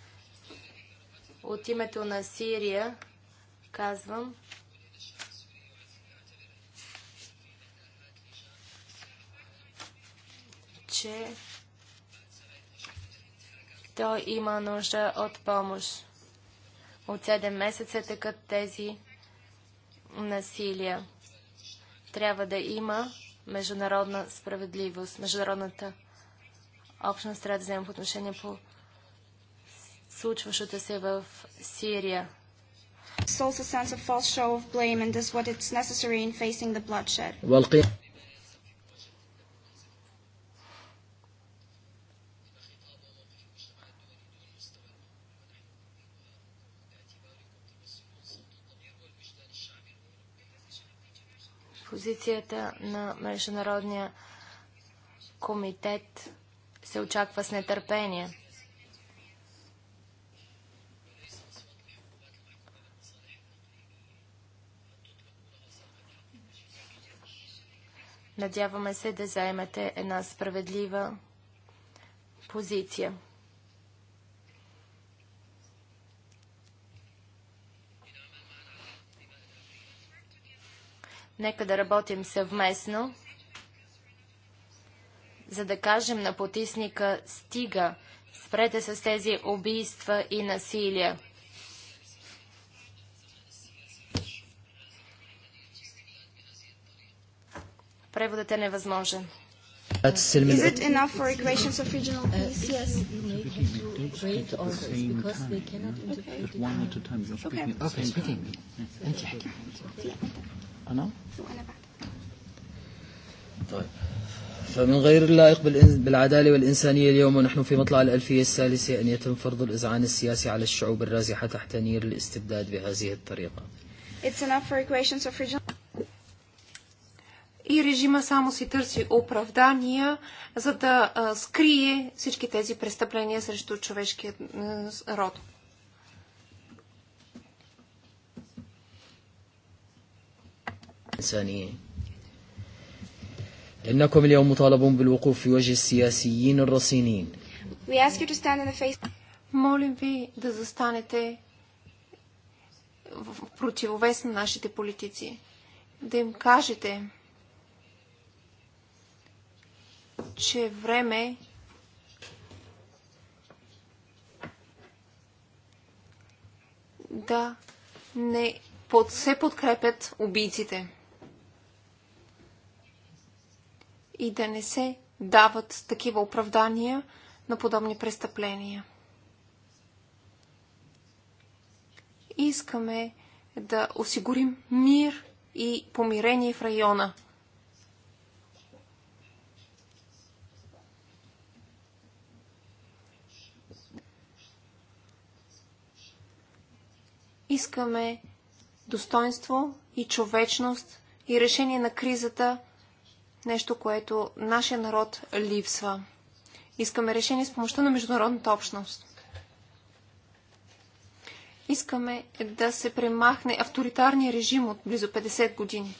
[SPEAKER 3] От името на Сирия казвам, че защо има нужда от помощ. От 7 месеца такът тези насилия. Трябва да има международна справедливост. Международната общност трябва да взема по отношение по случващото се в Сирия.
[SPEAKER 2] It's also a sense of
[SPEAKER 3] false show of blame and does what
[SPEAKER 2] it's necessary in facing the bloodshed.
[SPEAKER 3] позицията на Международния комитет се очаква с нетърпение. Надяваме се да заемете една справедлива позиция. Нека да работим съвместно, за да кажем на потисника «Стига! Спрете с тези убийства и насилия!» Преводът е невъзможен.
[SPEAKER 4] Is it
[SPEAKER 3] enough for equations of regional uh, peace? yes. You
[SPEAKER 2] may
[SPEAKER 4] have to wait or because they
[SPEAKER 2] cannot interpret okay. one at
[SPEAKER 4] a time. You're speaking. Okay. okay. okay. okay. okay. okay. okay. okay. أنا؟ فمن غير اللائق بالعدالة والإنسانية اليوم ونحن في مطلع الألفية الثالثة أن يتم فرض الإزعان السياسي على الشعوب الرازحة تحت نير الاستبداد بهذه الطريقة.
[SPEAKER 2] It's enough for equations of region. И режима само си търси оправдания, за да скрие всички тези престъпления срещу човешкия род.
[SPEAKER 4] الإنسانية إنكم اليوم مطالبون بالوقوف في وجه السياسيين الرصينين
[SPEAKER 2] We ask you to stand in the face. Молим ви да застанете в противовес на нашите политици. Да им кажете, че време да не под, се подкрепят убийците. и да не се дават такива оправдания на подобни престъпления. Искаме да осигурим мир и помирение в района. Искаме достоинство и човечност и решение на кризата нещо, което нашия народ липсва. Искаме решение с помощта на международната общност. Искаме да се премахне авторитарния режим от близо 50 години.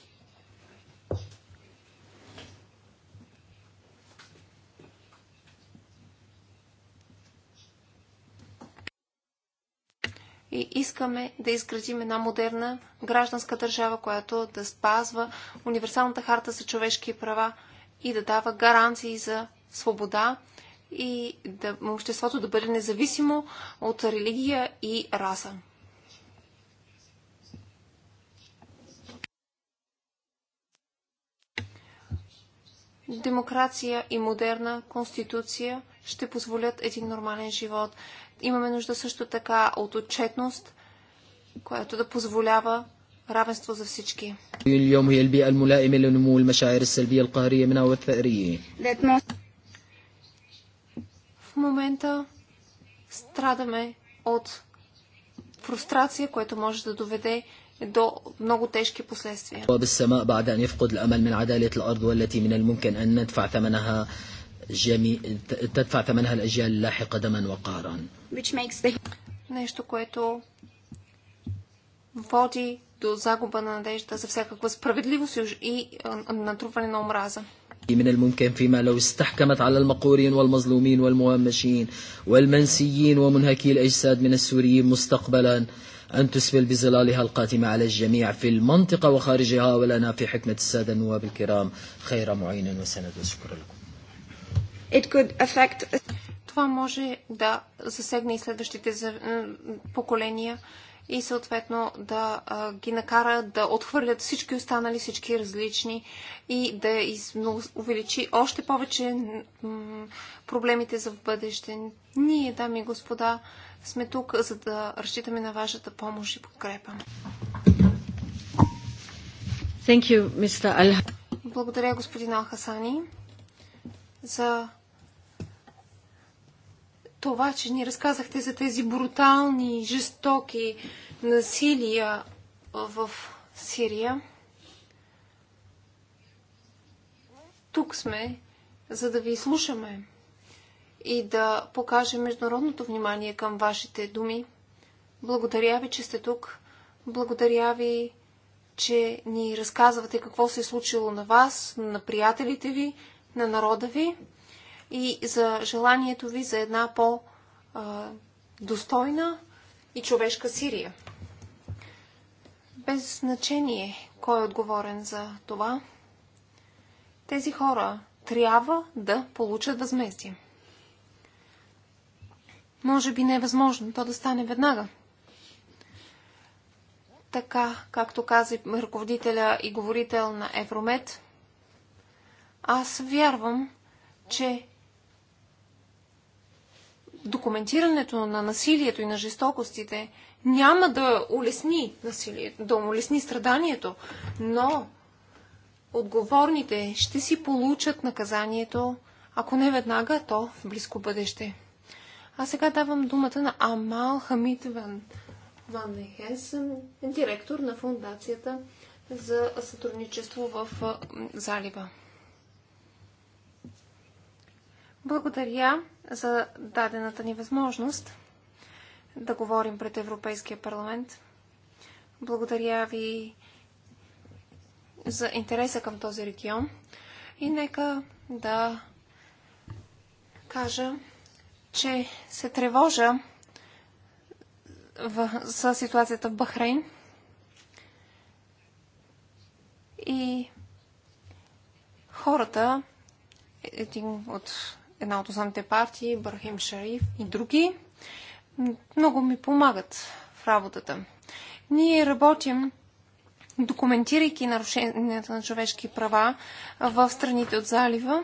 [SPEAKER 2] искаме да изградим една модерна гражданска държава, която да спазва универсалната харта за човешки права и да дава гаранции за свобода и да, обществото да бъде независимо от религия и раса. Демокрация и модерна конституция ще позволят един нормален живот. Имаме нужда също така от отчетност което да позволява равенство за всички.
[SPEAKER 4] اليوم هي البيئة الملائمة لنمو المشاعر السلبية القهرية منها والثأرية.
[SPEAKER 2] В момента страдаме от фрустрация, което може да доведе до много тежки последствия.
[SPEAKER 4] بالسماء بعد أن يفقد الأمل من عدالة الأرض والتي من الممكن أن ندفع ثمنها جميع تدفع ثمنها الأجيال اللاحقة دما وقهرا.
[SPEAKER 2] Нещо, което води до загуба на надежда за всякаква справедливост и натрупване на омраза.
[SPEAKER 4] من الممكن فيما لو استحكمت على المقهورين والمظلومين والمهمشين والمنسيين ومنهكي الأجساد من السوريين مستقبلا أن تسبل بظلالها القاتمة على الجميع في المنطقة وخارجها ولنا في حكمة السادة النواب الكرام خير معين وسند وشكر لكم
[SPEAKER 2] It could affect... Това може да засегне и следващите поколения и съответно да а, ги накара да отхвърлят всички останали, всички различни и да из, увеличи още повече проблемите за в бъдеще. Ние, дами и господа, сме тук, за да разчитаме на вашата помощ и подкрепа.
[SPEAKER 1] Thank you, Mr. Al-
[SPEAKER 2] Благодаря, господин Алхасани, за това, че ни разказахте за тези брутални, жестоки насилия в Сирия. Тук сме, за да ви слушаме и да покажем международното внимание към вашите думи. Благодаря ви, че сте тук. Благодаря ви, че ни разказвате какво се е случило на вас, на приятелите ви, на народа ви и за желанието ви за една по-достойна и човешка Сирия. Без значение кой е отговорен за това, тези хора трябва да получат възмездие. Може би не е възможно то да стане веднага. Така, както каза ръководителя и говорител на Евромет, аз вярвам, че документирането на насилието и на жестокостите няма да улесни насилието, да улесни страданието, но отговорните ще си получат наказанието, ако не веднага, то в близко бъдеще. А сега давам думата на Амал Хамид Ван, Ван Хесен, директор на Фундацията за сътрудничество в залива. Благодаря за дадената ни възможност да говорим пред Европейския парламент. Благодаря ви за интереса към този регион и нека да кажа, че се тревожа в, за ситуацията в Бахрейн и хората, един от една от основните партии, Бархим Шариф и други, много ми помагат в работата. Ние работим документирайки нарушенията на човешки права в страните от залива.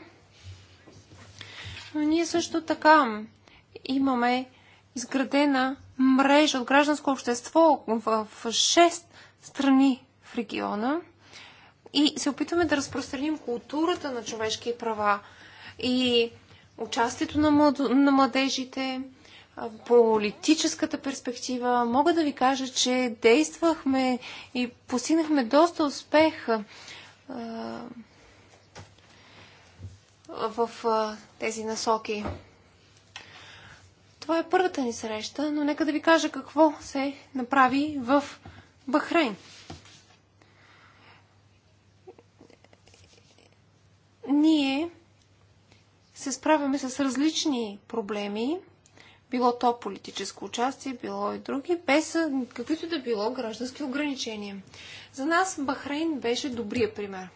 [SPEAKER 2] Но ние също така имаме изградена мрежа от гражданско общество в 6 страни в региона и се опитваме да разпространим културата на човешки права и участието на, млад... на младежите, политическата перспектива. Мога да ви кажа, че действахме и постигнахме доста успех в тези насоки. Това е първата ни среща, но нека да ви кажа какво се направи в Бахрейн. Ние се справяме с различни проблеми, било то политическо участие, било и други, без каквито да било граждански ограничения. За нас Бахрейн беше добрия пример.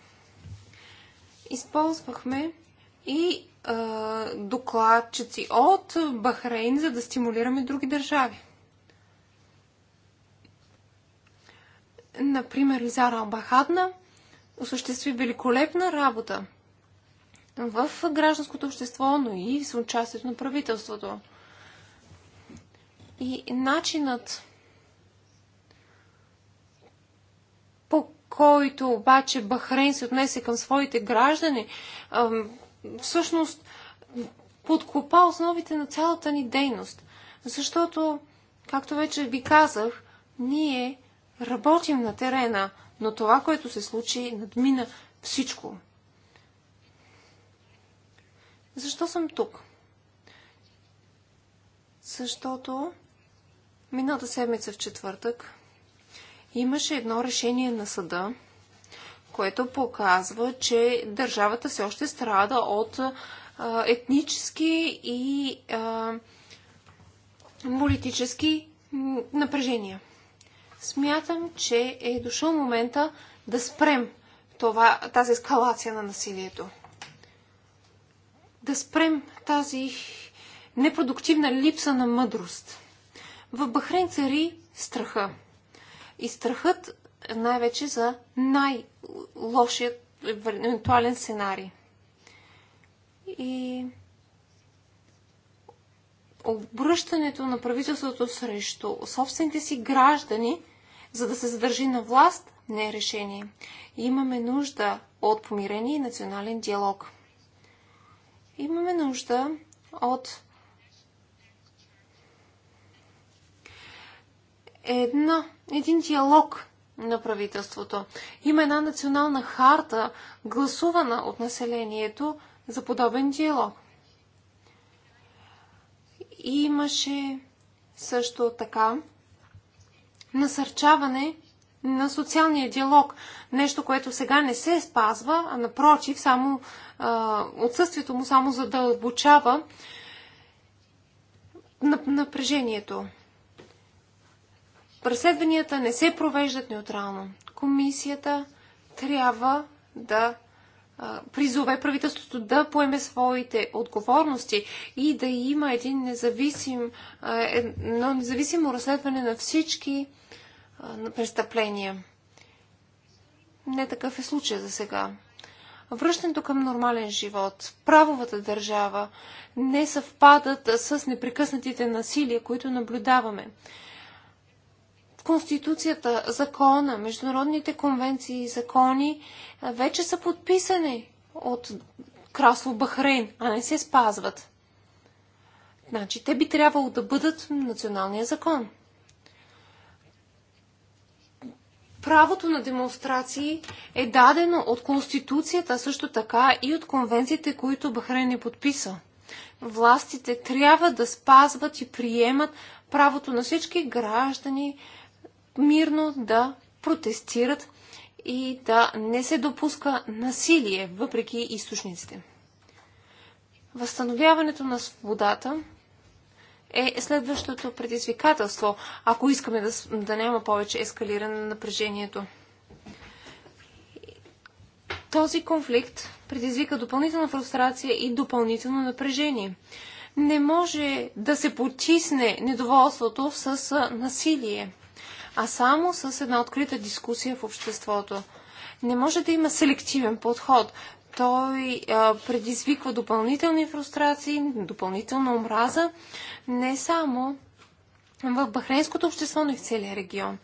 [SPEAKER 2] Използвахме и е, докладчици от Бахрейн, за да стимулираме други държави. Например, Изара Бахадна осъществи великолепна работа – в гражданското общество, но и с участието на правителството. И начинът по който обаче Бахрейн се отнесе към своите граждани, всъщност подкопа основите на цялата ни дейност. Защото, както вече ви казах, ние работим на терена, но това, което се случи, надмина всичко. Защо съм тук? Защото миналата седмица в четвъртък имаше едно решение на съда, което показва, че държавата все още страда от а, етнически и а, политически напрежения. Смятам, че е дошъл момента да спрем това, тази ескалация на насилието да спрем тази непродуктивна липса на мъдрост. В Бахрейн цари страха. И страхът най-вече за най-лошият евентуален сценарий. И обръщането на правителството срещу собствените си граждани, за да се задържи на власт, не е решение. Имаме нужда от помирение и национален диалог. Имаме нужда от една, един диалог на правителството. Има една национална харта, гласувана от населението за подобен диалог. И имаше също така насърчаване на социалния диалог. Нещо, което сега не се спазва, а напротив, само а, отсъствието му само задълбочава напрежението. Преследванията не се провеждат неутрално. Комисията трябва да призове правителството да поеме своите отговорности и да има един независим, едно независимо разследване на всички престъпление. Не такъв е случай за сега. Връщането към нормален живот, правовата държава не съвпадат с непрекъснатите насилия, които наблюдаваме. Конституцията, закона, международните конвенции и закони вече са подписани от Красло Бахрейн, а не се спазват. Значи, те би трябвало да бъдат националния закон. правото на демонстрации е дадено от Конституцията, също така и от конвенциите, които Бахрейн е подписал. Властите трябва да спазват и приемат правото на всички граждани мирно да протестират и да не се допуска насилие, въпреки източниците. Възстановяването на свободата е следващото предизвикателство, ако искаме да, да няма повече ескалиране на напрежението. Този конфликт предизвика допълнителна фрустрация и допълнително напрежение. Не може да се потисне недоволството с насилие, а само с една открита дискусия в обществото. Не може да има селективен подход, той а, предизвиква допълнителни фрустрации, допълнителна омраза, не само в бахрейнското общество, но и в целия регион.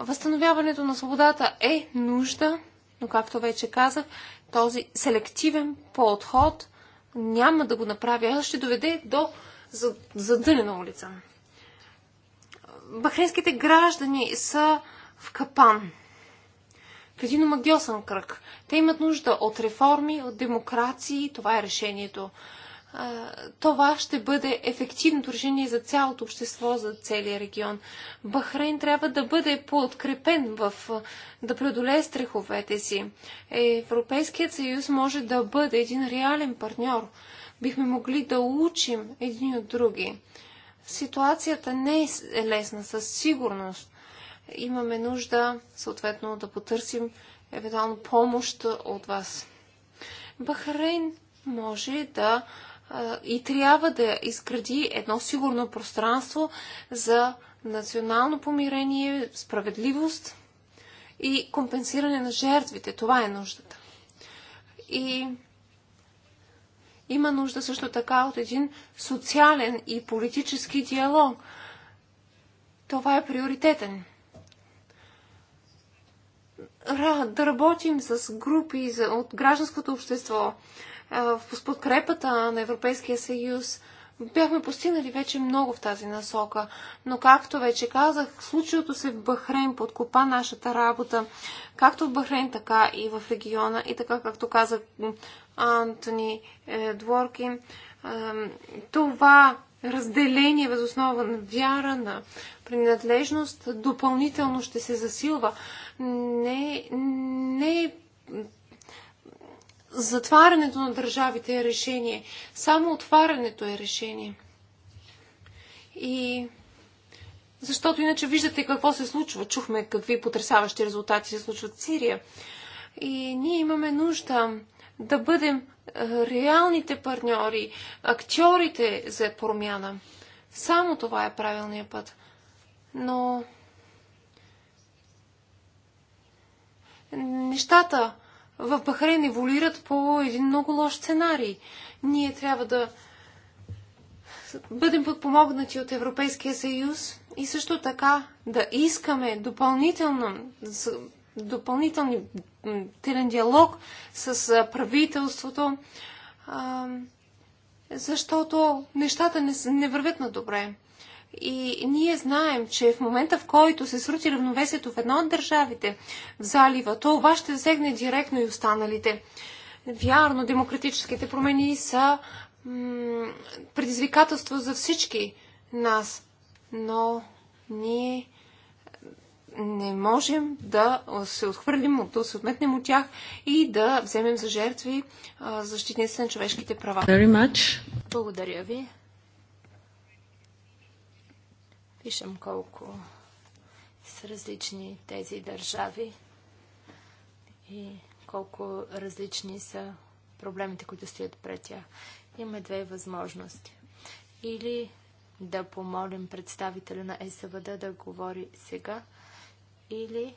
[SPEAKER 2] Възстановяването на свободата е нужда, но както вече казах, този селективен подход няма да го направи, а ще доведе до задънена улица. Бахрейнските граждани са в капан – казино магиосен кръг. Те имат нужда от реформи, от демокрации. Това е решението. Това ще бъде ефективното решение за цялото общество, за целия регион. Бахрейн трябва да бъде подкрепен в да преодолее страховете си. Европейският съюз може да бъде един реален партньор. Бихме могли да учим едни от други. Ситуацията не е лесна със сигурност имаме нужда съответно да потърсим евентуално помощ от вас. Бахрейн може да и трябва да изгради едно сигурно пространство за национално помирение, справедливост и компенсиране на жертвите. Това е нуждата. И има нужда също така от един социален и политически диалог. Това е приоритетен да работим с групи от гражданското общество в подкрепата на Европейския съюз. Бяхме постигнали вече много в тази насока, но както вече казах, случилото се в Бахрейн подкопа нашата работа, както в Бахрейн, така и в региона, и така както каза Антони Дворкин, това разделение възоснова на вяра, на принадлежност, допълнително ще се засилва не, не затварянето на държавите е решение. Само отварянето е решение. И защото иначе виждате какво се случва. Чухме какви потрясаващи резултати се случват в Сирия. И ние имаме нужда да бъдем реалните партньори, актьорите за промяна. Само това е правилният път. Но нещата в Бахрейн еволюират по един много лош сценарий. Ние трябва да бъдем подпомогнати от Европейския съюз и също така да искаме допълнително, допълнителни телен диалог с правителството, защото нещата не, не вървят на добре. И ние знаем, че в момента в който се срути равновесието в една от държавите в залива, то това ще засегне директно и останалите. Вярно, демократическите промени са предизвикателство за всички нас, но ние не можем да се отхвърлим, да се отметнем от тях и да вземем за жертви защитниците на човешките права.
[SPEAKER 3] Благодаря ви пишем колко са различни тези държави и колко различни са проблемите, които стоят пред тях. Имаме две възможности. Или да помолим представителя на СВД да говори сега, или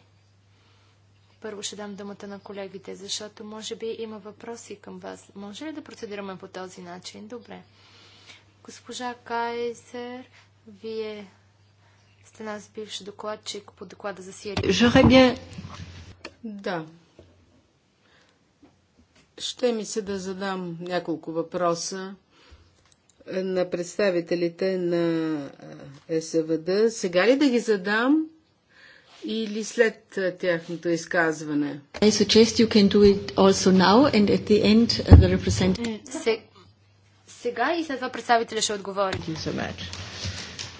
[SPEAKER 3] първо ще дам думата на колегите, защото може би има въпроси към вас. Може ли да процедираме по този начин? Добре. Госпожа Кайзер, вие Сте нас бивш докладчик по доклада за Сирия. Жоребе.
[SPEAKER 1] Да. Ще ми се да задам няколко въпроса на представителите на СВД. Сега ли да ги задам или след тяхното изказване? I suggest you can do it also now and at the end the
[SPEAKER 3] representative. Сега и след това представителя ще отговори. Thank you so much.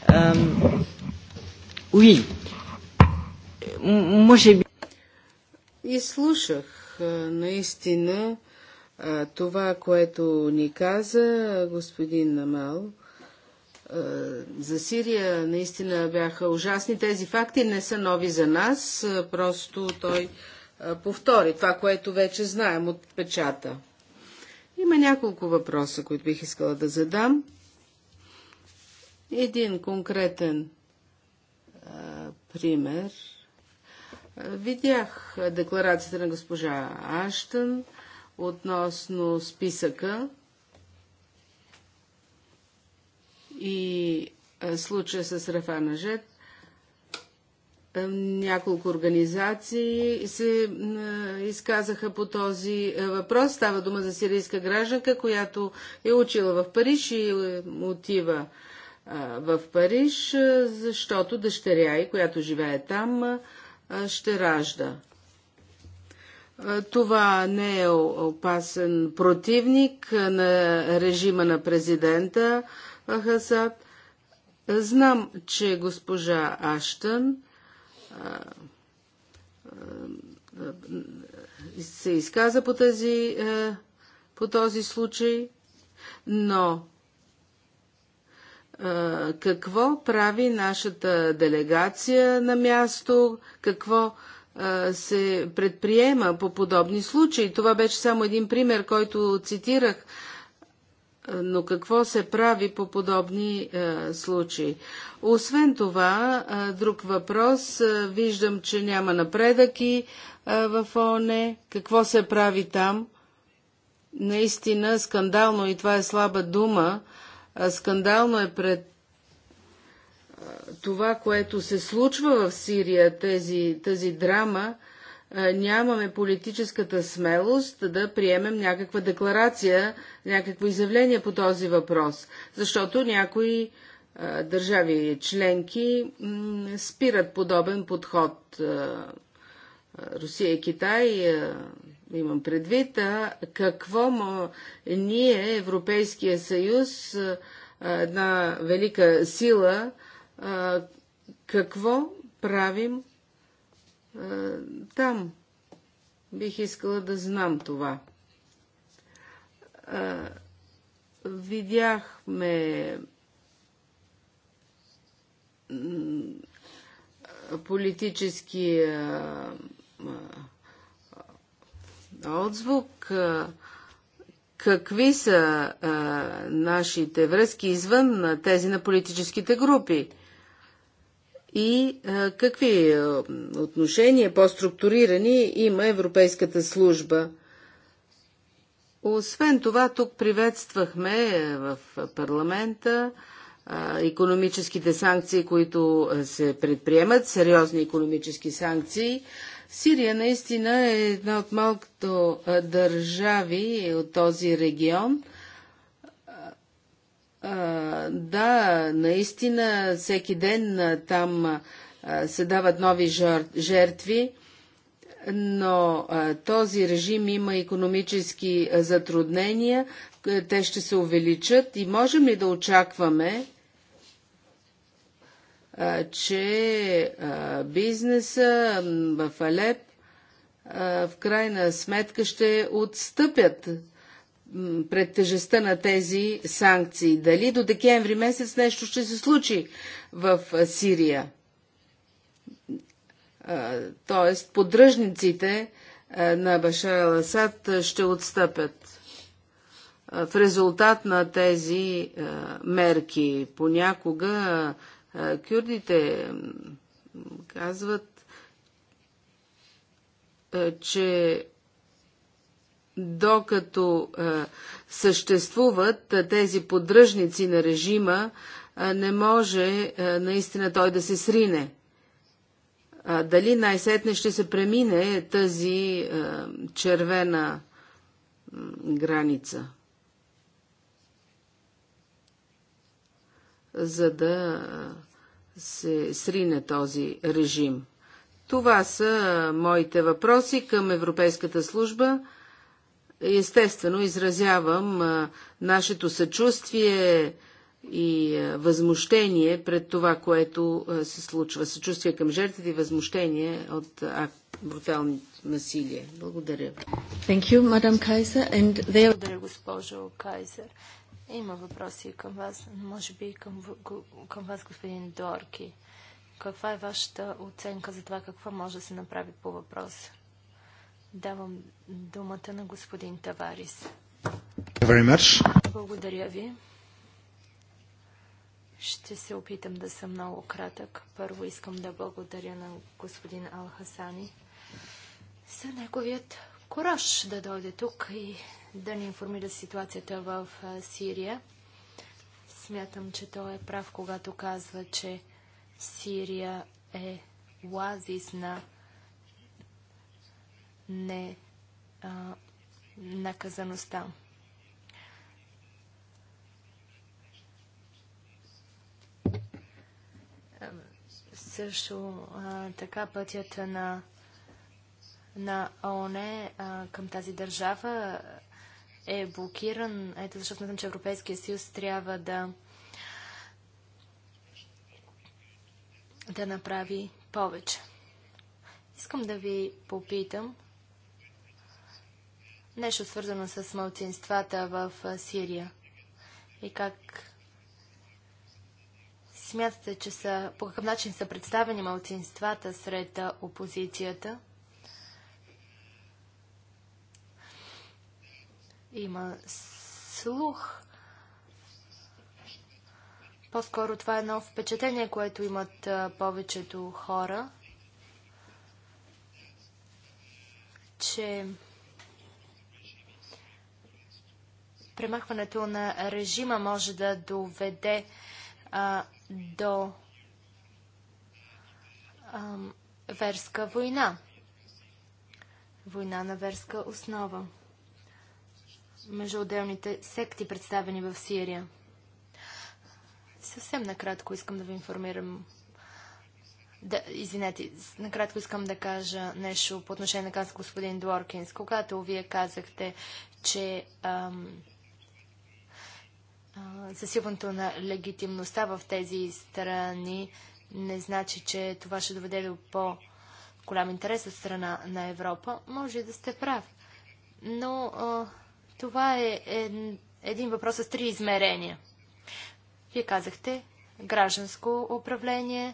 [SPEAKER 3] Um,
[SPEAKER 4] Oui. Може би.
[SPEAKER 1] И слушах наистина това, което ни каза господин Намал. За Сирия наистина бяха ужасни. Тези факти не са нови за нас, просто той повтори това, което вече знаем от печата. Има няколко въпроса, които бих искала да задам. Един конкретен пример. Видях декларацията на госпожа Аштън относно списъка и случая с Рафана Жет. Няколко организации се изказаха по този въпрос. Става дума за сирийска гражданка, която е учила в Париж и отива в Париж, защото дъщеря й, която живее там, ще ражда. Това не е опасен противник на режима на президента Хасад. Знам, че госпожа Аштън се изказа по, тази, по този случай, но какво прави нашата делегация на място, какво се предприема по подобни случаи. Това беше само един пример, който цитирах, но какво се прави по подобни случаи. Освен това, друг въпрос, виждам, че няма напредък и в ОНЕ, какво се прави там. Наистина скандално и това е слаба дума, Скандално е пред това, което се случва в Сирия, тези, тази драма, нямаме политическата смелост да приемем някаква декларация, някакво изявление по този въпрос, защото някои държави членки спират подобен подход. Русия и Китай имам предвид, а какво му, ние, Европейския съюз, една велика сила, какво правим там? Бих искала да знам това. Видяхме политически отзвук. Какви са а, нашите връзки извън на тези на политическите групи? И а, какви а, отношения по-структурирани има Европейската служба? Освен това, тук приветствахме в парламента економическите санкции, които се предприемат, сериозни економически санкции Сирия наистина е една от малкото държави от този регион. Да, наистина всеки ден там се дават нови жертви, но този режим има економически затруднения, те ще се увеличат и можем ли да очакваме че бизнеса в Алеп в крайна сметка ще отстъпят пред тежестта на тези санкции. Дали до декември месец нещо ще се случи в Сирия? Тоест, поддръжниците на Башар Аласад ще отстъпят в резултат на тези мерки. Понякога Кюрдите казват, че докато съществуват тези поддръжници на режима, не може наистина той да се срине. Дали най-сетне ще се премине тази червена граница? За да се срине този режим. Това са моите въпроси към Европейската служба. Естествено, изразявам нашето съчувствие и възмущение пред това, което се случва. Съчувствие към жертвите и възмущение от брутално насилие. Благодаря. Thank you, Madam Kaiser. And they... Благодаря,
[SPEAKER 3] госпожо Кайзер. Има въпроси към вас, може би към, към вас, господин Дорки. Каква е вашата оценка за това какво може да се направи по въпрос? Давам думата на господин Таварис. Благодаря ви. Ще се опитам да съм много кратък. Първо искам да благодаря на господин Алхасани за неговият кораж да дойде тук и да ни информира ситуацията в Сирия. Смятам, че той е прав, когато казва, че Сирия е оазис на не а, наказаността. Също а, така пътята на на ООН към тази държава е блокиран. Ето защото смятам, че Европейския съюз трябва да да направи повече. Искам да ви попитам нещо свързано с малцинствата в Сирия и как смятате, че са, по какъв начин са представени малцинствата сред опозицията – има слух. По-скоро това е едно впечатление, което имат повечето хора, че премахването на режима може да доведе а, до а, верска война. Война на верска основа между отделните секти, представени в Сирия. Съвсем накратко искам да ви информирам. Да, извинете, накратко искам да кажа нещо по отношение на каза господин Дворкинс. Когато вие казахте, че ам, а, засилването на легитимността в тези страни не значи, че това ще доведе до по-голям интерес от страна на Европа, може да сте прав. Но а, Това е един въпрос с три измерения. Вие казахте гражданско управление,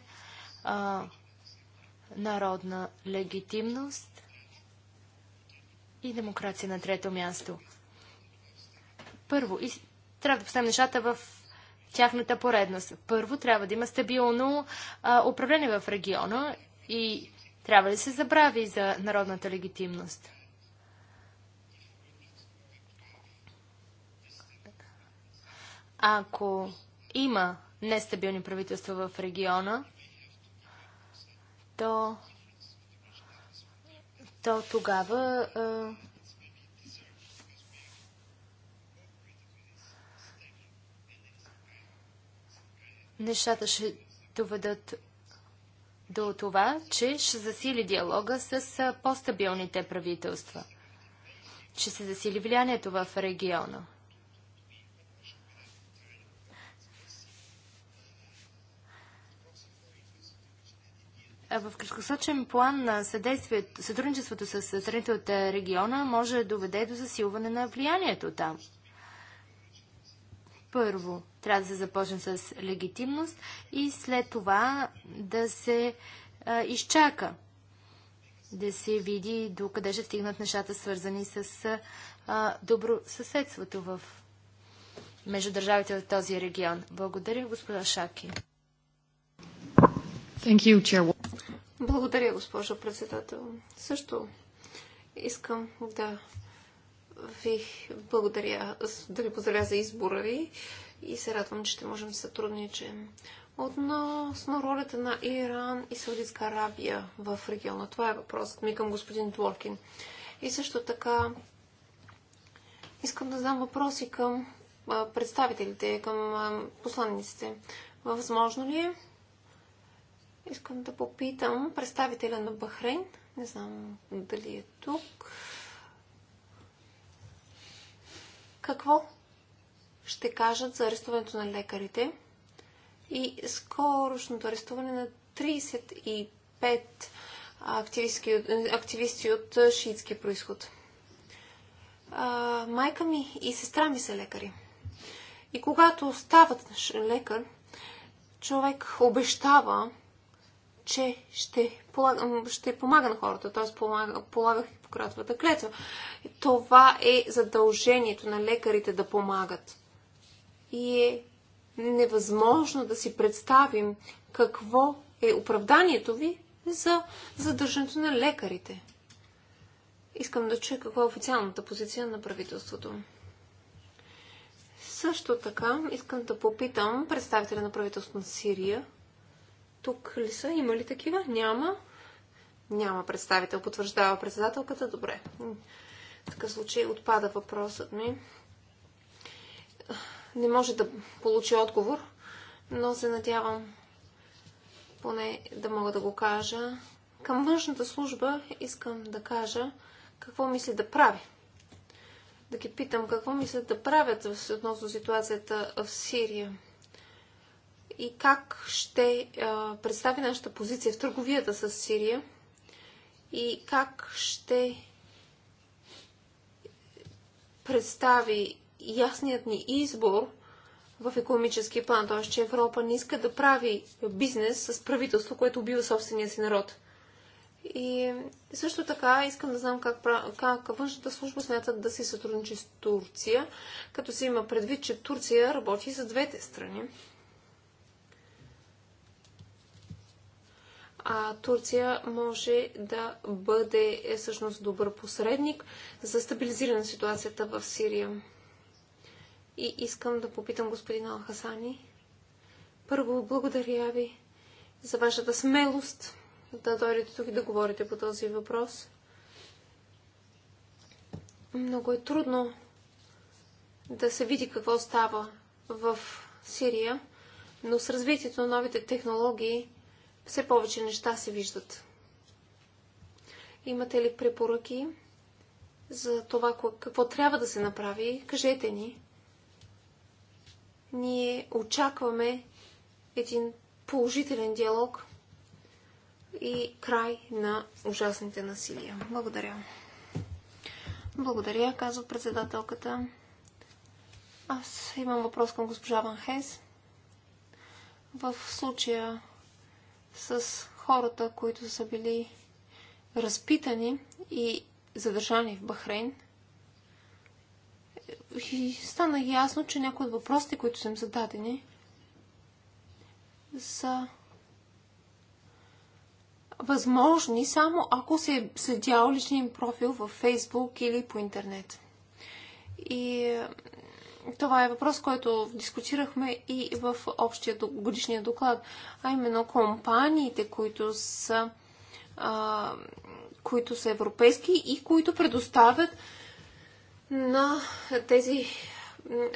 [SPEAKER 3] а, народна легитимност и демокрация на трето място. Първо, и трябва да поставим нещата в тяхната поредност. Първо, трябва да има стабилно а, управление в региона и трябва да се забрави за народната легитимност. Ако има нестабилни правителства в региона, то, то тогава а, нещата ще доведат до това, че ще засили диалога с по-стабилните правителства, че се засили влиянието в региона. В краткосрочен план на сътрудничеството с страните от региона може да доведе до засилване на влиянието там. Първо, трябва да се започне с легитимност и след това да се а, изчака, да се види до къде ще стигнат нещата, свързани с а, добро съседството в между държавите от този регион. Благодаря, госпожа Шаки. Thank you, chair. Благодаря, госпожо председател. Също искам
[SPEAKER 2] да ви благодаря, да ви поздравя за избора ви и се радвам, че ще можем да сътрудничим относно ролята на Иран и Саудитска Арабия в региона. Това е въпросът ми към господин Дворкин. И също така искам да задам въпроси към представителите, към посланниците. Възможно ли е Искам да попитам представителя на Бахрейн. Не знам дали е тук. Какво ще кажат за арестуването на лекарите и скорошното арестуване на 35 активисти, активисти от шиитски происход? А, майка ми и сестра ми са лекари. И когато стават лекар, човек обещава че ще, полагам, ще помага на хората, т.е. полагах Хипократовата клетва. Това е задължението на лекарите да помагат. И е невъзможно да си представим какво е оправданието ви за задържането на лекарите. Искам да чуя каква е официалната позиция на правителството. Също така искам да попитам представителя на правителството на Сирия, Тук ли са? Има ли такива? Няма. Няма представител, потвърждава председателката. Добре. В такъв случай отпада въпросът ми. Не може да получи отговор, но се надявам поне да мога да го кажа. Към външната служба искам да кажа какво мисли да прави. Да ги питам какво мислят да правят относно ситуацията в Сирия и как ще представи нашата позиция в търговията с Сирия и как ще представи ясният ни избор в економически план, т.е. че Европа не иска да прави бизнес с правителство, което убива собствения си народ. И също така искам да знам как, как външната служба смята да си сътрудничи с Турция, като се има предвид, че Турция работи за двете страни. а Турция може да бъде е, всъщност добър посредник за стабилизиране на ситуацията в Сирия. И искам да попитам господин Алхасани. Първо, благодаря ви за вашата смелост да дойдете тук и да говорите по този въпрос. Много е трудно да се види какво става в Сирия, но с развитието на новите технологии Все повече неща се виждат. Имате ли препоръки за това какво трябва да се направи? Кажете ни. Ние очакваме един положителен диалог и край на ужасните насилия. Благодаря. Благодаря, казва председателката. Аз имам въпрос към госпожа Ван Хес. В случая с хората, които са били разпитани и задържани в Бахрейн. И стана ясно, че някои от въпросите, които са им зададени, са възможни само ако се е следял личния им профил във Фейсбук или по интернет. И това е въпрос, който дискутирахме и в общия годишния доклад, а именно компаниите, които са, а, които са европейски и които предоставят на тези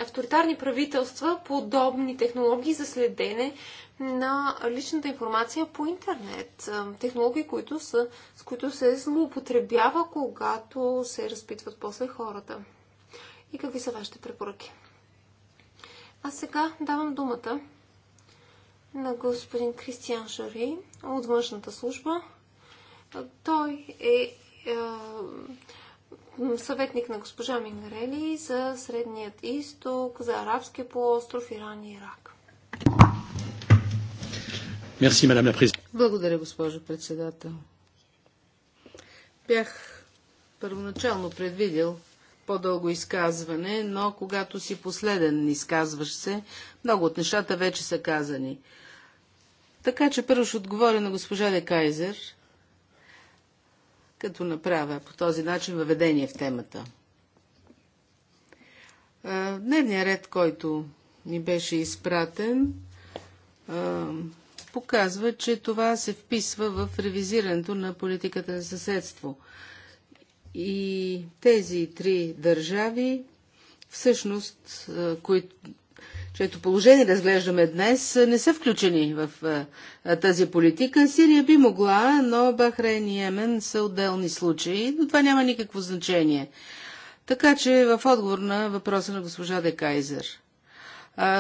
[SPEAKER 2] авторитарни правителства подобни технологии за следене на личната информация по интернет. Технологии, които са, с които се злоупотребява, когато се разпитват после хората и какви са вашите препоръки. А сега давам думата на господин Кристиан Шари от външната служба. Той е, е съветник на госпожа Мингарели за Средният изток, за Арабския полуостров, Иран и Ирак. Благодаря, госпожо
[SPEAKER 1] председател. Бях първоначално предвидел по-дълго изказване, но когато си последен изказваш се, много от нещата вече са казани. Така че първо ще отговоря на госпожа Де Кайзер, като направя по този начин въведение в темата. Дневният ред, който ни беше изпратен, показва, че това се вписва в ревизирането на политиката на съседство – И тези три държави, всъщност, които чето положение разглеждаме днес, не са включени в тази политика. Сирия би могла, но Бахрейн и Йемен са отделни случаи, но това няма никакво значение. Така че в отговор на въпроса на госпожа Де Кайзер.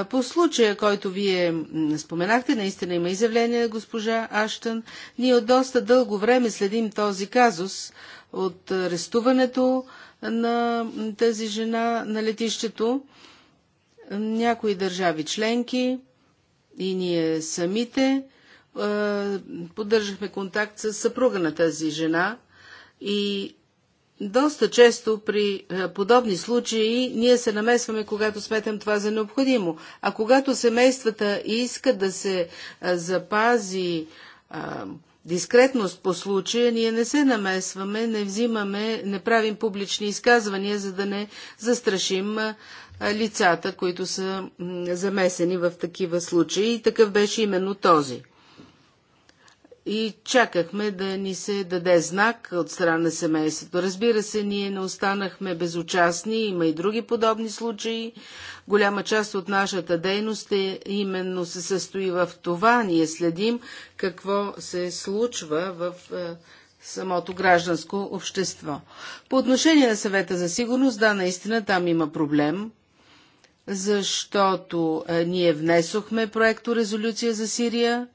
[SPEAKER 1] По случая, който вие споменахте, наистина има изявление госпожа Аштън. Ние от доста дълго време следим този казус от арестуването на тази жена на летището. Някои държави членки и ние самите поддържахме контакт с съпруга на тази жена и доста често при подобни случаи ние се намесваме, когато сметам това за необходимо. А когато семействата искат да се запази дискретност по случая, ние не се намесваме, не взимаме, не правим публични изказвания, за да не застрашим лицата, които са замесени в такива случаи. И такъв беше именно този и чакахме да ни се даде знак от страна на семейството. Разбира се, ние не останахме безучастни, има и други подобни случаи. Голяма част от нашата дейност е, именно се състои в това. Ние следим какво се случва в е, самото гражданско общество. По отношение на съвета за сигурност, да, наистина там има проблем, защото ние внесохме проекто резолюция за Сирия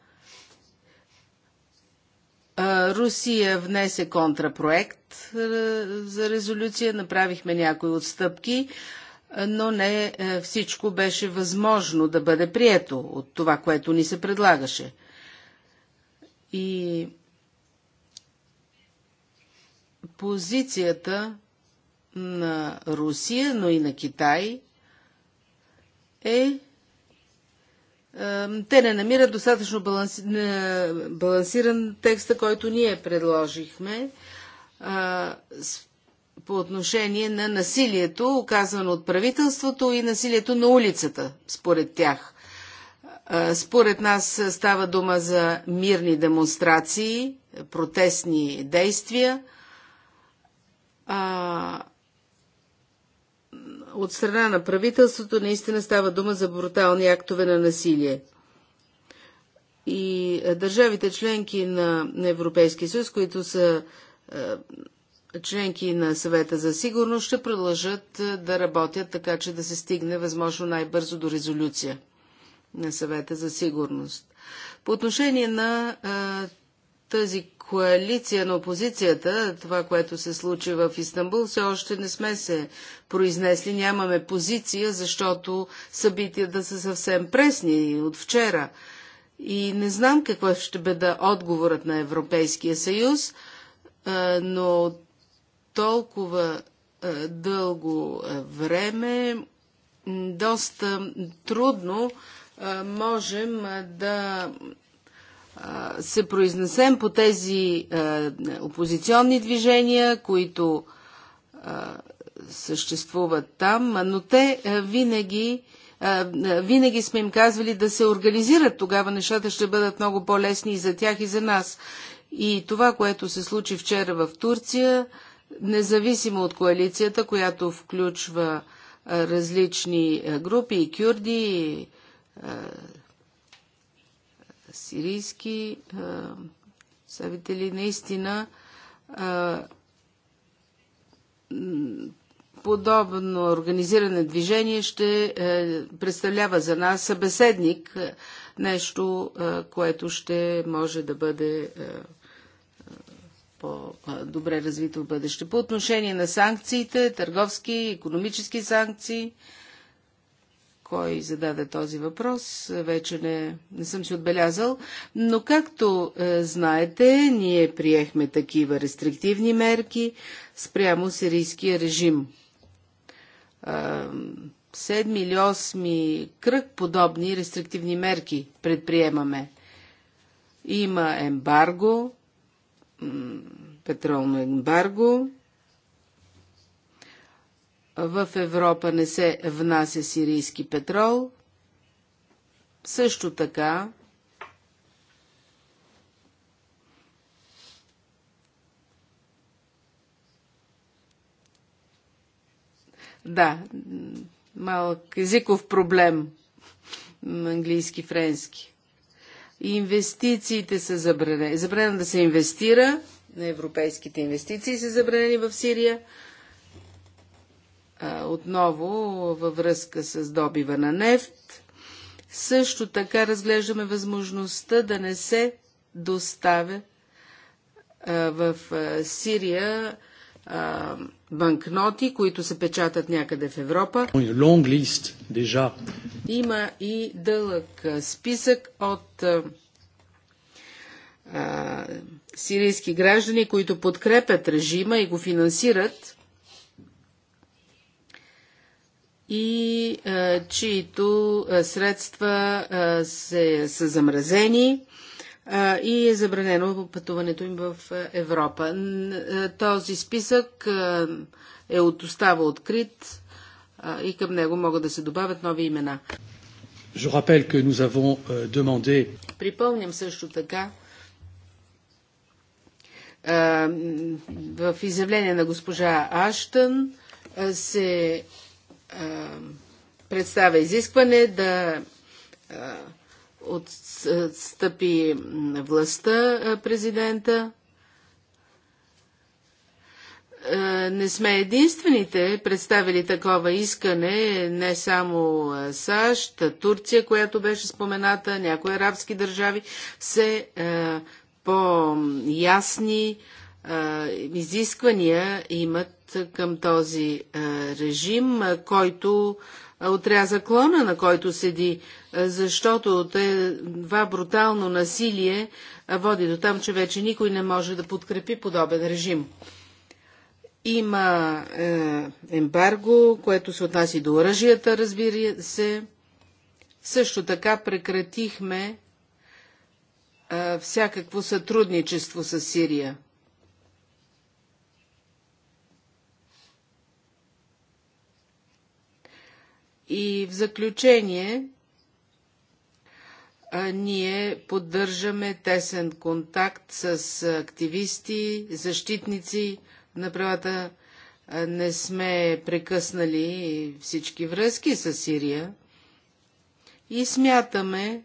[SPEAKER 1] Русия внесе контрапроект за резолюция, направихме някои отстъпки, но не всичко беше възможно да бъде прието от това, което ни се предлагаше. И позицията на Русия, но и на Китай е те не намират достатъчно балансиран текста, който ние предложихме по отношение на насилието, оказано от правителството и насилието на улицата, според тях. според нас става дума за мирни демонстрации, протестни действия от страна на правителството наистина става дума за брутални актове на насилие. И държавите членки на Европейския съюз, които са членки на съвета за сигурност, ще продължат да работят така, че да се стигне възможно най-бързо до резолюция на съвета за сигурност. По отношение на тази коалиция на опозицията, това, което се случи в Истанбул, все още не сме се произнесли, нямаме позиция, защото събитията са съвсем пресни от вчера. И не знам какво ще бъде отговорът на Европейския съюз, но толкова дълго време, доста трудно можем да се произнесем по тези опозиционни движения, които съществуват там, но те винаги винаги сме им казвали да се организират, тогава нещата ще бъдат много по-лесни и за тях и за нас. И това, което се случи вчера в Турция, независимо от коалицията, която включва различни групи, и кюрди, и сирийски съветели наистина подобно организиране движение ще представлява за нас събеседник, нещо, което ще може да бъде по-добре развито в бъдеще. По отношение на санкциите, търговски, економически санкции, кой зададе този въпрос, вече не, не съм си отбелязал, но както е, знаете, ние приехме такива рестриктивни мерки спрямо сирийския режим. Е, седми или осми кръг подобни рестриктивни мерки предприемаме. Има ембарго, петролно ембарго, в Европа не се внася сирийски петрол. Също така Да, малък езиков проблем. на Английски, френски. Инвестициите са забранени. Забранено да се инвестира. На европейските инвестиции са забранени в Сирия отново във връзка с добива на нефт. Също така разглеждаме възможността да не се доставя в Сирия банкноти, които се печатат някъде в Европа. Има и дълъг списък от сирийски граждани, които подкрепят режима и го финансират и а, чието средства а, се, са замразени а, и е забранено пътуването им в Европа. Този списък а, е от остава открит а, и към него могат да се добавят нови имена.
[SPEAKER 4] Je rappelle que nous avons demandé...
[SPEAKER 1] Припомням също така, а, в изявление на госпожа Аштън се представя изискване да отстъпи властта президента. Не сме единствените представили такова искане, не само САЩ, Турция, която беше спомената, някои арабски държави, все по-ясни изисквания имат към този режим, който отряза клона, на който седи, защото това брутално насилие води до там, че вече никой не може да подкрепи подобен режим. Има ембарго, което се отнася до оръжията, разбира се. Също така прекратихме всякакво сътрудничество с Сирия. И в заключение, ние поддържаме тесен контакт с активисти, защитници на правата. Не сме прекъснали всички връзки с Сирия и смятаме,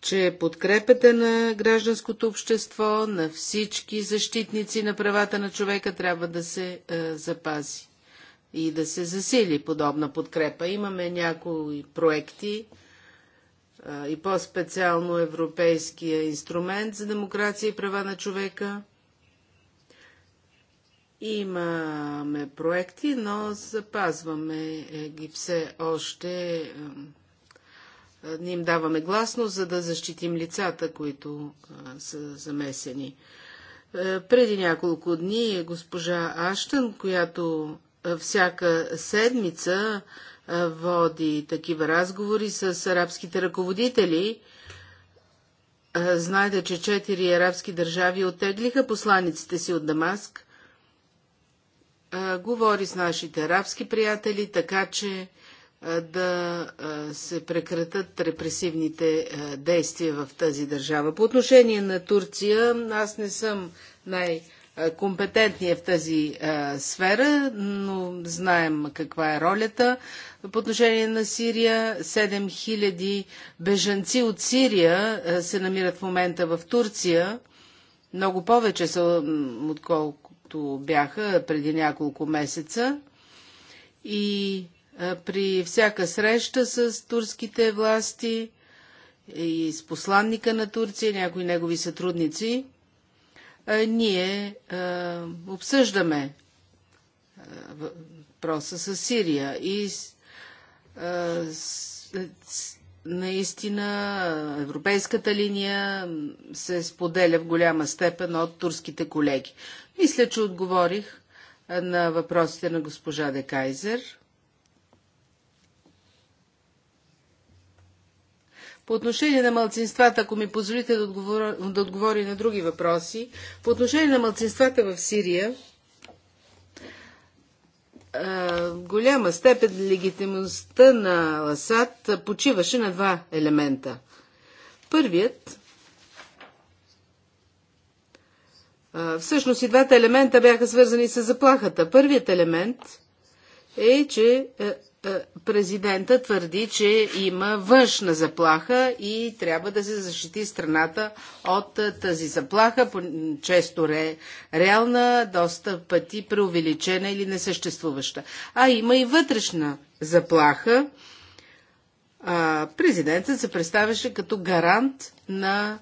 [SPEAKER 1] че подкрепата на гражданското общество, на всички защитници на правата на човека трябва да се запази и да се засили подобна подкрепа. Имаме някои проекти и по-специално Европейския инструмент за демокрация и права на човека. Имаме проекти, но запазваме ги все още. Ние им даваме гласност, за да защитим лицата, които са замесени. Преди няколко дни госпожа Аштън, която всяка седмица води такива разговори с арабските ръководители. Знаете, че четири арабски държави отеглиха посланиците си от Дамаск. Говори с нашите арабски приятели, така че да се прекратат репресивните действия в тази държава. По отношение на Турция, аз не съм най- компетентни в тази сфера, но знаем каква е ролята по отношение на Сирия. 7000 бежанци от Сирия се намират в момента в Турция. Много повече са, отколкото бяха преди няколко месеца. И при всяка среща с турските власти и с посланника на Турция, някои негови сътрудници, ние обсъждаме въпроса с Сирия и наистина европейската линия се споделя в голяма степен от турските колеги. Мисля, че отговорих на въпросите на госпожа Декайзер. По отношение на мълцинствата, ако ми позволите да отговоря, да отговоря на други въпроси, по отношение на мълцинствата в Сирия, в голяма степен легитимността на Ласад почиваше на два елемента. Първият, всъщност и двата елемента бяха свързани с заплахата. Първият елемент е, че президента твърди, че има външна заплаха и трябва да се защити страната от тази заплаха, често ре, реална, доста пъти преувеличена или несъществуваща. А има и вътрешна заплаха. президентът се представяше като гарант на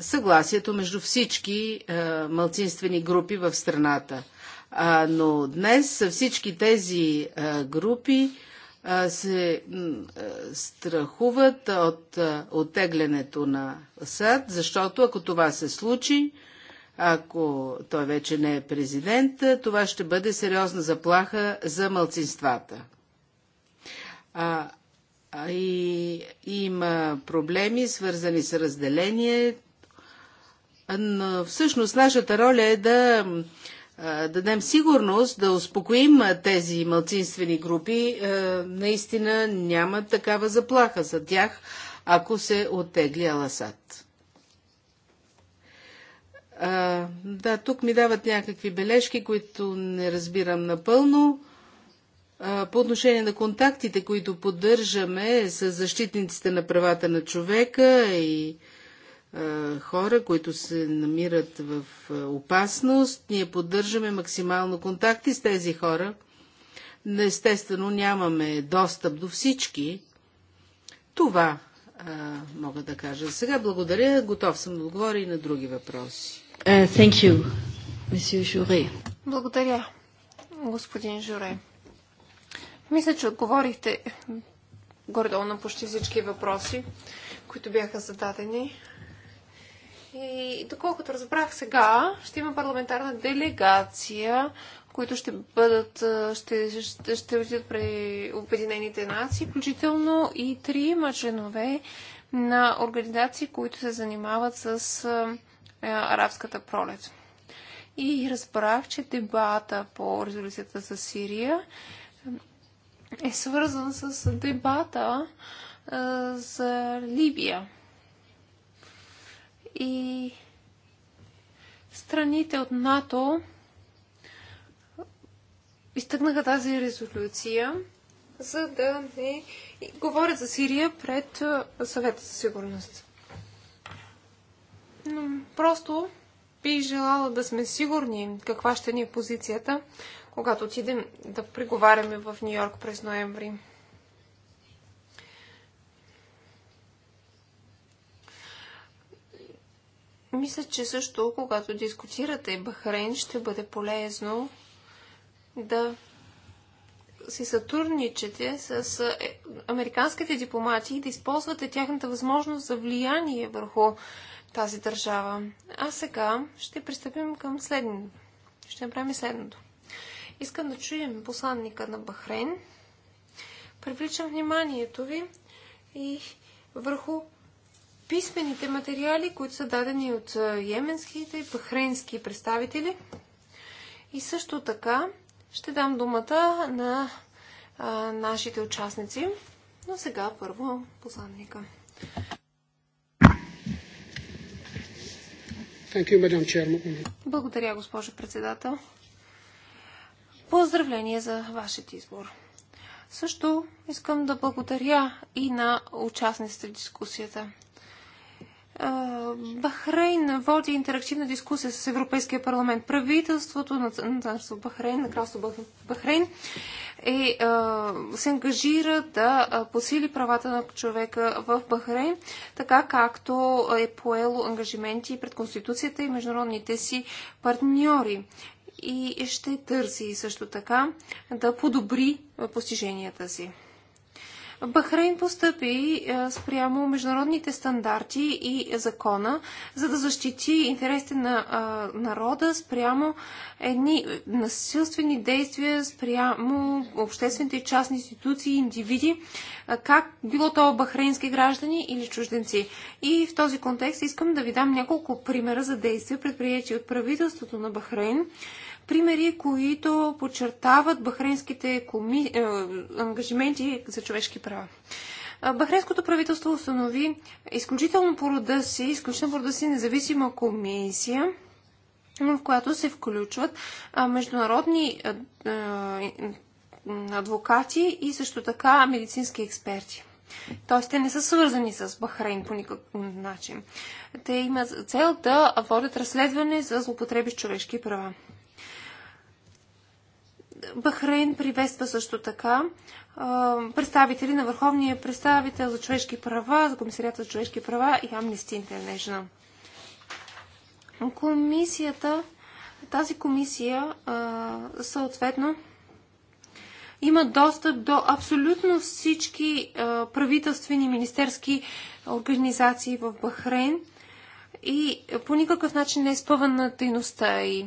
[SPEAKER 1] съгласието между всички малцинствени групи в страната но днес всички тези групи се страхуват от оттеглянето на САД, защото ако това се случи, ако той вече не е президент, това ще бъде сериозна заплаха за мълцинствата. А, а и, има проблеми, свързани с разделение, но всъщност нашата роля е да дадем сигурност, да успокоим тези малцинствени групи, наистина няма такава заплаха за тях, ако се оттегли Аласад. Да, тук ми дават някакви бележки, които не разбирам напълно. По отношение на контактите, които поддържаме с защитниците на правата на човека и хора, които се намират в опасност. Ние поддържаме максимално контакти с тези хора. Естествено, нямаме достъп до всички. Това а, мога да кажа. Сега благодаря. Готов съм да отговоря и на други въпроси. Uh, thank you, Monsieur Журе.
[SPEAKER 2] Благодаря, господин Журе. Мисля, че отговорихте гордо на почти всички въпроси, които бяха зададени. И доколкото разбрах сега, ще има парламентарна делегация, които ще бъдат, ще, ще, ще отидат при Обединените нации, включително и трима членове на организации, които се занимават с а, арабската пролет. И разбрах, че дебата по резолюцията за Сирия е свързан с дебата а, за Либия и страните от НАТО изтъгнаха тази резолюция, за да не говорят за Сирия пред съвета за сигурност. Но просто би желала да сме сигурни каква ще ни е позицията, когато отидем да преговаряме в Нью-Йорк през ноември. Мисля, че също, когато дискутирате Бахрейн, ще бъде полезно да си сътрудничате с американските дипломати и да използвате тяхната възможност за влияние върху тази държава. А сега ще пристъпим към следното. Ще направим следното. Искам да чуем посланника на Бахрейн. Привличам вниманието ви и върху писмените материали, които са дадени от йеменските и бахрейнски представители. И също така ще дам думата на а, нашите участници. Но сега първо посланника. Благодаря, госпожо председател. Поздравление за вашия избор. Също искам да благодаря и на участниците в дискусията. Бахрейн води интерактивна дискусия с Европейския парламент. Правителството на царство Бахрейн, на кралство Бахрейн, е, се ангажира да посили правата на човека в Бахрейн, така както е поело ангажименти пред Конституцията и международните си партньори. И ще търси също така да подобри постиженията си. Бахрейн постъпи спрямо международните стандарти и закона, за да защити интересите на народа спрямо едни насилствени действия спрямо обществените и частни институции, индивиди, как било то бахрейнски граждани или чужденци. И в този контекст искам да ви дам няколко примера за действия, предприяти от правителството на Бахрейн Примери, които подчертават бахренските коми... ангажименти за човешки права. Бахренското правителство установи изключително порода си, изключително порода си независима комисия, в която се включват международни адвокати и също така медицински експерти. Тоест, те не са свързани с Бахрейн по никакъв начин. Те имат цел да водят разследване за злоупотреби с човешки права. Бахрейн приветства също така представители на Върховния представител за човешки права, за Комисарията за човешки права и Amnesty International. Комисията, тази комисия съответно има достъп до абсолютно всички правителствени министерски организации в Бахрейн и по никакъв начин не е спъвана дейността и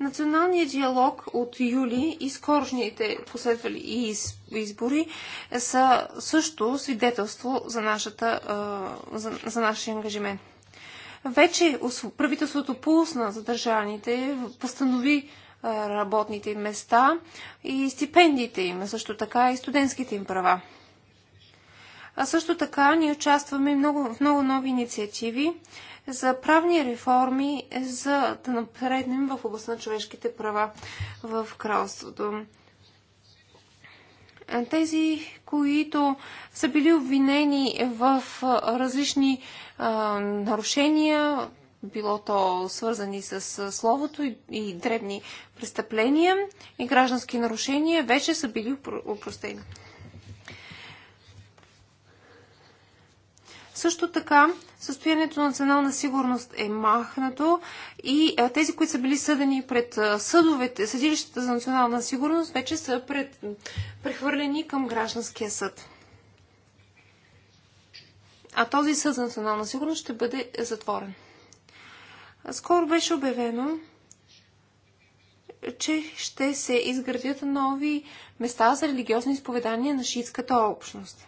[SPEAKER 2] Националният диалог от юли и скорожните последвали избори са също свидетелство за, нашата, за, за нашия ангажимент. Вече правителството пусна задържаните, постанови работните им места и стипендиите им, също така и студентските им права. А също така ние участваме много, в много нови инициативи, за правни реформи, за да напреднем в областта на човешките права в кралството. Тези, които са били обвинени в различни а, нарушения, било то свързани с словото и, и дребни престъпления и граждански нарушения, вече са били упростени. Също така, състоянието на национална сигурност е махнато и тези, които са били съдени пред съдовете, съдилищата за национална сигурност, вече са пред, прехвърлени към гражданския съд. А този съд за национална сигурност ще бъде затворен. Скоро беше обявено, че ще се изградят нови места за религиозни изповедания на шиитската общност.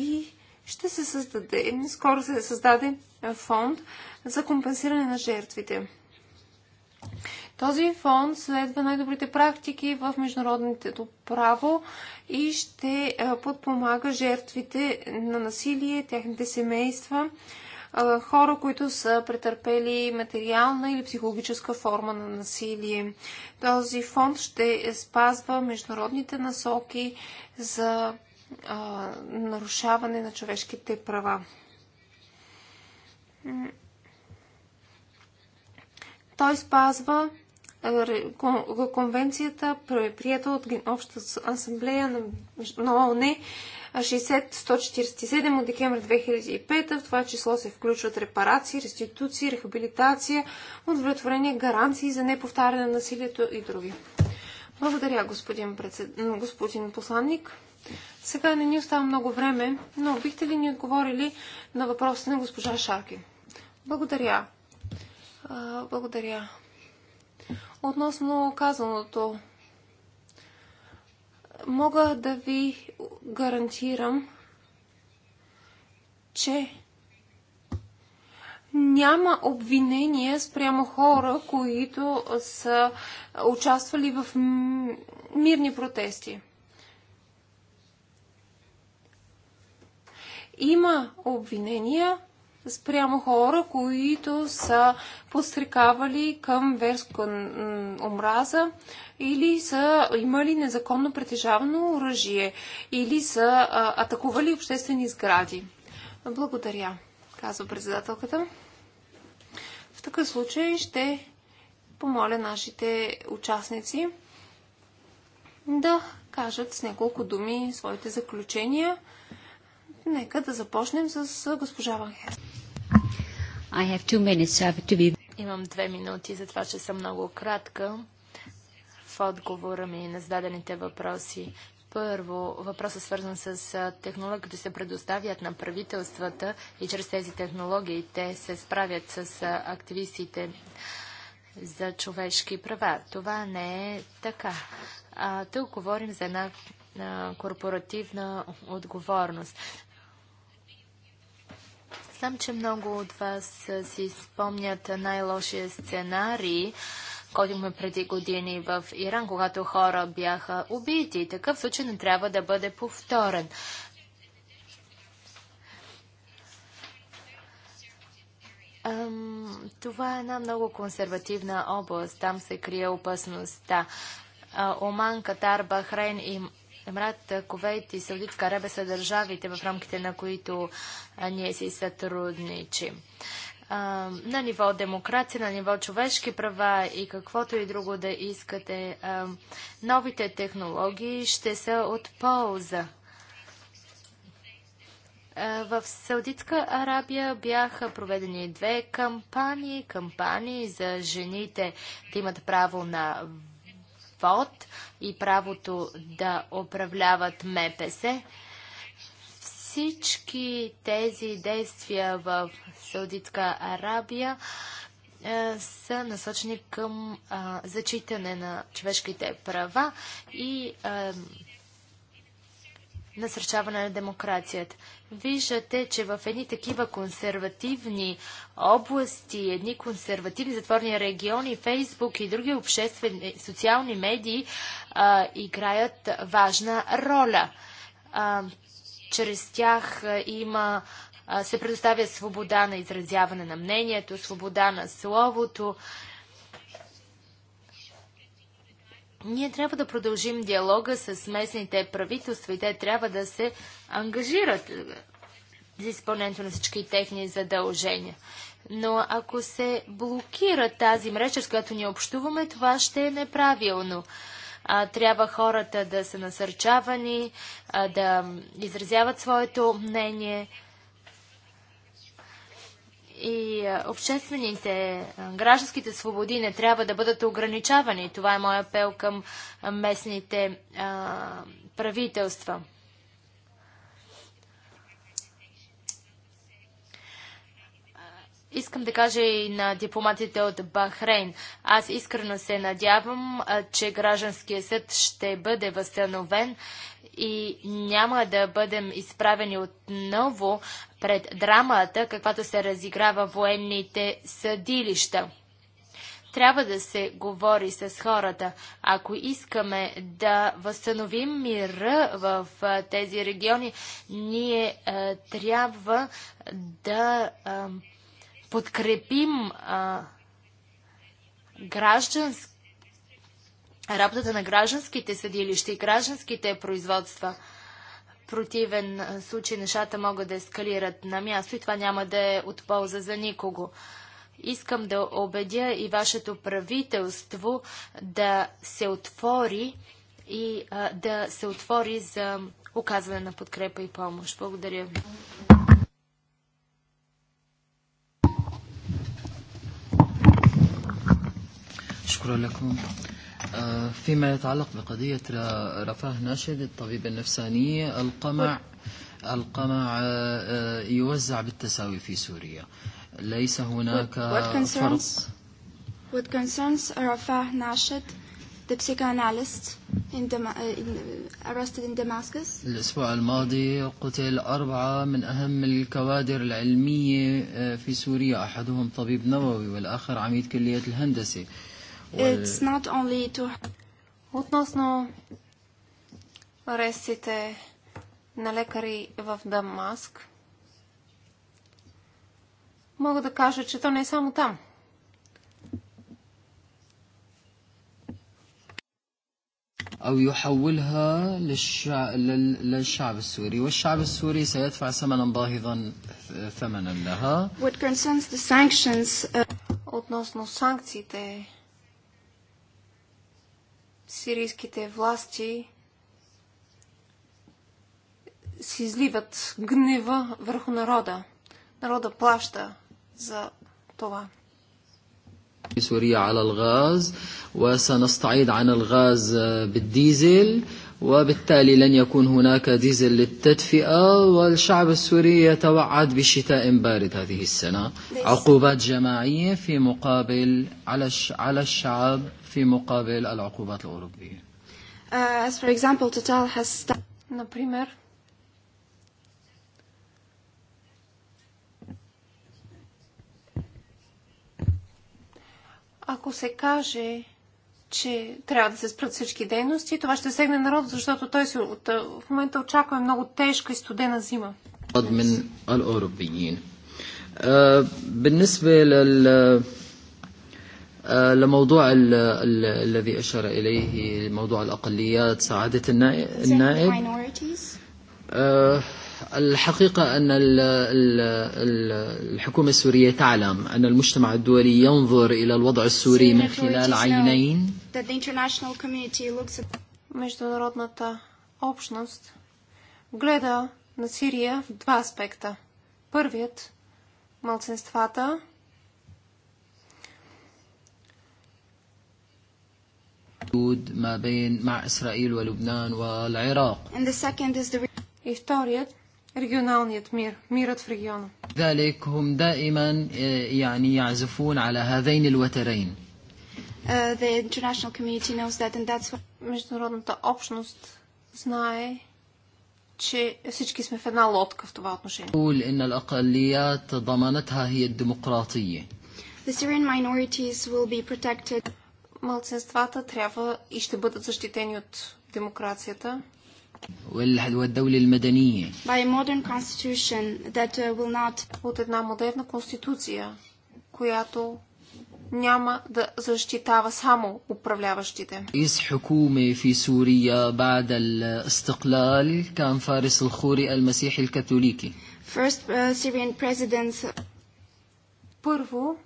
[SPEAKER 2] и ще се създаде, скоро се създаде фонд за компенсиране на жертвите. Този фонд следва най-добрите практики в международните право и ще подпомага жертвите на насилие, техните семейства, хора, които са претърпели материална или психологическа форма на насилие. Този фонд ще спазва международните насоки за а, нарушаване на човешките права. Той спазва конвенцията, прията от Обща асамблея на, ООН 60-147 от декември 2005, в това число се включват репарации, реституции, рехабилитация, удовлетворение, гаранции за неповтаряне на насилието и други. Благодаря, господин, председ... господин посланник. Сега не ни остава много време, но бихте ли ни отговорили на въпроса на госпожа Шаки? Благодаря. А, благодаря. Относно казаното, мога да ви гарантирам, че няма обвинения спрямо хора, които са участвали в мирни протести. Има обвинения спрямо хора, които са подстрекавали към верска омраза или са имали незаконно притежавано оръжие или са а, атакували обществени сгради. Благодаря, казва председателката. В такъв случай ще помоля нашите участници да кажат с няколко думи своите заключения.
[SPEAKER 3] Нека да започнем с госпожа Ванхер. I have two minutes, so I have to be... Имам две минути, затова ще съм много кратка в отговора ми на зададените въпроси. Първо, въпросът свързан с технологии, които се предоставят на правителствата и чрез тези технологии те се справят с активистите за човешки права. Това не е така. А, тук говорим за една корпоративна отговорност. Знам, че много от вас си спомнят най-лошия сценарий, ходихме преди години в Иран, когато хора бяха убити. Такъв случай не трябва да бъде повторен. Ам, това е една много консервативна област. Там се крие опасността. Оман, Катар, Бахрейн и Емрат, Кувейт и Саудитска Арабия са държавите, в рамките на които ние си сътрудничим. на ниво демокрация, на ниво човешки права и каквото и друго да искате, новите технологии ще са от полза. В Саудитска Арабия бяха проведени две кампании. Кампании за жените да имат право на вод и правото да управляват МПС. Всички тези действия в Саудитска Арабия са насочени към зачитане на човешките права и а, насърчаване на демокрацията. Виждате, че в едни такива консервативни области, едни консервативни затворни региони, Фейсбук и други обществени социални медии а, играят важна роля. А, чрез тях има се предоставя свобода на изразяване на мнението, свобода на словото. Ние трябва да продължим диалога с местните правителства и те трябва да се ангажират за изпълнението на всички техни задължения. Но ако се блокира тази мрежа, с която ни общуваме, това ще е неправилно. А, трябва хората да са насърчавани, а, да изразяват своето мнение и обществените, гражданските свободи не трябва да бъдат ограничавани. Това е моят апел към местните а, правителства. Искам да кажа и на дипломатите от Бахрейн. Аз искрено се надявам, че гражданският съд ще бъде възстановен и няма да бъдем изправени отново пред драмата, каквато се разиграва военните съдилища. Трябва да се говори с хората. Ако искаме да възстановим мира в тези региони, ние е, трябва да е, подкрепим е, граждански работата на гражданските съдилища и гражданските производства. В противен случай нещата могат да ескалират на място и това няма да е от полза за никого. Искам да убедя и вашето правителство да се отвори и а, да се отвори за оказване на подкрепа и помощ. Благодаря ви.
[SPEAKER 4] Шкура فيما يتعلق بقضية رفاه ناشد الطبيب النفساني القمع القمع يوزع بالتساوي في سوريا ليس هناك فرص
[SPEAKER 2] What concerns Rafah Nashid, the psychoanalyst in Dam- uh, in, arrested in Damascus?
[SPEAKER 4] الأسبوع الماضي قتل أربعة من أهم الكوادر العلمية في سوريا أحدهم طبيب نووي والآخر عميد كلية الهندسة It's
[SPEAKER 2] not only to... Относно арестите на лекари в Дамаск, мога да кажа, че то не е само там.
[SPEAKER 4] أو يحولها للشع... للشعب السوري والشعب السوري سيدفع ثمنا باهظا ثمنا لها
[SPEAKER 2] What concerns the sanctions, Относно санкциите сирийските власти си изливат гнева върху народа. Народа плаща за това.
[SPEAKER 4] سوريا على الغاز وسنستعيد عن الغاز بالديزل وبالتالي لن يكون هناك ديزل للتدفئة والشعب السوري يتوعد بشتاء بارد هذه السنة عقوبات جماعية في مقابل على الشعب في مقابل العقوبات الأوروبية.
[SPEAKER 2] Uh, as for example, Total has Например, ако се каже, че трябва да се спрат всички дейности, това ще сегне народ, защото той се, от, в момента очаква много тежка и студена зима.
[SPEAKER 4] من الأوروبيين بالنسبة لل لموضوع ال ال الذي أشار إليه موضوع الأقليات سعادة النائب الحقيقة أن الحكومة السورية تعلم أن المجتمع الدولي ينظر إلى الوضع السوري من خلال عينين
[SPEAKER 2] Международната на Сирия в два аспекта. Първият – мълценствата
[SPEAKER 4] ما بين مع إسرائيل ولبنان والعراق.
[SPEAKER 2] And the second is the... регионалният мир, мирът в региона.
[SPEAKER 4] ذلك هم دائما يعني يعزفون على هذين الوترين.
[SPEAKER 2] the international community knows that and that's why. Международната общност знае, че всички сме в една лодка в това отношение.
[SPEAKER 4] قول إن الأقليات ضمانتها هي الديمقراطية.
[SPEAKER 2] The Syrian minorities will be protected мълценствата трябва и ще бъдат защитени от демокрацията. By a modern constitution that will not... От една модерна конституция, която няма да защитава само управляващите.
[SPEAKER 4] Из хукуме фи Сурия бад ал Фарис ал Хури ал الخوري ал Католики.
[SPEAKER 2] First uh, Syrian president Първо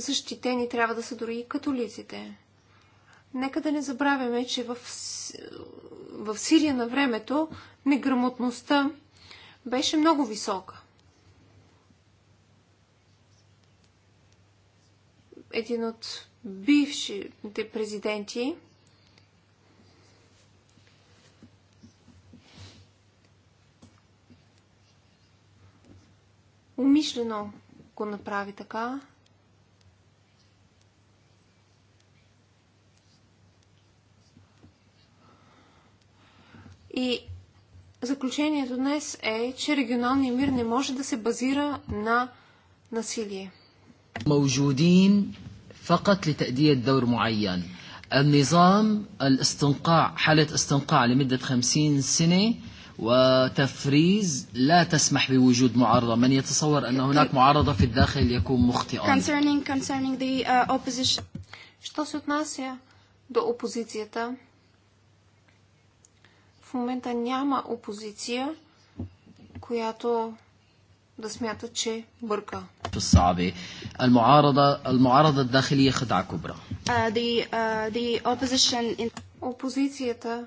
[SPEAKER 2] защитени трябва да са дори и католиците. Нека да не забравяме, че в, в Сирия на времето неграмотността беше много висока. Един от бившите президенти умишлено го направи така, И заключението днес е, че регионалният мир не може да се базира на насилие.
[SPEAKER 4] موجودين فقط لتأدية دور معين النظام الاستنقاع حالة استنقاع لمدة خمسين سنة وتفريز لا تسمح بوجود معارضة من يتصور أن هناك معارضة في الداخل يكون مخطئا
[SPEAKER 2] concerning, concerning the, uh, opposition. Що се отнася до опозицията, в момента няма опозиция, която да смята, че бърка. опозицията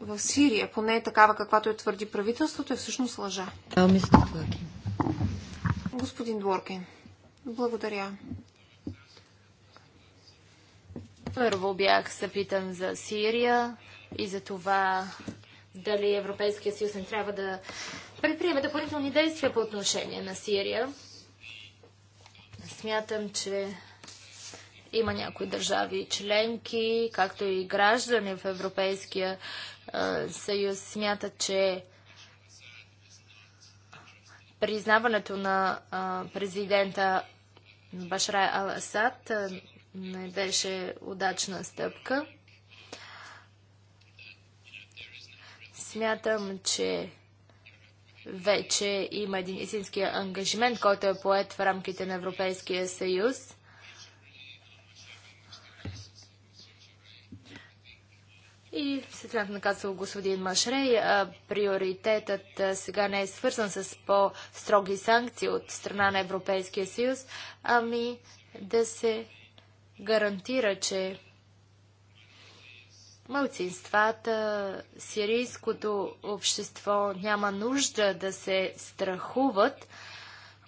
[SPEAKER 2] в Сирия, поне е такава каквато е твърди правителството, е всъщност лъжа. Господин Дворкин, благодаря.
[SPEAKER 3] Първо бях запитан за Сирия, и за това дали Европейския съюз не трябва да предприеме допълнителни действия по отношение на Сирия. Смятам, че има някои държави членки, както и граждани в Европейския съюз смятат, че признаването на президента Башрай Ал-Асад не беше удачна стъпка. Смятам, че вече има един истински ангажимент, който е поет в рамките на Европейския съюз. И след на казал господин Машрей, приоритетът сега не е свързан с по-строги санкции от страна на Европейския съюз, ами да се гарантира, че Малцинствата, сирийското общество няма нужда да се страхуват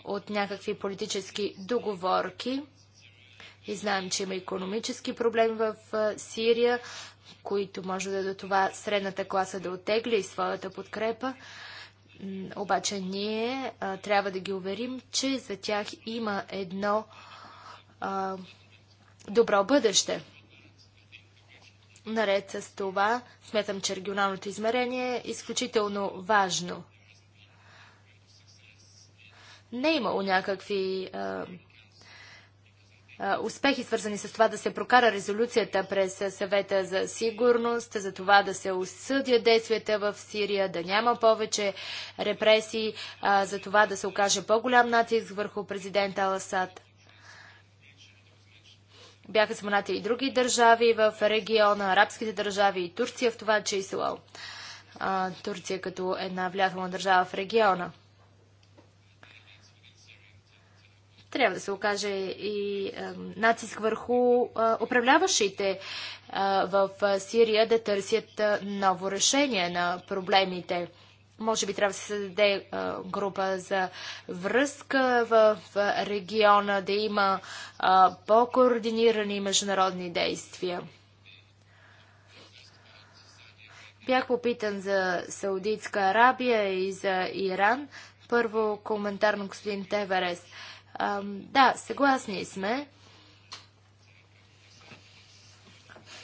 [SPEAKER 3] от някакви политически договорки. И знаем, че има економически проблеми в Сирия, които може да до това средната класа да отегли и своята подкрепа. Обаче ние а, трябва да ги уверим, че за тях има едно а, добро бъдеще. Наред с това, смятам, че регионалното измерение е изключително важно. Не е имало някакви а, а, успехи, свързани с това да се прокара резолюцията през съвета за сигурност, за това да се осъдя действията в Сирия, да няма повече репресии, а, за това да се окаже по-голям натиск върху президента Аласад. Бяха споменати и други държави в региона, арабските държави и Турция в това число. Турция като една влиятелна държава в региона. Трябва да се окаже и а, натиск върху управляващите в Сирия да търсят ново решение на проблемите може би трябва да се създаде група за връзка в, в региона, да има по-координирани международни действия. Бях попитан за Саудитска Арабия и за Иран. Първо коментар на господин Теверес. да, съгласни сме.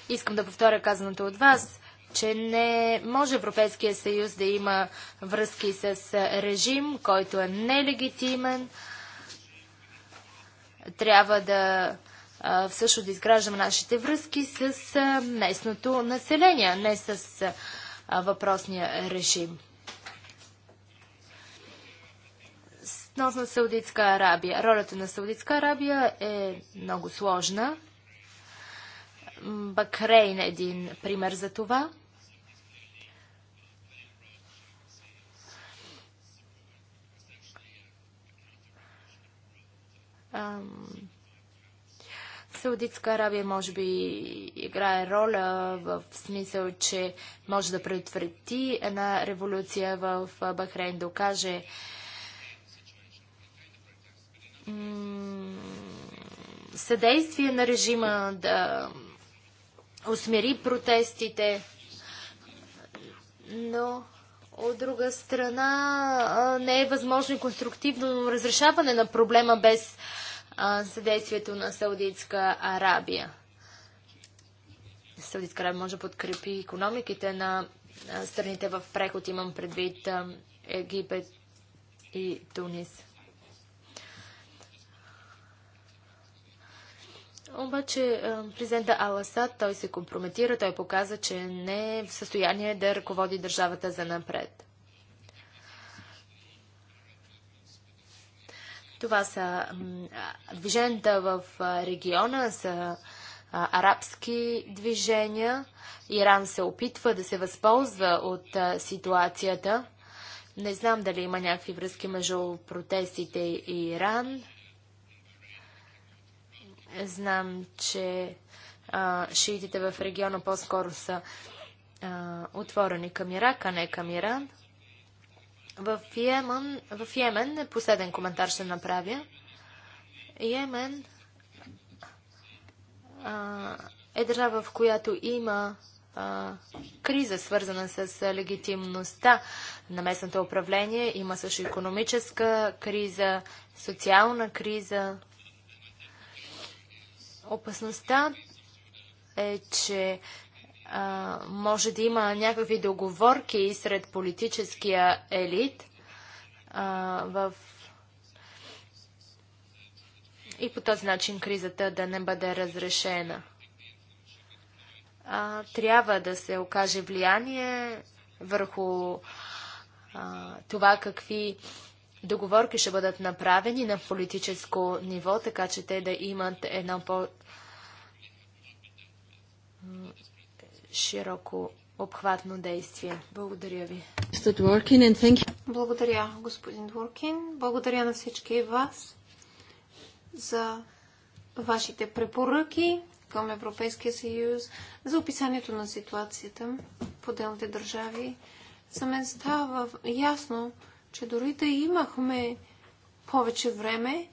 [SPEAKER 3] Искам да повторя казаното от вас че не може Европейския съюз да има връзки с режим, който е нелегитимен. Трябва да всъщност да изграждаме нашите връзки с местното население, не с въпросния режим. Относно Саудитска Арабия. Ролята на Саудитска Арабия е много сложна. Бакрейн е един пример за това. Саудитска Арабия може би играе роля в смисъл, че може да предотврати една революция в Бахрейн, да окаже съдействие на режима да усмири протестите. Но от друга страна не е възможно и конструктивно разрешаване на проблема без съдействието на Саудитска Арабия. Саудитска Арабия може да подкрепи економиките на страните в преход, имам предвид Египет и Тунис. Обаче президента Аласад, той се компрометира, той показа, че не е в състояние да ръководи държавата за напред. Това са движенията в региона, са арабски движения. Иран се опитва да се възползва от ситуацията. Не знам дали има някакви връзки между протестите и Иран. Знам, че а, шиитите в региона по-скоро са а, отворени към Ирак, а не към Иран. В Йемен, в Йемен последен коментар ще направя. Йемен а, е държава, в която има криза, свързана с легитимността на местното управление. Има също економическа криза, социална криза. Опасността е, че а, може да има някакви договорки сред политическия елит а, в и по този начин кризата да не бъде разрешена. А, трябва да се окаже влияние върху а, това какви а, договорки ще бъдат направени на политическо ниво, така че те да имат една по- широко обхватно действие. Благодаря ви. Благодаря, господин Дворкин. Благодаря на всички вас
[SPEAKER 2] за вашите препоръки към Европейския съюз, за описанието на ситуацията в отделните държави. За мен става ясно, че дори да имахме повече време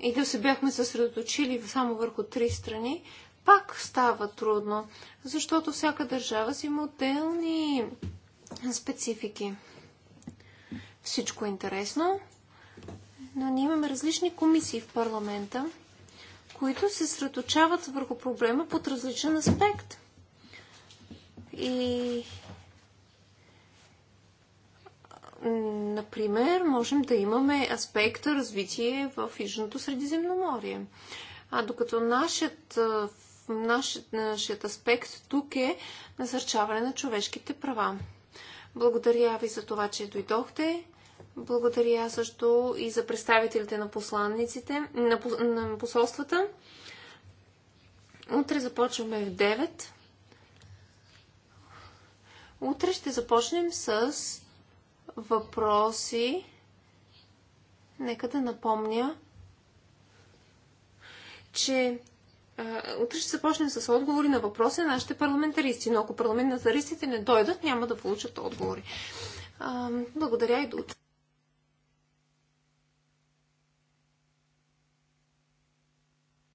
[SPEAKER 2] и да се бяхме съсредоточили само върху три страни, пак става трудно, защото всяка държава си има отделни специфики. Всичко е интересно, но ние имаме различни комисии в парламента, които се средочават върху проблема под различен аспект. И например, можем да имаме аспекта развитие в Южното Средиземноморие. А докато нашият, нашият, нашият аспект тук е насърчаване на човешките права. Благодаря ви за това, че дойдохте. Благодаря също и за представителите на посланниците, на, пос, на посолствата. Утре започваме в 9. Утре ще започнем с въпроси, нека да напомня, че а, утре ще започнем с отговори на въпроси на нашите парламентаристи, но ако парламентаристите не дойдат, няма да получат отговори. А, благодаря и до утре.